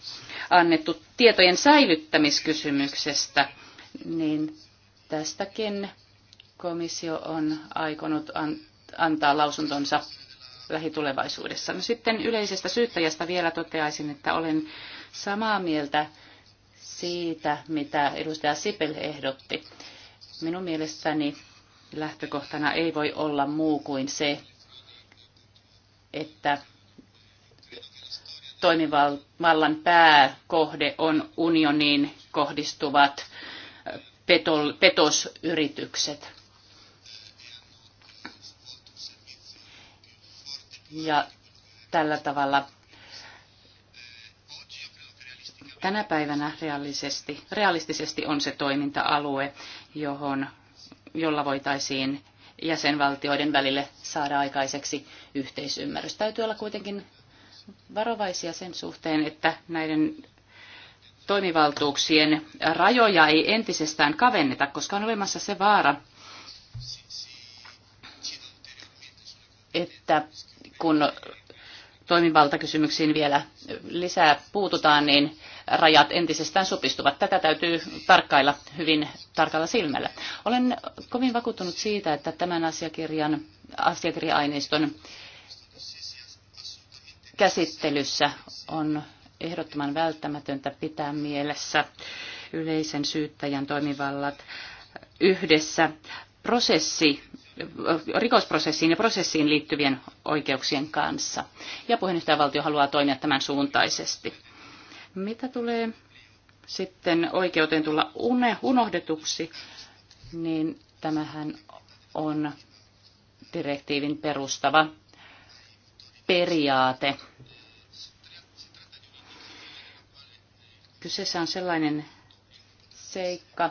annettu tietojen säilyttämiskysymyksestä, niin tästäkin komissio on aikonut antaa lausuntonsa lähitulevaisuudessa. No sitten yleisestä syyttäjästä vielä toteaisin, että olen samaa mieltä siitä, mitä edustaja Sipel ehdotti. Minun mielestäni lähtökohtana ei voi olla muu kuin se, että toimivallan pääkohde on unioniin kohdistuvat petosyritykset. Ja tällä tavalla tänä päivänä realistisesti, realistisesti on se toiminta-alue, johon, jolla voitaisiin jäsenvaltioiden välille saada aikaiseksi yhteisymmärrys. Täytyy olla kuitenkin varovaisia sen suhteen, että näiden toimivaltuuksien rajoja ei entisestään kavenneta, koska on olemassa se vaara, että kun toimivaltakysymyksiin vielä lisää puututaan, niin rajat entisestään supistuvat. Tätä täytyy tarkkailla hyvin tarkalla silmällä. Olen kovin vakuuttunut siitä, että tämän asiakirjan, asiakirja-aineiston asiakirja käsittelyssä on ehdottoman välttämätöntä pitää mielessä yleisen syyttäjän toimivallat yhdessä prosessi, rikosprosessiin ja prosessiin liittyvien oikeuksien kanssa. Ja puheenjohtajavaltio haluaa toimia tämän suuntaisesti. Mitä tulee sitten oikeuteen tulla unohdetuksi, niin tämähän on direktiivin perustava periaate. Kyseessä on sellainen seikka,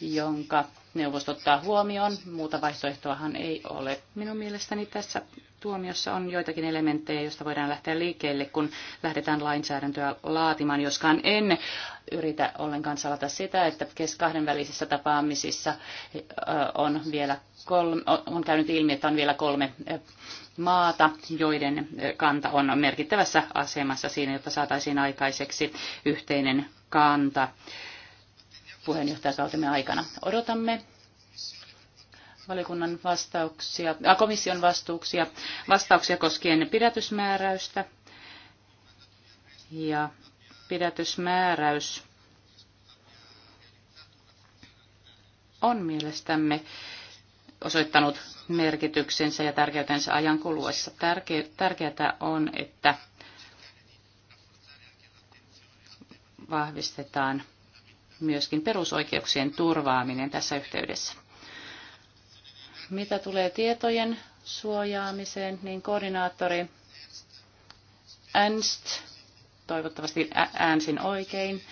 jonka neuvosto ottaa huomioon. Muuta vaihtoehtoahan ei ole. Minun mielestäni tässä tuomiossa on joitakin elementtejä, joista voidaan lähteä liikkeelle, kun lähdetään lainsäädäntöä laatimaan, joskaan en yritä ollenkaan salata sitä, että kahdenvälisissä tapaamisissa on vielä kolme, on käynyt ilmi, että on vielä kolme maata, joiden kanta on merkittävässä asemassa siinä, jotta saataisiin aikaiseksi yhteinen kanta puheenjohtajakautemme aikana. Odotamme valiokunnan vastauksia, äh, komission vastuuksia, vastauksia koskien pidätysmääräystä. Ja pidätysmääräys on mielestämme osoittanut merkityksensä ja tärkeytensä ajan kuluessa. Tärkeää on, että vahvistetaan myöskin perusoikeuksien turvaaminen tässä yhteydessä. Mitä tulee tietojen suojaamiseen, niin koordinaattori Ernst, toivottavasti äänsin oikein,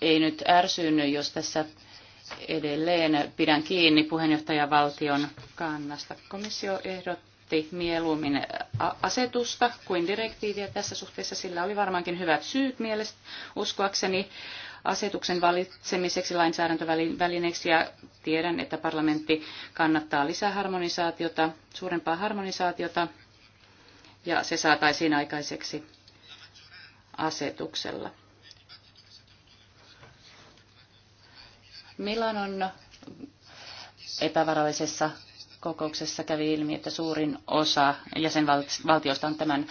ei nyt ärsynyt, jos tässä edelleen pidän kiinni puheenjohtajavaltion kannasta. Komissio ehdotti mieluummin asetusta kuin direktiiviä tässä suhteessa. Sillä oli varmaankin hyvät syyt mielestä uskoakseni asetuksen valitsemiseksi lainsäädäntövälineeksi ja tiedän, että parlamentti kannattaa lisää harmonisaatiota, suurempaa harmonisaatiota ja se saataisiin aikaiseksi asetuksella. Milanon epävarallisessa kokouksessa kävi ilmi, että suurin osa jäsenvaltioista on tämän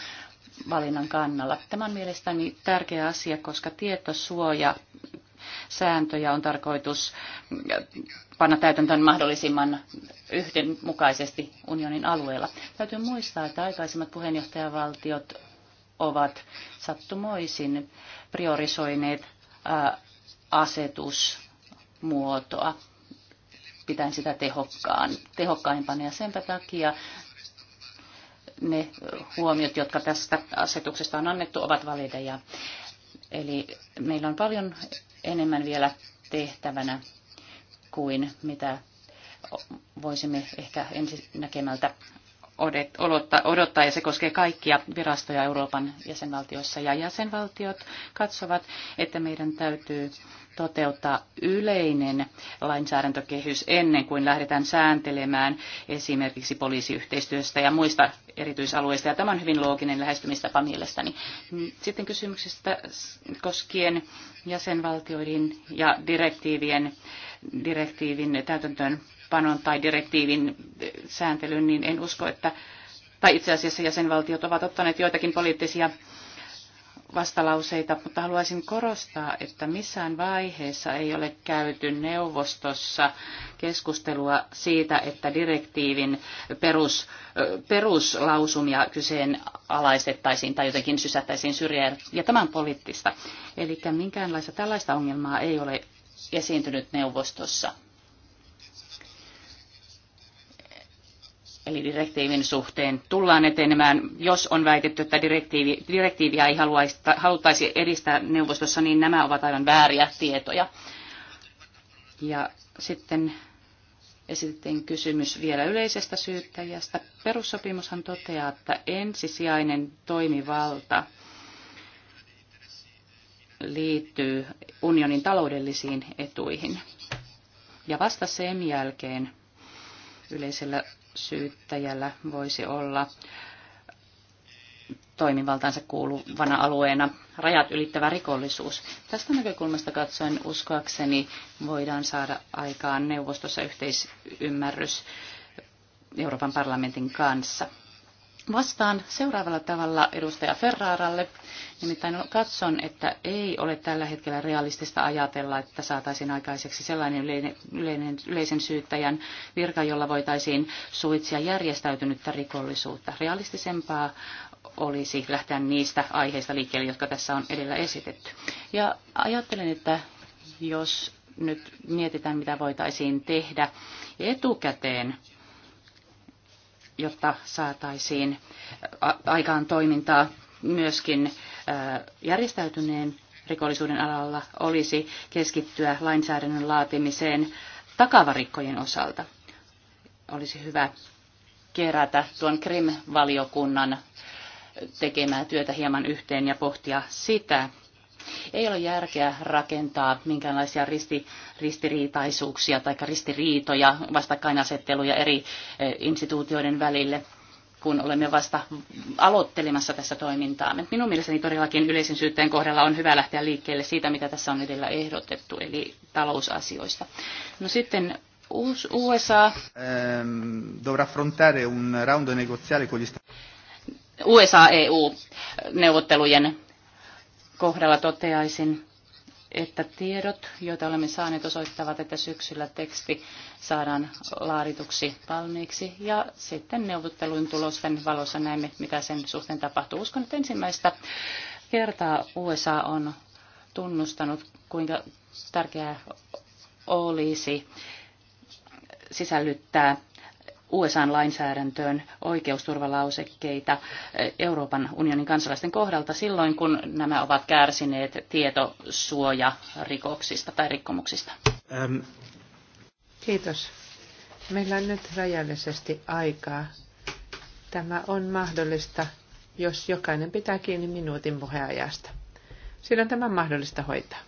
valinnan kannalla. Tämä on mielestäni tärkeä asia, koska tietosuoja sääntöjä on tarkoitus panna täytäntöön mahdollisimman yhdenmukaisesti unionin alueella. Täytyy muistaa, että aikaisemmat puheenjohtajavaltiot ovat sattumoisin priorisoineet asetusmuotoa pitäen sitä tehokkaan, tehokkaimpana ja sen takia ne huomiot, jotka tästä asetuksesta on annettu, ovat valideja. Eli meillä on paljon enemmän vielä tehtävänä kuin mitä voisimme ehkä ensin näkemältä odottaa, ja se koskee kaikkia virastoja Euroopan jäsenvaltioissa. Ja jäsenvaltiot katsovat, että meidän täytyy toteuttaa yleinen lainsäädäntökehys ennen kuin lähdetään sääntelemään esimerkiksi poliisiyhteistyöstä ja muista erityisalueista. Ja tämä on hyvin looginen lähestymistapa mielestäni. Sitten kysymyksestä koskien jäsenvaltioiden ja direktiivien, direktiivin täytäntöön täytäntöönpanon tai direktiivin sääntelyn, niin en usko, että, tai itse asiassa jäsenvaltiot ovat ottaneet joitakin poliittisia vastalauseita, mutta haluaisin korostaa, että missään vaiheessa ei ole käyty neuvostossa keskustelua siitä, että direktiivin perus, peruslausumia kyseenalaistettaisiin tai jotenkin sysättäisiin syrjään, ja tämän poliittista. Eli minkäänlaista tällaista ongelmaa ei ole esiintynyt neuvostossa. eli direktiivin suhteen tullaan etenemään. Jos on väitetty, että direktiivi, direktiiviä ei haluaisi, haluttaisi edistää neuvostossa, niin nämä ovat aivan vääriä tietoja. Ja sitten esitettiin kysymys vielä yleisestä syyttäjästä. Perussopimushan toteaa, että ensisijainen toimivalta liittyy unionin taloudellisiin etuihin. Ja vasta sen jälkeen yleisellä syyttäjällä voisi olla toimivaltaansa kuuluvana alueena rajat ylittävä rikollisuus. Tästä näkökulmasta katsoen uskoakseni voidaan saada aikaan neuvostossa yhteisymmärrys Euroopan parlamentin kanssa Vastaan seuraavalla tavalla edustaja Ferraaralle. Nimittäin katson, että ei ole tällä hetkellä realistista ajatella, että saataisiin aikaiseksi sellainen yleinen, yleinen, yleisen syyttäjän virka, jolla voitaisiin suitsia järjestäytynyttä rikollisuutta. Realistisempaa olisi lähteä niistä aiheista liikkeelle, jotka tässä on edellä esitetty. Ja ajattelen, että jos nyt mietitään, mitä voitaisiin tehdä etukäteen jotta saataisiin aikaan toimintaa myöskin järjestäytyneen rikollisuuden alalla olisi keskittyä lainsäädännön laatimiseen takavarikkojen osalta. Olisi hyvä kerätä tuon Krim-valiokunnan tekemää työtä hieman yhteen ja pohtia sitä, ei ole järkeä rakentaa minkäänlaisia risti, ristiriitaisuuksia tai ristiriitoja, vastakkainasetteluja eri eh, instituutioiden välille kun olemme vasta aloittelemassa tässä toimintaa. Minun mielestäni todellakin yleisen syytteen kohdalla on hyvä lähteä liikkeelle siitä, mitä tässä on edellä ehdotettu, eli talousasioista. No sitten USA. Ehm, dovrà affrontare un round negoziale con gli USA-EU-neuvottelujen kohdalla toteaisin, että tiedot, joita olemme saaneet, osoittavat, että syksyllä teksti saadaan laadituksi valmiiksi. Ja sitten neuvottelujen tulosten valossa näemme, mitä sen suhteen tapahtuu. Uskon, että ensimmäistä kertaa USA on tunnustanut, kuinka tärkeää olisi sisällyttää USA-lainsäädäntöön oikeusturvalausekkeita Euroopan unionin kansalaisten kohdalta silloin, kun nämä ovat kärsineet tietosuojarikoksista tai rikkomuksista. Ähm. Kiitos. Meillä on nyt rajallisesti aikaa. Tämä on mahdollista, jos jokainen pitää kiinni minuutin puheajasta. Silloin tämä on mahdollista hoitaa.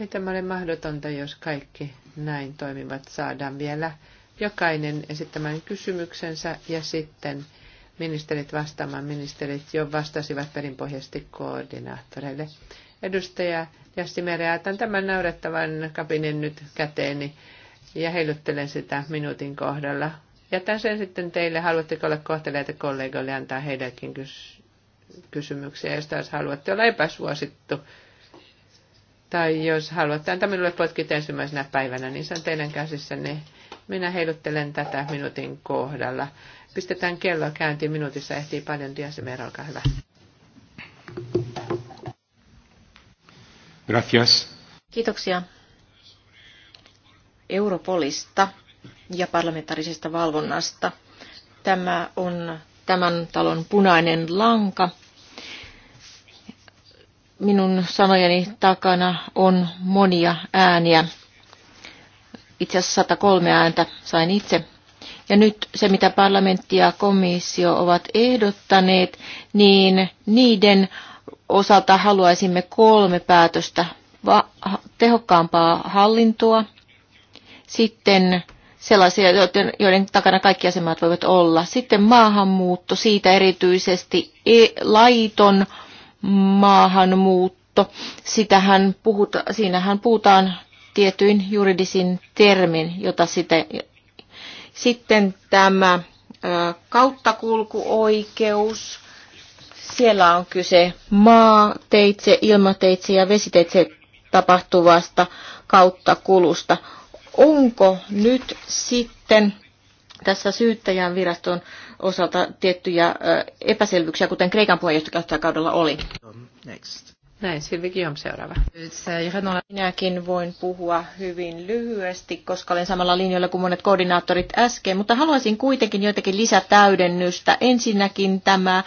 Ei tämä ole mahdotonta, jos kaikki näin toimivat. Saadaan vielä jokainen esittämään kysymyksensä ja sitten ministerit vastaamaan. Ministerit jo vastasivat perinpohjaisesti koordinaattoreille. Edustaja Jassi Merea, otan tämän naurettavan kapinen nyt käteeni ja heiluttelen sitä minuutin kohdalla. Jätän sen sitten teille. Haluatteko olla kohteleita kollegoille antaa heidänkin kys- kysymyksiä, jos taas haluatte olla epäsuosittu tai jos haluatte antaa minulle potkit ensimmäisenä päivänä, niin se on teidän käsissänne. Minä heiluttelen tätä minuutin kohdalla. Pistetään kello käyntiin minuutissa, ehtii paljon. Diasimer, olkaa hyvä. Gracias. Kiitoksia Europolista ja parlamentaarisesta valvonnasta. Tämä on tämän talon punainen lanka minun sanojeni takana on monia ääniä. Itse asiassa 103 ääntä sain itse. Ja nyt se, mitä parlamentti ja komissio ovat ehdottaneet, niin niiden osalta haluaisimme kolme päätöstä. Va- tehokkaampaa hallintoa, sitten sellaisia, joiden, joiden takana kaikki jäsenmaat voivat olla. Sitten maahanmuutto, siitä erityisesti e- laiton maahanmuutto. Sitähän puhuta, siinähän puhutaan tietyin juridisin termin, jota sitä, sitten tämä kauttakulkuoikeus. Siellä on kyse maateitse, ilmateitse ja vesiteitse tapahtuvasta kauttakulusta. Onko nyt sitten tässä syyttäjän viraston osalta tiettyjä epäselvyyksiä, kuten Kreikan puheenjohtajakaudella oli. Next. Näin, Silvi Kiom seuraava. Minäkin voin puhua hyvin lyhyesti, koska olen samalla linjalla kuin monet koordinaattorit äsken, mutta haluaisin kuitenkin joitakin lisätäydennystä. Ensinnäkin tämä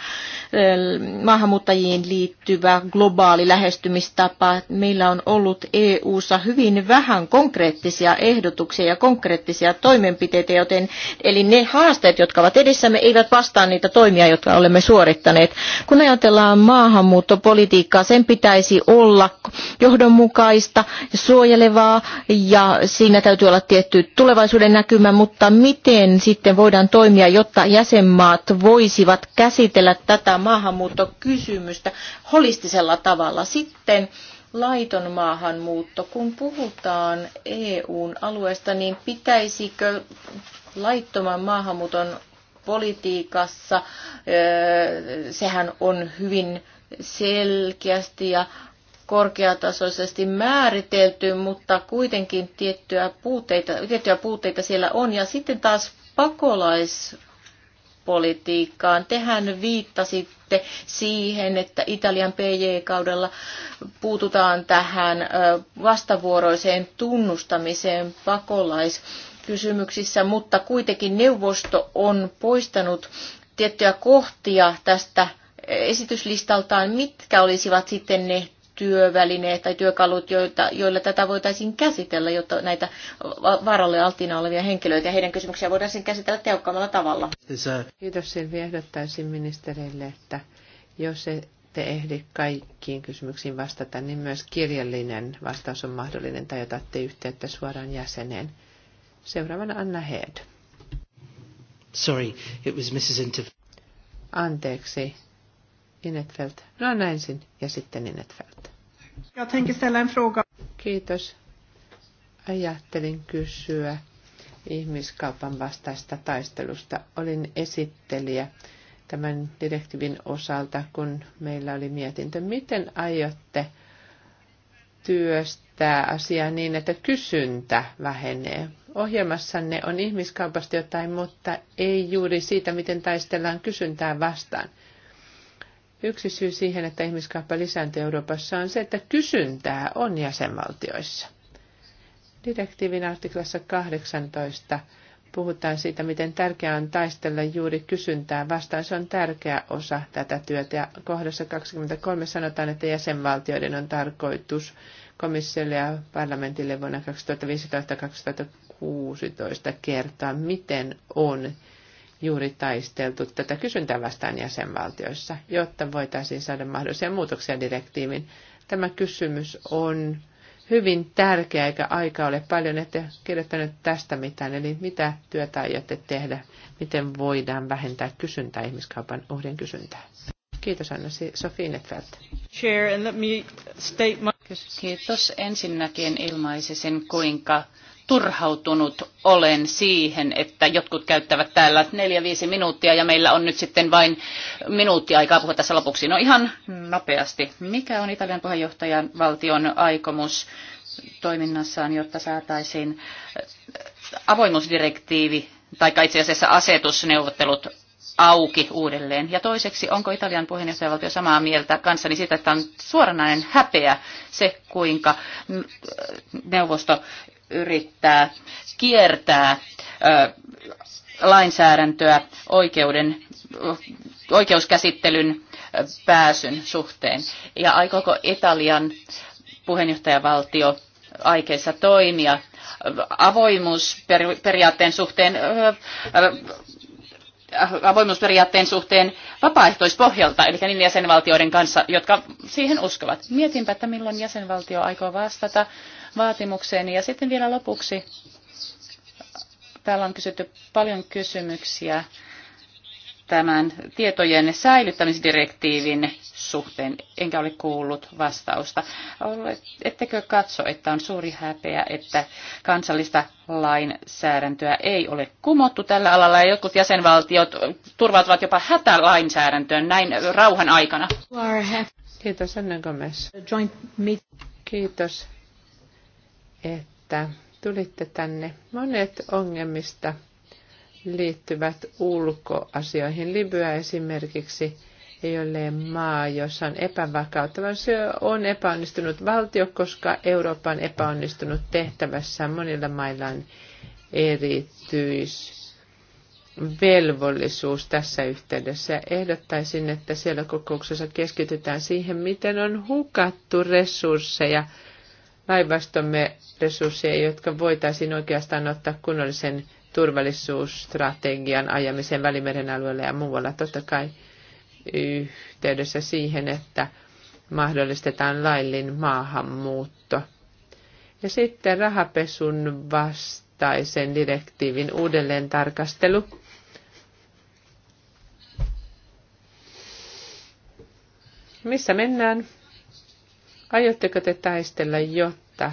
maahanmuuttajiin liittyvä globaali lähestymistapa. Meillä on ollut EU-ssa hyvin vähän konkreettisia ehdotuksia ja konkreettisia toimenpiteitä, joten eli ne haasteet, jotka ovat edessämme, eivät vastaa niitä toimia, jotka olemme suorittaneet. Kun ajatellaan maahanmuuttopolitiikkaa, sen pitää pitäisi olla johdonmukaista, suojelevaa ja siinä täytyy olla tietty tulevaisuuden näkymä, mutta miten sitten voidaan toimia, jotta jäsenmaat voisivat käsitellä tätä maahanmuuttokysymystä holistisella tavalla sitten? laiton maahanmuutto. Kun puhutaan EUn alueesta, niin pitäisikö laittoman maahanmuuton politiikassa, sehän on hyvin selkeästi ja korkeatasoisesti määritelty, mutta kuitenkin tiettyjä puutteita, tiettyjä puutteita siellä on. Ja sitten taas pakolaispolitiikkaan. Tehän viittasitte siihen, että Italian PJ-kaudella puututaan tähän vastavuoroiseen tunnustamiseen pakolaiskysymyksissä, mutta kuitenkin neuvosto on poistanut tiettyjä kohtia tästä esityslistaltaan, mitkä olisivat sitten ne työvälineet tai työkalut, joita, joilla tätä voitaisiin käsitellä, jotta näitä vaaralle alttiina olevia henkilöitä ja heidän kysymyksiä voitaisiin käsitellä tehokkaammalla tavalla. Kiitos Silvi. Ehdottaisin ministerille, että jos ette ehdi kaikkiin kysymyksiin vastata, niin myös kirjallinen vastaus on mahdollinen tai otatte yhteyttä suoraan jäseneen. Seuraavana Anna Head. Sorry, it was Mrs. Interv- Anteeksi, Inetfeldt. No ensin ja sitten Inetfeldt. Jag tänker ställa en fråga. Kiitos. Ajattelin kysyä ihmiskaupan vastaista taistelusta. Olin esittelijä tämän direktiivin osalta, kun meillä oli mietintö. Miten aiotte työstää asiaa niin, että kysyntä vähenee? Ohjelmassanne on ihmiskaupasta jotain, mutta ei juuri siitä, miten taistellaan kysyntää vastaan. Yksi syy siihen, että ihmiskauppa lisääntyy Euroopassa on se, että kysyntää on jäsenvaltioissa. Direktiivin artiklassa 18 puhutaan siitä, miten tärkeää on taistella juuri kysyntää vastaan. Se on tärkeä osa tätä työtä. Ja kohdassa 23 sanotaan, että jäsenvaltioiden on tarkoitus komissiolle ja parlamentille vuonna 2015-2016 kertoa, miten on juuri taisteltu tätä kysyntää vastaan jäsenvaltioissa, jotta voitaisiin saada mahdollisia muutoksia direktiivin. Tämä kysymys on hyvin tärkeä, eikä aika ole paljon, ette kirjoittanut tästä mitään, eli mitä työtä aiotte tehdä, miten voidaan vähentää kysyntää, ihmiskaupan uhrien kysyntää. Kiitos Anna Sofi Netfeldt. Kiitos. Ensinnäkin ilmaisisin, kuinka turhautunut olen siihen, että jotkut käyttävät täällä neljä viisi minuuttia ja meillä on nyt sitten vain minuutti aikaa puhua tässä lopuksi. No ihan nopeasti. Mikä on Italian puheenjohtajan valtion aikomus toiminnassaan, jotta saataisiin äh, avoimuusdirektiivi tai itse asiassa asetusneuvottelut auki uudelleen? Ja toiseksi, onko Italian puheenjohtajavaltio samaa mieltä kanssani siitä, että on suoranainen häpeä se, kuinka mm, äh, neuvosto yrittää kiertää lainsäädäntöä oikeuden, oikeuskäsittelyn pääsyn suhteen. Ja aikooko Italian puheenjohtajavaltio aikeissa toimia avoimuusperiaatteen suhteen avoimuusperiaatteen suhteen vapaaehtoispohjalta, eli niiden jäsenvaltioiden kanssa, jotka siihen uskovat. Mietinpä, että milloin jäsenvaltio aikoo vastata vaatimukseeni. Ja sitten vielä lopuksi, täällä on kysytty paljon kysymyksiä tämän tietojen säilyttämisdirektiivin suhteen, enkä ole kuullut vastausta. Ettekö katso, että on suuri häpeä, että kansallista lainsäädäntöä ei ole kumottu tällä alalla ja jotkut jäsenvaltiot turvautuvat jopa hätälainsäädäntöön näin rauhan aikana? Kiitos, Kiitos että tulitte tänne. Monet ongelmista liittyvät ulkoasioihin. Libya esimerkiksi ei ole maa, jossa on epävakautta, vaan se on epäonnistunut valtio, koska Eurooppa on epäonnistunut tehtävässä Monilla mailla on erityisvelvollisuus tässä yhteydessä. Ehdottaisin, että siellä kokouksessa keskitytään siihen, miten on hukattu resursseja – laivastomme resursseja, jotka voitaisiin oikeastaan ottaa kunnollisen turvallisuusstrategian ajamisen Välimeren alueella ja muualla. Totta kai yhteydessä siihen, että mahdollistetaan laillin maahanmuutto. Ja sitten rahapesun vastaisen direktiivin uudelleen tarkastelu. Missä mennään? Aiotteko te taistella, jotta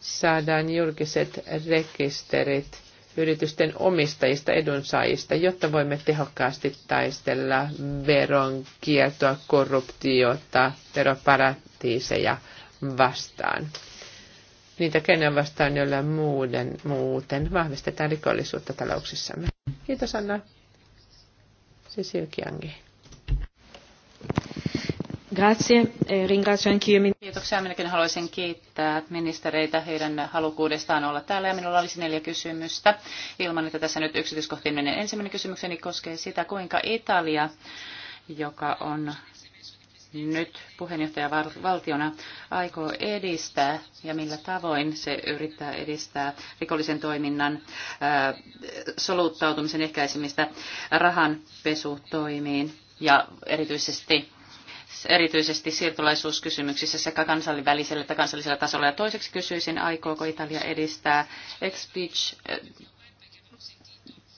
saadaan julkiset rekisterit yritysten omistajista, edunsaajista, jotta voimme tehokkaasti taistella veronkiertoa, korruptiota, veroparatiiseja vastaan? niitä kenen vastaan, joilla muuten, muuten vahvistetaan rikollisuutta talouksissamme. Kiitos Anna. Se Kiangi. Grazie. Eh, ringrazio anch'io. Kiitoksia. Minäkin haluaisin kiittää ministereitä heidän halukkuudestaan olla täällä. Ja minulla olisi neljä kysymystä ilman, että tässä nyt yksityiskohtiin menen. Ensimmäinen kysymykseni koskee sitä, kuinka Italia, joka on nyt puheenjohtajavaltiona aikoo edistää ja millä tavoin se yrittää edistää rikollisen toiminnan ää, äh, soluttautumisen ehkäisemistä rahanpesutoimiin ja erityisesti erityisesti siirtolaisuuskysymyksissä sekä kansainvälisellä että kansallisella tasolla. Ja toiseksi kysyisin, aikooko Italia edistää speech eh,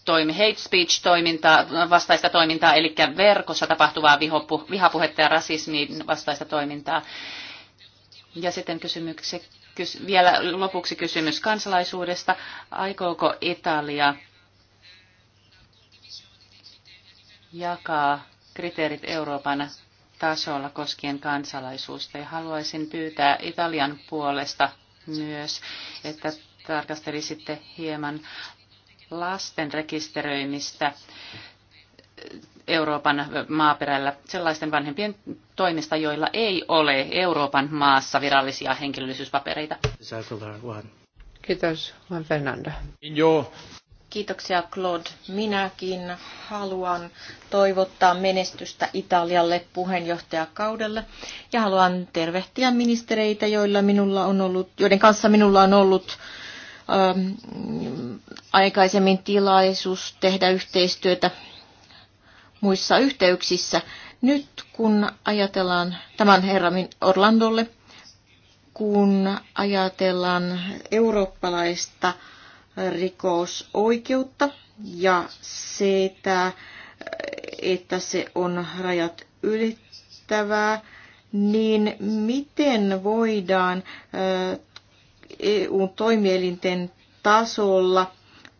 toimi, hate speech-toimintaa, vastaista toimintaa, eli verkossa tapahtuvaa vihopu, vihapuhetta ja rasismin vastaista toimintaa. Ja sitten kysymykse, kys, vielä lopuksi kysymys kansalaisuudesta. Aikooko Italia jakaa kriteerit Euroopan tasolla koskien kansalaisuutta. Ja haluaisin pyytää Italian puolesta myös, että tarkastelisitte hieman lasten rekisteröimistä Euroopan maaperällä sellaisten vanhempien toimista, joilla ei ole Euroopan maassa virallisia henkilöllisyyspapereita. Kiitos, Juan Fernando. Joo, Kiitoksia Claude. Minäkin haluan toivottaa menestystä Italialle puheenjohtajakaudelle ja haluan tervehtiä ministereitä, joilla minulla on ollut, joiden kanssa minulla on ollut ähm, aikaisemmin tilaisuus tehdä yhteistyötä muissa yhteyksissä. Nyt kun ajatellaan tämän herran Orlandolle, kun ajatellaan eurooppalaista rikosoikeutta ja että, että se on rajat ylittävää, niin miten voidaan EU-toimielinten tasolla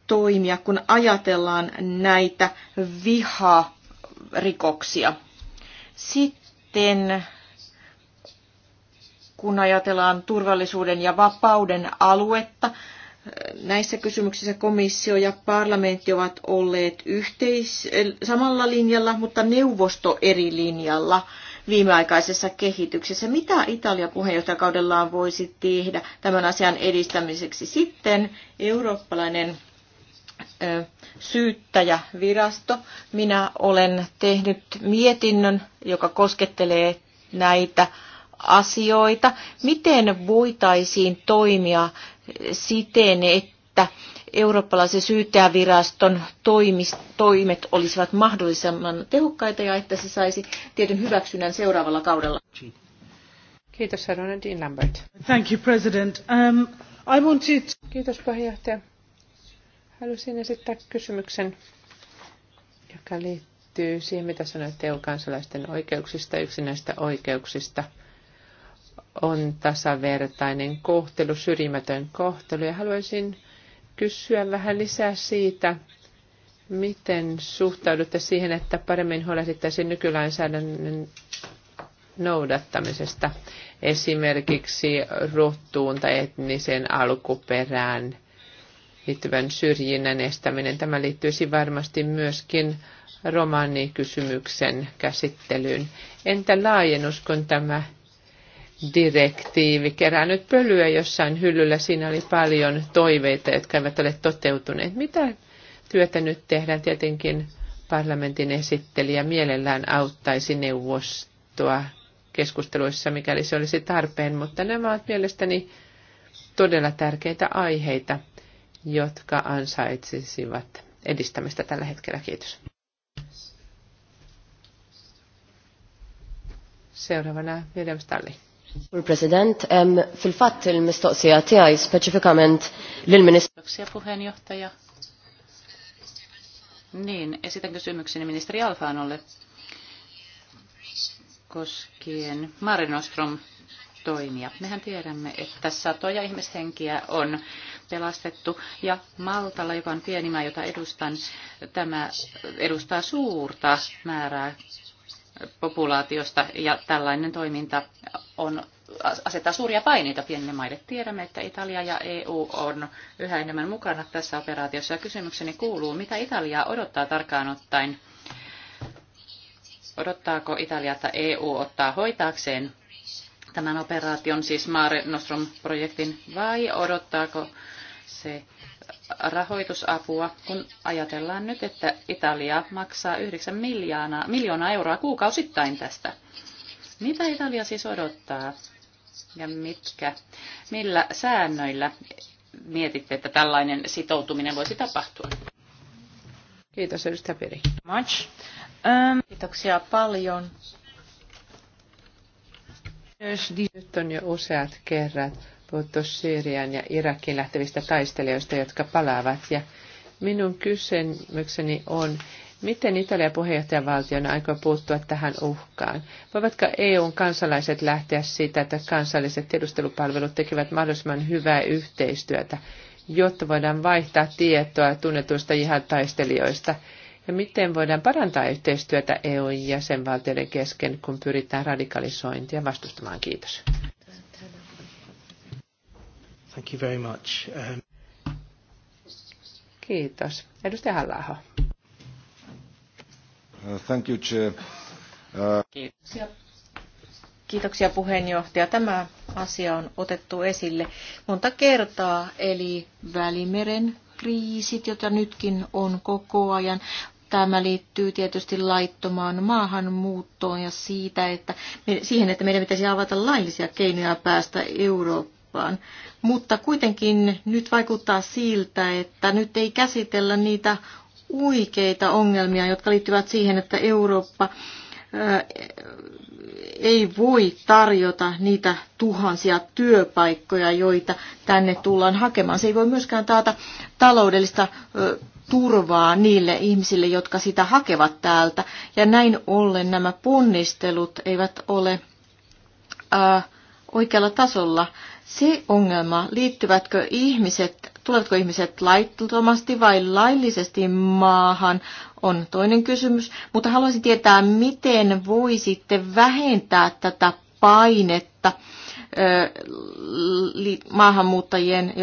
toimia, kun ajatellaan näitä viharikoksia? Sitten kun ajatellaan turvallisuuden ja vapauden aluetta, Näissä kysymyksissä komissio ja parlamentti ovat olleet yhteis- samalla linjalla, mutta neuvosto eri linjalla viimeaikaisessa kehityksessä. Mitä Italia puheenjohtajakaudellaan voisi tehdä tämän asian edistämiseksi? Sitten eurooppalainen syyttäjävirasto. Minä olen tehnyt mietinnön, joka koskettelee näitä asioita. Miten voitaisiin toimia siten, että eurooppalaisen syyttäjäviraston toimet olisivat mahdollisimman tehokkaita ja että se saisi tietyn hyväksynnän seuraavalla kaudella. Kiitos, Dean Lambert. Thank you, President. Um, I wanted... Kiitos, puheenjohtaja. Halusin esittää kysymyksen, joka liittyy siihen, mitä sanoit EU-kansalaisten oikeuksista, yksinäistä oikeuksista – on tasavertainen kohtelu, syrjimätön kohtelu. Ja haluaisin kysyä vähän lisää siitä, miten suhtaudutte siihen, että paremmin huolehdittaisiin nykylainsäädännön noudattamisesta esimerkiksi rottuun tai etnisen alkuperään liittyvän syrjinnän estäminen. Tämä liittyisi varmasti myöskin romaanikysymyksen käsittelyyn. Entä laajennus, kun tämä direktiivi kerännyt pölyä jossain hyllyllä. Siinä oli paljon toiveita, jotka eivät ole toteutuneet. Mitä työtä nyt tehdään? Tietenkin parlamentin esittelijä mielellään auttaisi neuvostoa keskusteluissa, mikäli se olisi tarpeen, mutta nämä ovat mielestäni todella tärkeitä aiheita, jotka ansaitsisivat edistämistä tällä hetkellä. Kiitos. Seuraavana William Stalli. President, fil-fatt il-mistoqsija tiegħi speċifikament lill-Ministru. puheenjohtaja. Niin, esitän kysymykseni ministeri Alfanolle koskien Marinostrom toimia. Mehän tiedämme, että satoja ihmishenkiä on pelastettu ja Maltalla, joka on pieni maa, jota edustan, tämä edustaa suurta määrää populaatiosta ja tällainen toiminta on, asettaa suuria paineita pienille maille. Tiedämme, että Italia ja EU on yhä enemmän mukana tässä operaatiossa ja kysymykseni kuuluu, mitä Italiaa odottaa tarkkaan ottaen? Odottaako Italia, että EU ottaa hoitaakseen tämän operaation, siis Mare Nostrum-projektin, vai odottaako se, rahoitusapua, kun ajatellaan nyt, että Italia maksaa 9 miljoonaa, miljoonaa euroa kuukausittain tästä. Mitä Italia siis odottaa ja mitkä, millä säännöillä mietitte, että tällainen sitoutuminen voisi tapahtua? Kiitos, edustaja Piri. Much. Um, Kiitoksia paljon. Nyt on jo useat kerrat puhuttu Syyrian ja Irakin lähtevistä taistelijoista, jotka palaavat. Ja minun kysymykseni on, miten Italia puheenjohtajavaltiona aikoo puuttua tähän uhkaan? Voivatko EUn kansalaiset lähteä siitä, että kansalliset tiedustelupalvelut tekevät mahdollisimman hyvää yhteistyötä, jotta voidaan vaihtaa tietoa tunnetuista jihad-taistelijoista? Ja miten voidaan parantaa yhteistyötä EUn jäsenvaltioiden kesken, kun pyritään radikalisointia vastustamaan? Kiitos. Thank you very much. Um... Kiitos. Edustaja halla uh, Thank you, Chair. Uh... Kiitoksia. Kiitoksia puheenjohtaja. Tämä asia on otettu esille monta kertaa, eli Välimeren kriisit, joita nytkin on koko ajan. Tämä liittyy tietysti laittomaan maahanmuuttoon ja siitä, että me, siihen, että meidän pitäisi avata laillisia keinoja päästä Eurooppaan kauppaan. Mutta kuitenkin nyt vaikuttaa siltä, että nyt ei käsitellä niitä oikeita ongelmia, jotka liittyvät siihen, että Eurooppa ei voi tarjota niitä tuhansia työpaikkoja, joita tänne tullaan hakemaan. Se ei voi myöskään taata taloudellista turvaa niille ihmisille, jotka sitä hakevat täältä. Ja näin ollen nämä ponnistelut eivät ole oikealla tasolla se ongelma, liittyvätkö ihmiset, tulevatko ihmiset laittomasti vai laillisesti maahan, on toinen kysymys. Mutta haluaisin tietää, miten voisitte vähentää tätä painetta maahanmuuttajien,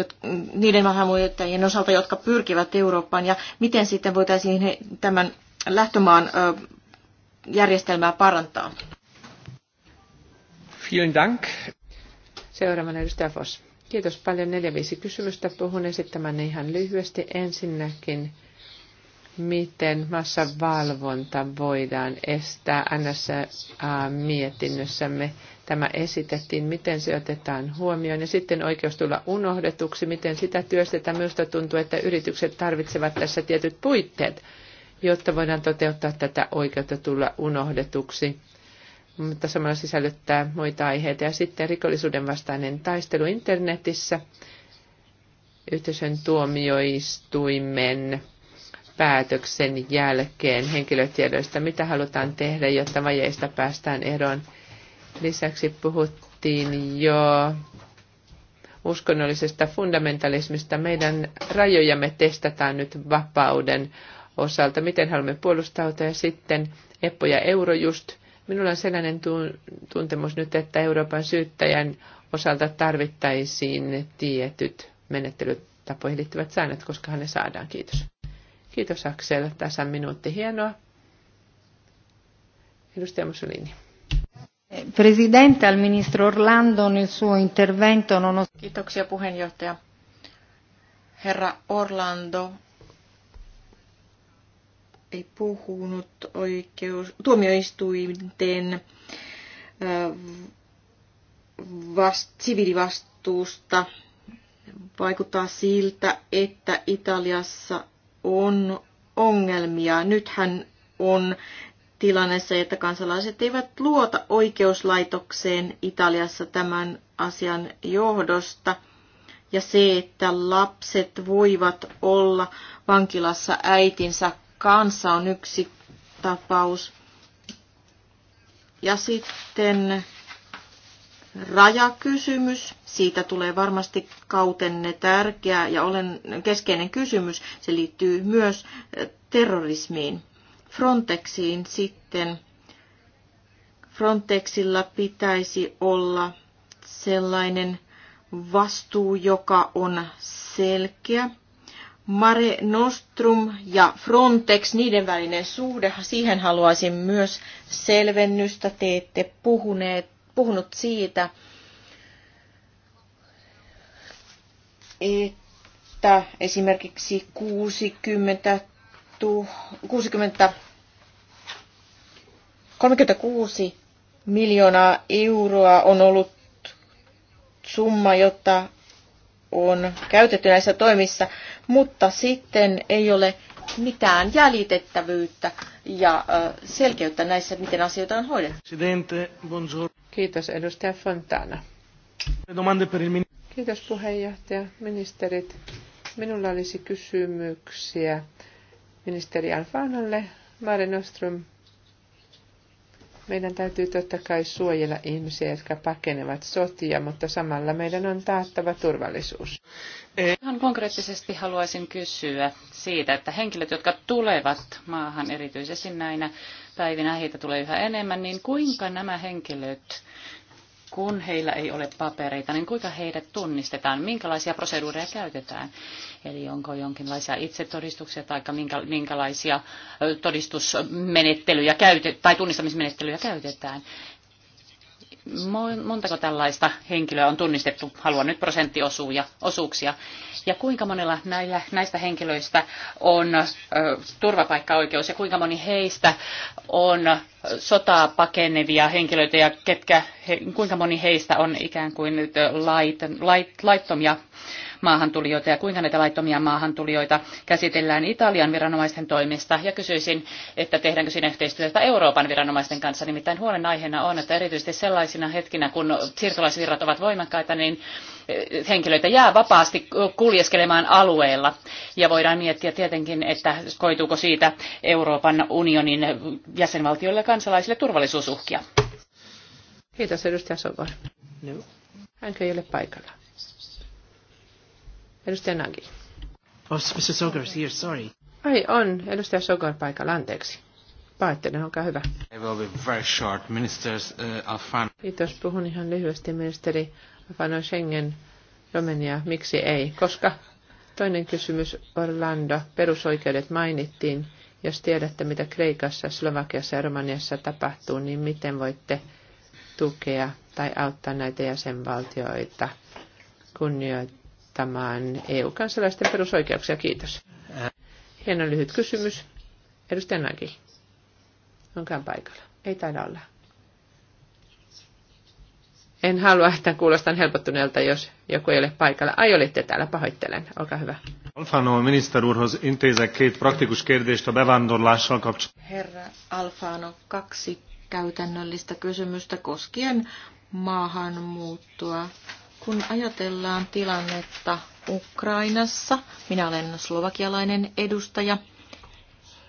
niiden maahanmuuttajien osalta, jotka pyrkivät Eurooppaan, ja miten sitten voitaisiin tämän lähtömaan järjestelmää parantaa. Vielen Dank. Seuraavana edustaja Foss. Kiitos paljon. Neljä viisi kysymystä. Puhun esittämään ihan lyhyesti. Ensinnäkin, miten massavalvonta voidaan estää NSA-mietinnössämme. Tämä esitettiin, miten se otetaan huomioon. Ja sitten oikeus tulla unohdetuksi, miten sitä työstetään. Minusta tuntuu, että yritykset tarvitsevat tässä tietyt puitteet, jotta voidaan toteuttaa tätä oikeutta tulla unohdetuksi mutta samalla sisällyttää muita aiheita. Ja sitten rikollisuuden vastainen taistelu internetissä, yhteisön tuomioistuimen päätöksen jälkeen henkilötiedoista, mitä halutaan tehdä, jotta vajeista päästään eroon. Lisäksi puhuttiin jo uskonnollisesta fundamentalismista. Meidän rajojamme testataan nyt vapauden osalta, miten haluamme puolustautua ja sitten Eppo ja Eurojust – Minulla on sellainen tuntemus nyt, että Euroopan syyttäjän osalta tarvittaisiin tietyt menettelytapoihin liittyvät säännöt, koska ne saadaan. Kiitos. Kiitos Aksel. Tässä on minuutti. Hienoa. Edustaja Mussolini. Presidente, al ministro Orlando nel suo intervento non ho... Kiitoksia puheenjohtaja. Herra Orlando ei puhunut oikeus, tuomioistuinten vast, siviilivastuusta. Vaikuttaa siltä, että Italiassa on ongelmia. Nythän on tilanne se, että kansalaiset eivät luota oikeuslaitokseen Italiassa tämän asian johdosta. Ja se, että lapset voivat olla vankilassa äitinsä kanssa on yksi tapaus. Ja sitten rajakysymys. Siitä tulee varmasti kautenne tärkeä ja olen keskeinen kysymys. Se liittyy myös terrorismiin. Frontexiin sitten. Frontexilla pitäisi olla sellainen vastuu, joka on selkeä Mare Nostrum ja Frontex, niiden välinen suhde, siihen haluaisin myös selvennystä. Te ette puhuneet, puhunut siitä, että esimerkiksi 60 60, 36 miljoonaa euroa on ollut summa, jota on käytetty näissä toimissa mutta sitten ei ole mitään jäljitettävyyttä ja selkeyttä näissä, miten asioita on hoidettu. Kiitos edustaja Fontana. Kiitos puheenjohtaja, ministerit. Minulla olisi kysymyksiä ministeri Alfanalle, Mare Nostrum meidän täytyy totta kai suojella ihmisiä, jotka pakenevat sotia, mutta samalla meidän on taattava turvallisuus. Ihan konkreettisesti haluaisin kysyä siitä, että henkilöt, jotka tulevat maahan erityisesti näinä päivinä, heitä tulee yhä enemmän, niin kuinka nämä henkilöt kun heillä ei ole papereita, niin kuinka heidät tunnistetaan, minkälaisia proseduureja käytetään? Eli onko jonkinlaisia itsetodistuksia tai minkälaisia todistusmenettelyjä käytetään, tai tunnistamismenettelyjä käytetään? montako tällaista henkilöä on tunnistettu, haluan nyt prosenttiosuuksia, ja kuinka monella näillä, näistä henkilöistä on ö, turvapaikkaoikeus ja kuinka moni heistä on sotaa pakenevia henkilöitä ja ketkä, he, kuinka moni heistä on ikään kuin lait, lait, laittomia maahantulijoita ja kuinka näitä laittomia maahantulijoita käsitellään Italian viranomaisten toimesta. Ja kysyisin, että tehdäänkö siinä yhteistyötä Euroopan viranomaisten kanssa. Nimittäin huolenaiheena on, että erityisesti sellaisina hetkinä, kun siirtolaisvirrat ovat voimakkaita, niin eh, henkilöitä jää vapaasti kuljeskelemaan alueella. Ja voidaan miettiä tietenkin, että koituuko siitä Euroopan unionin jäsenvaltioille ja kansalaisille turvallisuusuhkia. Kiitos edustaja Sovor. No. Hänkö ei ole paikalla? Edustaja Nagi. Oh, Mr. is here, sorry. Ai on, edustaja Sogar paikalla, anteeksi. Paettinen, olkaa hyvä. I will be very short. Ministers, uh, Alfano. Kiitos, puhun ihan lyhyesti ministeri Alfano Schengen, Romania, miksi ei? Koska toinen kysymys, Orlando, perusoikeudet mainittiin. Jos tiedätte, mitä Kreikassa, Slovakiassa ja Romaniassa tapahtuu, niin miten voitte tukea tai auttaa näitä jäsenvaltioita kunnioittamaan? puolustamaan EU-kansalaisten perusoikeuksia. Kiitos. Hieno lyhyt kysymys. Edustaja Nagi. Onkään paikalla. Ei taida olla. En halua, että kuulostan helpottuneelta, jos joku ei ole paikalla. Ai olitte täällä, pahoittelen. Olkaa hyvä. Alfano ministerurhoz intézek két praktikus kérdést a bevándorlással Herra Alfano, kaksi käytännöllistä kysymystä koskien maahanmuuttoa kun ajatellaan tilannetta Ukrainassa, minä olen slovakialainen edustaja.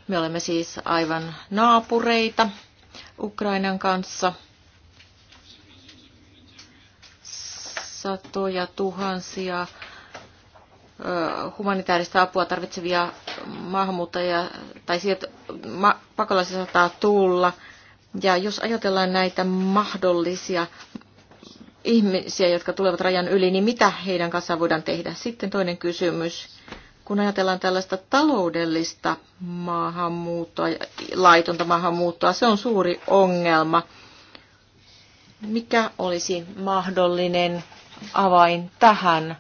Me olemme siis aivan naapureita Ukrainan kanssa. Satoja tuhansia humanitaarista apua tarvitsevia maahanmuuttajia tai sieltä pakolaisia saattaa tulla. Ja jos ajatellaan näitä mahdollisia ihmisiä, jotka tulevat rajan yli, niin mitä heidän kanssaan voidaan tehdä? Sitten toinen kysymys. Kun ajatellaan tällaista taloudellista maahanmuuttoa, laitonta maahanmuuttoa, se on suuri ongelma. Mikä olisi mahdollinen avain tähän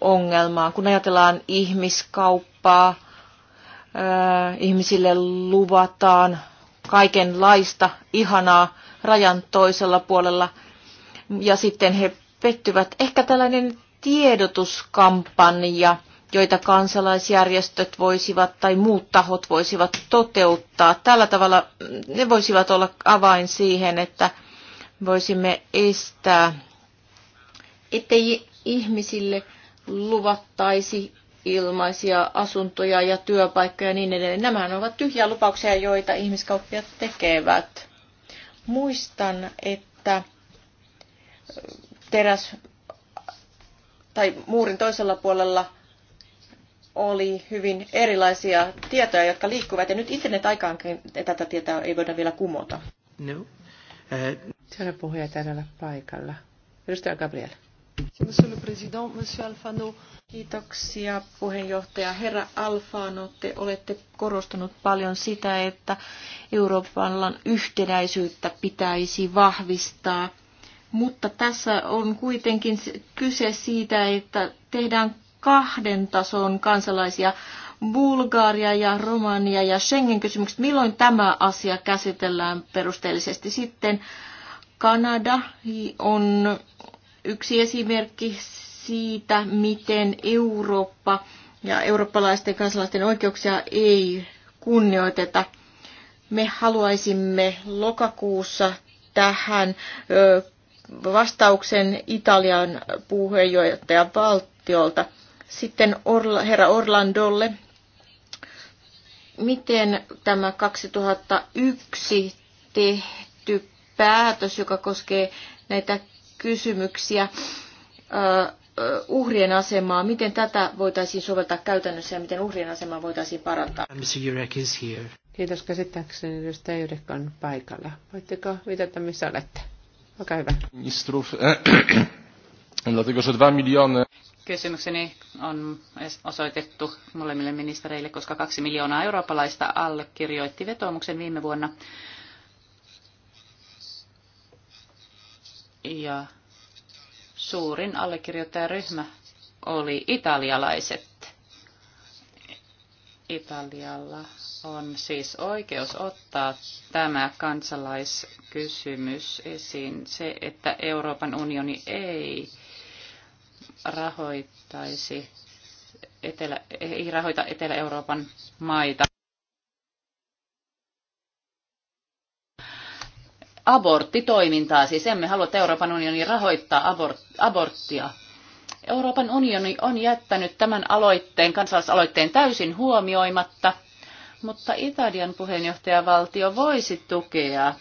ongelmaan, kun ajatellaan ihmiskauppaa, äh, ihmisille luvataan kaikenlaista ihanaa rajan toisella puolella – ja sitten he pettyvät. Ehkä tällainen tiedotuskampanja, joita kansalaisjärjestöt voisivat tai muut tahot voisivat toteuttaa. Tällä tavalla ne voisivat olla avain siihen, että voisimme estää, ettei ihmisille luvattaisi ilmaisia asuntoja ja työpaikkoja ja niin edelleen. Nämä ovat tyhjiä lupauksia, joita ihmiskauppia tekevät. Muistan, että teräs tai muurin toisella puolella oli hyvin erilaisia tietoja, jotka liikkuvat. Ja nyt internet-aikaankin tätä tietoa ei voida vielä kumota. No. Uh... Seuraava puhuja täällä paikalla. Edustaja Gabriel. Monsieur le Président, Monsieur Alfano. Kiitoksia puheenjohtaja. Herra Alfano, te olette korostanut paljon sitä, että Euroopan yhtenäisyyttä pitäisi vahvistaa – mutta tässä on kuitenkin kyse siitä, että tehdään kahden tason kansalaisia, Bulgaria ja Romania ja Schengen-kysymykset, milloin tämä asia käsitellään perusteellisesti. Sitten Kanada on yksi esimerkki siitä, miten Eurooppa ja eurooppalaisten kansalaisten oikeuksia ei kunnioiteta. Me haluaisimme lokakuussa tähän vastauksen Italian puheenjohtajan valtiolta. Sitten Orla, herra Orlandolle, miten tämä 2001 tehty päätös, joka koskee näitä kysymyksiä, uhrien asemaa, miten tätä voitaisiin soveltaa käytännössä ja miten uhrien asemaa voitaisiin parantaa? Kiitos käsittääkseni, jos Jurek on paikalla. Voitteko viitata, missä olette? Ministrów, dlatego, że 2 miliony... Kysymykseni on osoitettu molemmille ministereille, koska kaksi miljoonaa eurooppalaista allekirjoitti vetoomuksen viime vuonna. Ja suurin allekirjoittajaryhmä oli italialaiset Italialla on siis oikeus ottaa tämä kansalaiskysymys esiin. Se, että Euroopan unioni ei rahoittaisi Etelä, ei rahoita Etelä-Euroopan maita. Aborttitoimintaa, siis emme halua, että Euroopan unioni rahoittaa abort, aborttia Euroopan unioni on jättänyt tämän aloitteen, kansalaisaloitteen täysin huomioimatta, mutta Italian puheenjohtajavaltio voisi tukea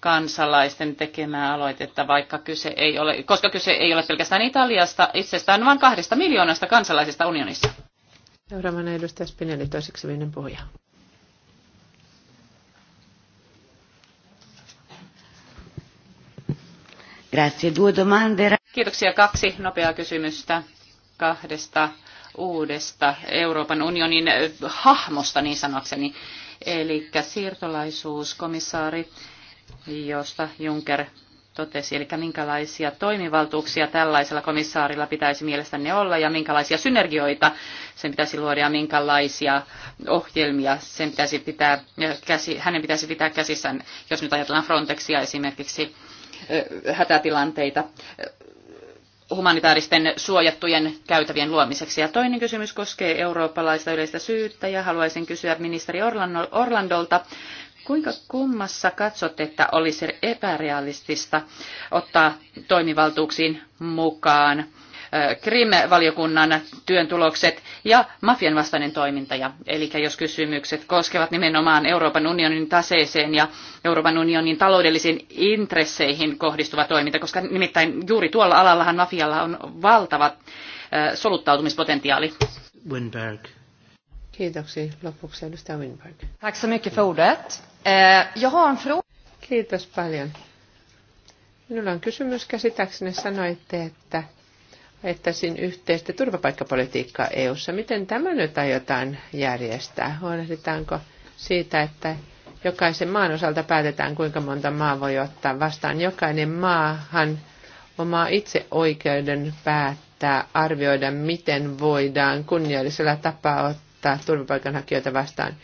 kansalaisten tekemää aloitetta, vaikka kyse ei ole, koska kyse ei ole pelkästään Italiasta itsestään, vaan kahdesta miljoonasta kansalaisesta unionissa. Seuraavana edustaja Spinelli, toiseksi viiden puhuja. Grazie, due domande. Kiitoksia. Kaksi nopeaa kysymystä kahdesta uudesta Euroopan unionin hahmosta niin sanokseni. Eli siirtolaisuuskomissaari, josta Juncker totesi, eli minkälaisia toimivaltuuksia tällaisella komissaarilla pitäisi mielestäni olla ja minkälaisia synergioita sen pitäisi luoda ja minkälaisia ohjelmia sen pitäisi pitää, käsi, hänen pitäisi pitää käsissään, jos nyt ajatellaan Frontexia esimerkiksi hätätilanteita humanitaaristen suojattujen käytävien luomiseksi. Ja toinen kysymys koskee eurooppalaista yleistä syyttä ja haluaisin kysyä ministeri Orlandolta, kuinka kummassa katsotte, että olisi epärealistista ottaa toimivaltuuksiin mukaan Krim-valiokunnan työn tulokset ja mafian vastainen toiminta. Eli jos kysymykset koskevat nimenomaan Euroopan unionin taseeseen ja Euroopan unionin taloudellisiin intresseihin kohdistuva toiminta, koska nimittäin juuri tuolla alallahan mafialla on valtava soluttautumispotentiaali. Winberg. Kiitoksia. Lopuksi edustaja Winberg. Tack så mycket för ordet. Eh, jag har en fråga. Kiitos paljon. Minulla on kysymys. Käsittääkseni sanoitte, että että ajettaisiin yhteistä turvapaikkapolitiikkaa EU:ssa. Miten tämä nyt aiotaan järjestää? Huolehditaanko siitä, että jokaisen maan osalta päätetään, kuinka monta maa voi ottaa vastaan? Jokainen maahan omaa itse oikeuden päättää arvioida, miten voidaan kunniallisella tapaa ottaa turvapaikanhakijoita vastaan.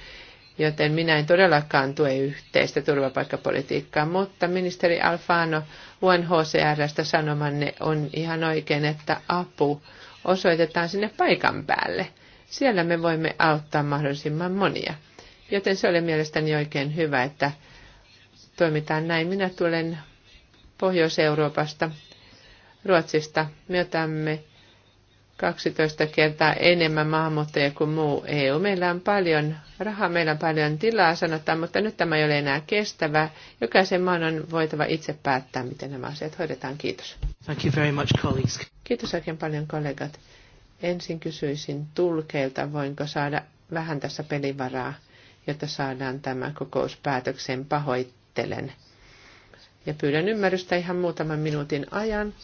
Joten minä en todellakaan tue yhteistä turvapaikkapolitiikkaa, mutta ministeri Alfano UNHCRstä sanomanne on ihan oikein, että apu osoitetaan sinne paikan päälle. Siellä me voimme auttaa mahdollisimman monia. Joten se oli mielestäni oikein hyvä, että toimitaan näin. Minä tulen Pohjois-Euroopasta, Ruotsista. Me otamme 12 kertaa enemmän maahanmuuttajia kuin muu EU. Meillä on paljon rahaa, meillä on paljon tilaa, sanotaan, mutta nyt tämä ei ole enää kestävää. Jokaisen maan on voitava itse päättää, miten nämä asiat hoidetaan. Kiitos. Thank you very much, colleagues. Kiitos oikein paljon, kollegat. Ensin kysyisin tulkeilta, voinko saada vähän tässä pelivaraa, jotta saadaan tämä kokous päätökseen. Pahoittelen. Ja pyydän ymmärrystä ihan muutaman minuutin ajan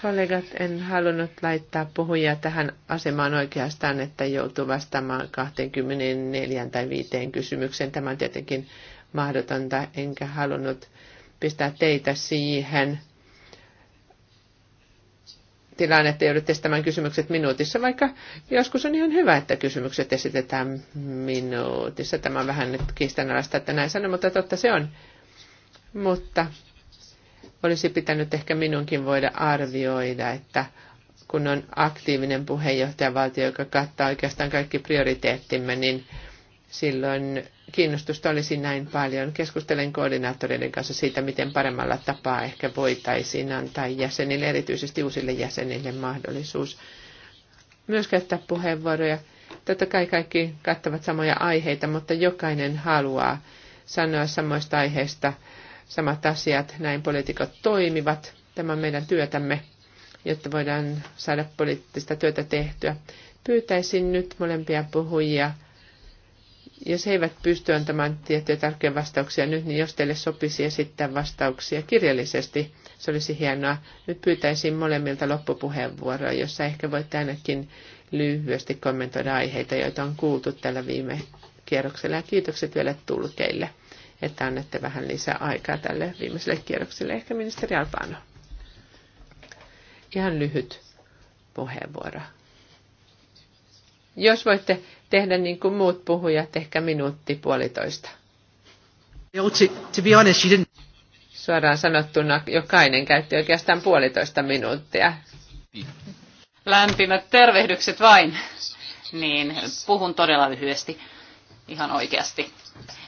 Kollegat, en halunnut laittaa puhujia tähän asemaan oikeastaan, että joutuu vastaamaan 24 tai 5 kysymykseen. Tämä on tietenkin mahdotonta, enkä halunnut pistää teitä siihen tilanne, että joudutte estämään kysymykset minuutissa, vaikka joskus on ihan hyvä, että kysymykset esitetään minuutissa. Tämä on vähän nyt kiistanalaista, että näin sanon, mutta totta se on. Mutta olisi pitänyt ehkä minunkin voida arvioida, että kun on aktiivinen puheenjohtajavaltio, joka kattaa oikeastaan kaikki prioriteettimme, niin silloin kiinnostusta olisi näin paljon. Keskustelen koordinaattoreiden kanssa siitä, miten paremmalla tapaa ehkä voitaisiin antaa jäsenille, erityisesti uusille jäsenille mahdollisuus myös käyttää puheenvuoroja. Totta kai kaikki kattavat samoja aiheita, mutta jokainen haluaa sanoa samoista aiheista – samat asiat, näin poliitikot toimivat. Tämä on meidän työtämme, jotta voidaan saada poliittista työtä tehtyä. Pyytäisin nyt molempia puhujia, jos he eivät pysty antamaan tiettyjä tarkkoja vastauksia nyt, niin jos teille sopisi esittää vastauksia kirjallisesti, se olisi hienoa. Nyt pyytäisin molemmilta loppupuheenvuoroa, jossa ehkä voitte ainakin lyhyesti kommentoida aiheita, joita on kuultu tällä viime kierroksella. Ja kiitokset vielä tulkeille että annette vähän lisää aikaa tälle viimeiselle kierrokselle. Ehkä ministeri Alpano. Ihan lyhyt puheenvuoro. Jos voitte tehdä niin kuin muut puhujat, ehkä minuutti puolitoista. Suoraan sanottuna jokainen käytti oikeastaan puolitoista minuuttia. Lämpimät tervehdykset vain. Niin, puhun todella lyhyesti, ihan oikeasti.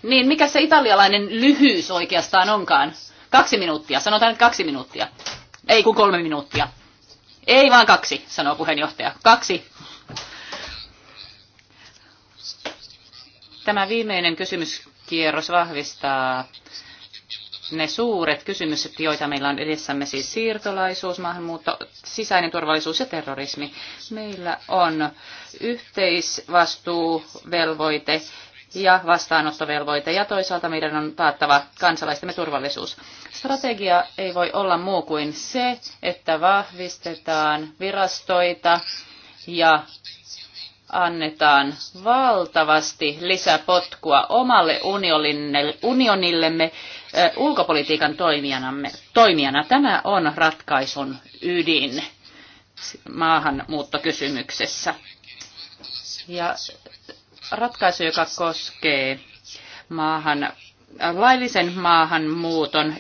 Niin, mikä se italialainen lyhyys oikeastaan onkaan? Kaksi minuuttia, sanotaan nyt kaksi minuuttia. Ei kun kolme minuuttia. Ei vaan kaksi, sanoo puheenjohtaja. Kaksi. Tämä viimeinen kysymyskierros vahvistaa ne suuret kysymykset, joita meillä on edessämme, siis siirtolaisuus, maahanmuutto, sisäinen turvallisuus ja terrorismi. Meillä on yhteisvastuuvelvoite ja vastaanottovelvoite, ja toisaalta meidän on taattava kansalaistemme turvallisuus. Strategia ei voi olla muu kuin se, että vahvistetaan virastoita ja annetaan valtavasti lisäpotkua omalle unionillemme ulkopolitiikan toimijana. Tämä on ratkaisun ydin maahanmuuttokysymyksessä. Ja ratkaisu, joka koskee maahan, laillisen maahanmuuton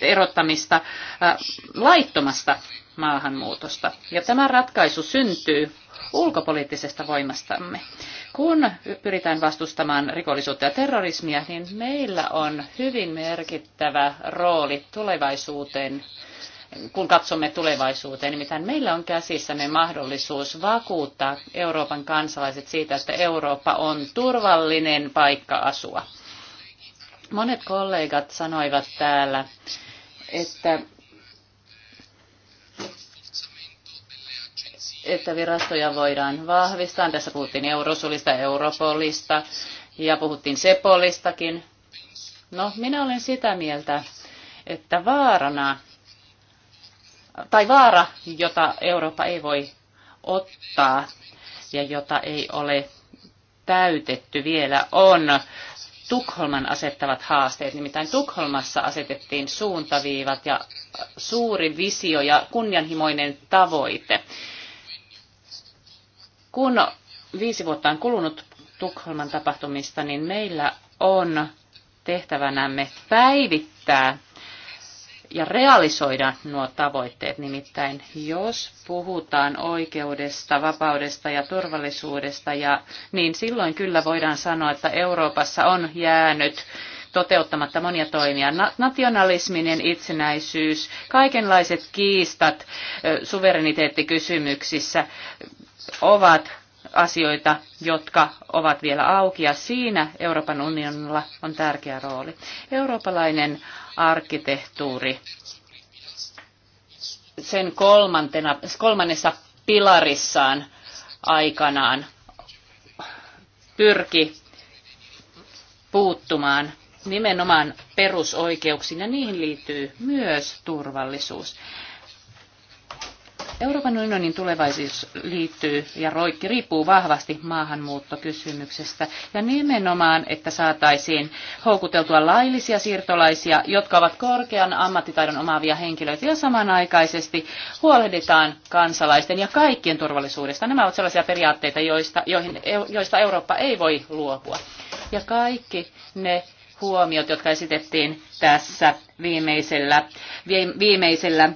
erottamista äh, laittomasta maahanmuutosta. Ja tämä ratkaisu syntyy ulkopoliittisesta voimastamme. Kun pyritään vastustamaan rikollisuutta ja terrorismia, niin meillä on hyvin merkittävä rooli tulevaisuuteen kun katsomme tulevaisuuteen. Nimittäin meillä on käsissämme mahdollisuus vakuuttaa Euroopan kansalaiset siitä, että Eurooppa on turvallinen paikka asua. Monet kollegat sanoivat täällä, että että virastoja voidaan vahvistaa. Tässä puhuttiin Eurosulista, Europolista ja puhuttiin Sepolistakin. No, minä olen sitä mieltä, että vaarana tai vaara, jota Eurooppa ei voi ottaa ja jota ei ole täytetty vielä, on Tukholman asettavat haasteet. Nimittäin Tukholmassa asetettiin suuntaviivat ja suuri visio ja kunnianhimoinen tavoite. Kun viisi vuotta on kulunut Tukholman tapahtumista, niin meillä on tehtävänämme päivittää ja realisoida nuo tavoitteet. Nimittäin jos puhutaan oikeudesta, vapaudesta ja turvallisuudesta, ja, niin silloin kyllä voidaan sanoa, että Euroopassa on jäänyt toteuttamatta monia toimia. Nationalisminen itsenäisyys, kaikenlaiset kiistat suvereniteettikysymyksissä ovat asioita, jotka ovat vielä auki, ja siinä Euroopan unionilla on tärkeä rooli. Eurooppalainen arkkitehtuuri sen kolmantena, kolmannessa pilarissaan aikanaan pyrki puuttumaan nimenomaan perusoikeuksiin, ja niihin liittyy myös turvallisuus. Euroopan unionin tulevaisuus liittyy ja roikki riippuu vahvasti maahanmuuttokysymyksestä ja nimenomaan, että saataisiin houkuteltua laillisia siirtolaisia, jotka ovat korkean ammattitaidon omaavia henkilöitä ja samanaikaisesti huolehditaan kansalaisten ja kaikkien turvallisuudesta. Nämä ovat sellaisia periaatteita, joista, joihin, joista Eurooppa ei voi luopua. Ja kaikki ne huomiot, jotka esitettiin tässä viimeisellä, viimeisellä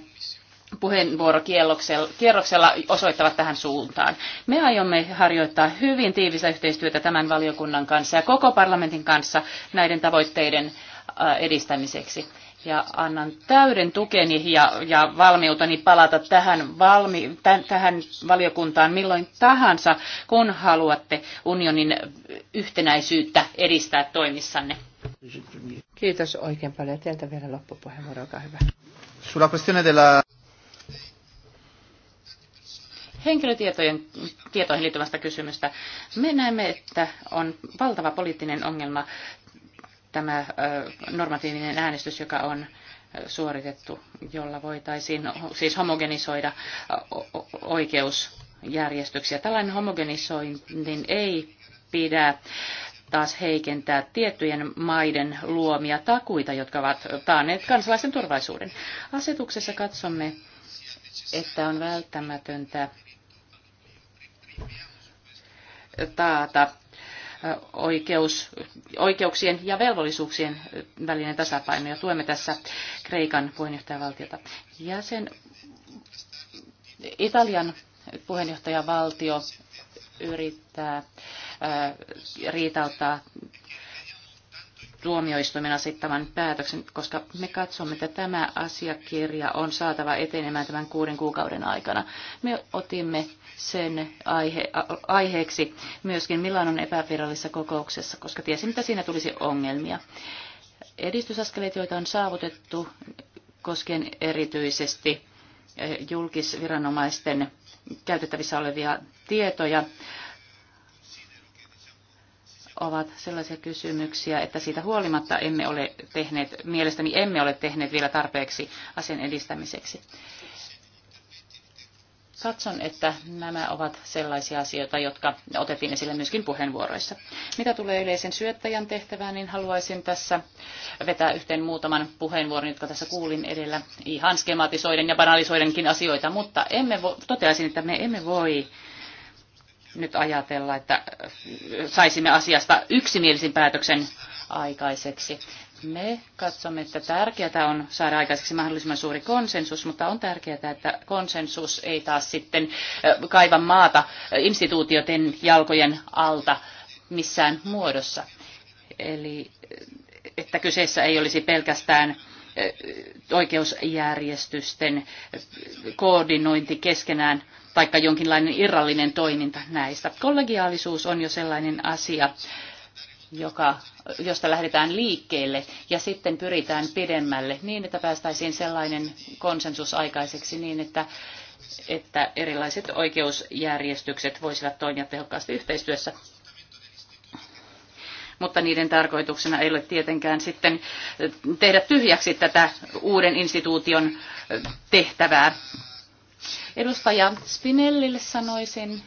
puheenvuorokierroksella osoittavat tähän suuntaan. Me aiomme harjoittaa hyvin tiivistä yhteistyötä tämän valiokunnan kanssa ja koko parlamentin kanssa näiden tavoitteiden edistämiseksi. Ja annan täyden tukeni ja, ja valmiuteni palata tähän, valmi, täh, tähän valiokuntaan milloin tahansa, kun haluatte unionin yhtenäisyyttä edistää toimissanne. Kiitos oikein paljon. Teiltä vielä loppupuheenvuoro, olkaa hyvä. Sulla della henkilötietojen tietoihin liittyvästä kysymystä. Me näemme, että on valtava poliittinen ongelma tämä normatiivinen äänestys, joka on suoritettu, jolla voitaisiin siis homogenisoida oikeusjärjestyksiä. Tällainen homogenisointi ei pidä taas heikentää tiettyjen maiden luomia takuita, jotka ovat taanneet kansalaisten turvallisuuden. Asetuksessa katsomme, että on välttämätöntä taata oikeus, oikeuksien ja velvollisuuksien välinen tasapaino ja tuemme tässä Kreikan puheenjohtajavaltiota. Ja sen Italian puheenjohtajavaltio yrittää äh, riitauttaa tuomioistuimen asettavan päätöksen, koska me katsomme, että tämä asiakirja on saatava etenemään tämän kuuden kuukauden aikana. Me otimme sen aihe, aiheeksi myöskin Milanon epävirallisessa kokouksessa, koska tiesin, että siinä tulisi ongelmia. Edistysaskeleet, joita on saavutettu, koskien erityisesti eh, julkisviranomaisten käytettävissä olevia tietoja, ovat sellaisia kysymyksiä, että siitä huolimatta emme ole tehneet, mielestäni emme ole tehneet vielä tarpeeksi asian edistämiseksi. Katson, että nämä ovat sellaisia asioita, jotka otettiin esille myöskin puheenvuoroissa. Mitä tulee yleisen syöttäjän tehtävään, niin haluaisin tässä vetää yhteen muutaman puheenvuoron, jotka tässä kuulin edellä, ihan skematisoiden ja banalisoidenkin asioita, mutta emme vo- toteaisin, että me emme voi nyt ajatella, että äh, saisimme asiasta yksimielisen päätöksen aikaiseksi. Me katsomme, että tärkeää on saada aikaiseksi mahdollisimman suuri konsensus, mutta on tärkeää, että konsensus ei taas sitten äh, kaiva maata äh, instituutioiden jalkojen alta missään muodossa. Eli että kyseessä ei olisi pelkästään oikeusjärjestysten koordinointi keskenään, taikka jonkinlainen irrallinen toiminta näistä. Kollegiaalisuus on jo sellainen asia, joka, josta lähdetään liikkeelle ja sitten pyritään pidemmälle niin, että päästäisiin sellainen konsensus aikaiseksi niin, että, että erilaiset oikeusjärjestykset voisivat toimia tehokkaasti yhteistyössä. Mutta niiden tarkoituksena ei ole tietenkään sitten tehdä tyhjäksi tätä uuden instituution tehtävää Edustaja Spinellille sanoisin,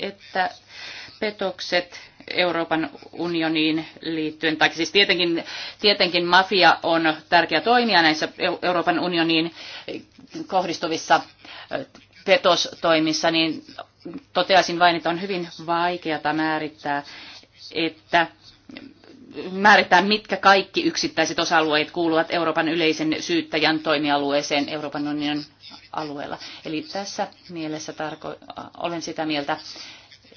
että petokset Euroopan unioniin liittyen, tai siis tietenkin, tietenkin mafia on tärkeä toimija näissä Euroopan unioniin kohdistuvissa petostoimissa, niin toteaisin vain, että on hyvin vaikeata määrittää, että määrittää, mitkä kaikki yksittäiset osa-alueet kuuluvat Euroopan yleisen syyttäjän toimialueeseen Euroopan unionin alueella. Eli tässä mielessä tarko- olen sitä mieltä,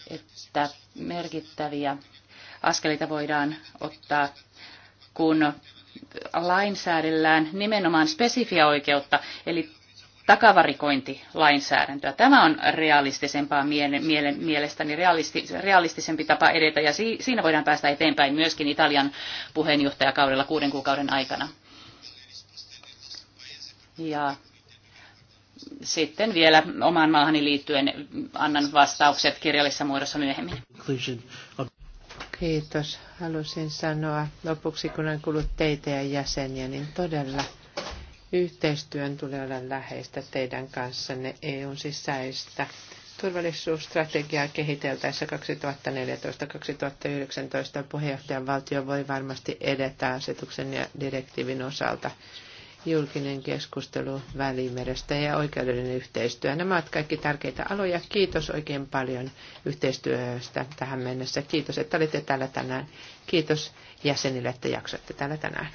että merkittäviä askeleita voidaan ottaa, kun lainsäädellään nimenomaan spesifiä oikeutta, eli takavarikointilainsäädäntöä. Tämä on realistisempaa mielestäni, realistisempi tapa edetä ja siinä voidaan päästä eteenpäin myöskin Italian puheenjohtajakaudella kuuden kuukauden aikana. Ja sitten vielä omaan maahani liittyen annan vastaukset kirjallisessa muodossa myöhemmin. Kiitos. Halusin sanoa lopuksi, kun olen kuullut teitä ja jäseniä, niin todella – Yhteistyön tulee olla läheistä teidän kanssanne EUn sisäistä turvallisuusstrategiaa kehiteltäessä 2014-2019 puheenjohtajan valtio voi varmasti edetä asetuksen ja direktiivin osalta. Julkinen keskustelu välimerestä ja oikeudellinen yhteistyö. Nämä ovat kaikki tärkeitä aloja. Kiitos oikein paljon yhteistyöstä tähän mennessä. Kiitos, että olitte täällä tänään. Kiitos jäsenille, että jaksoitte täällä tänään.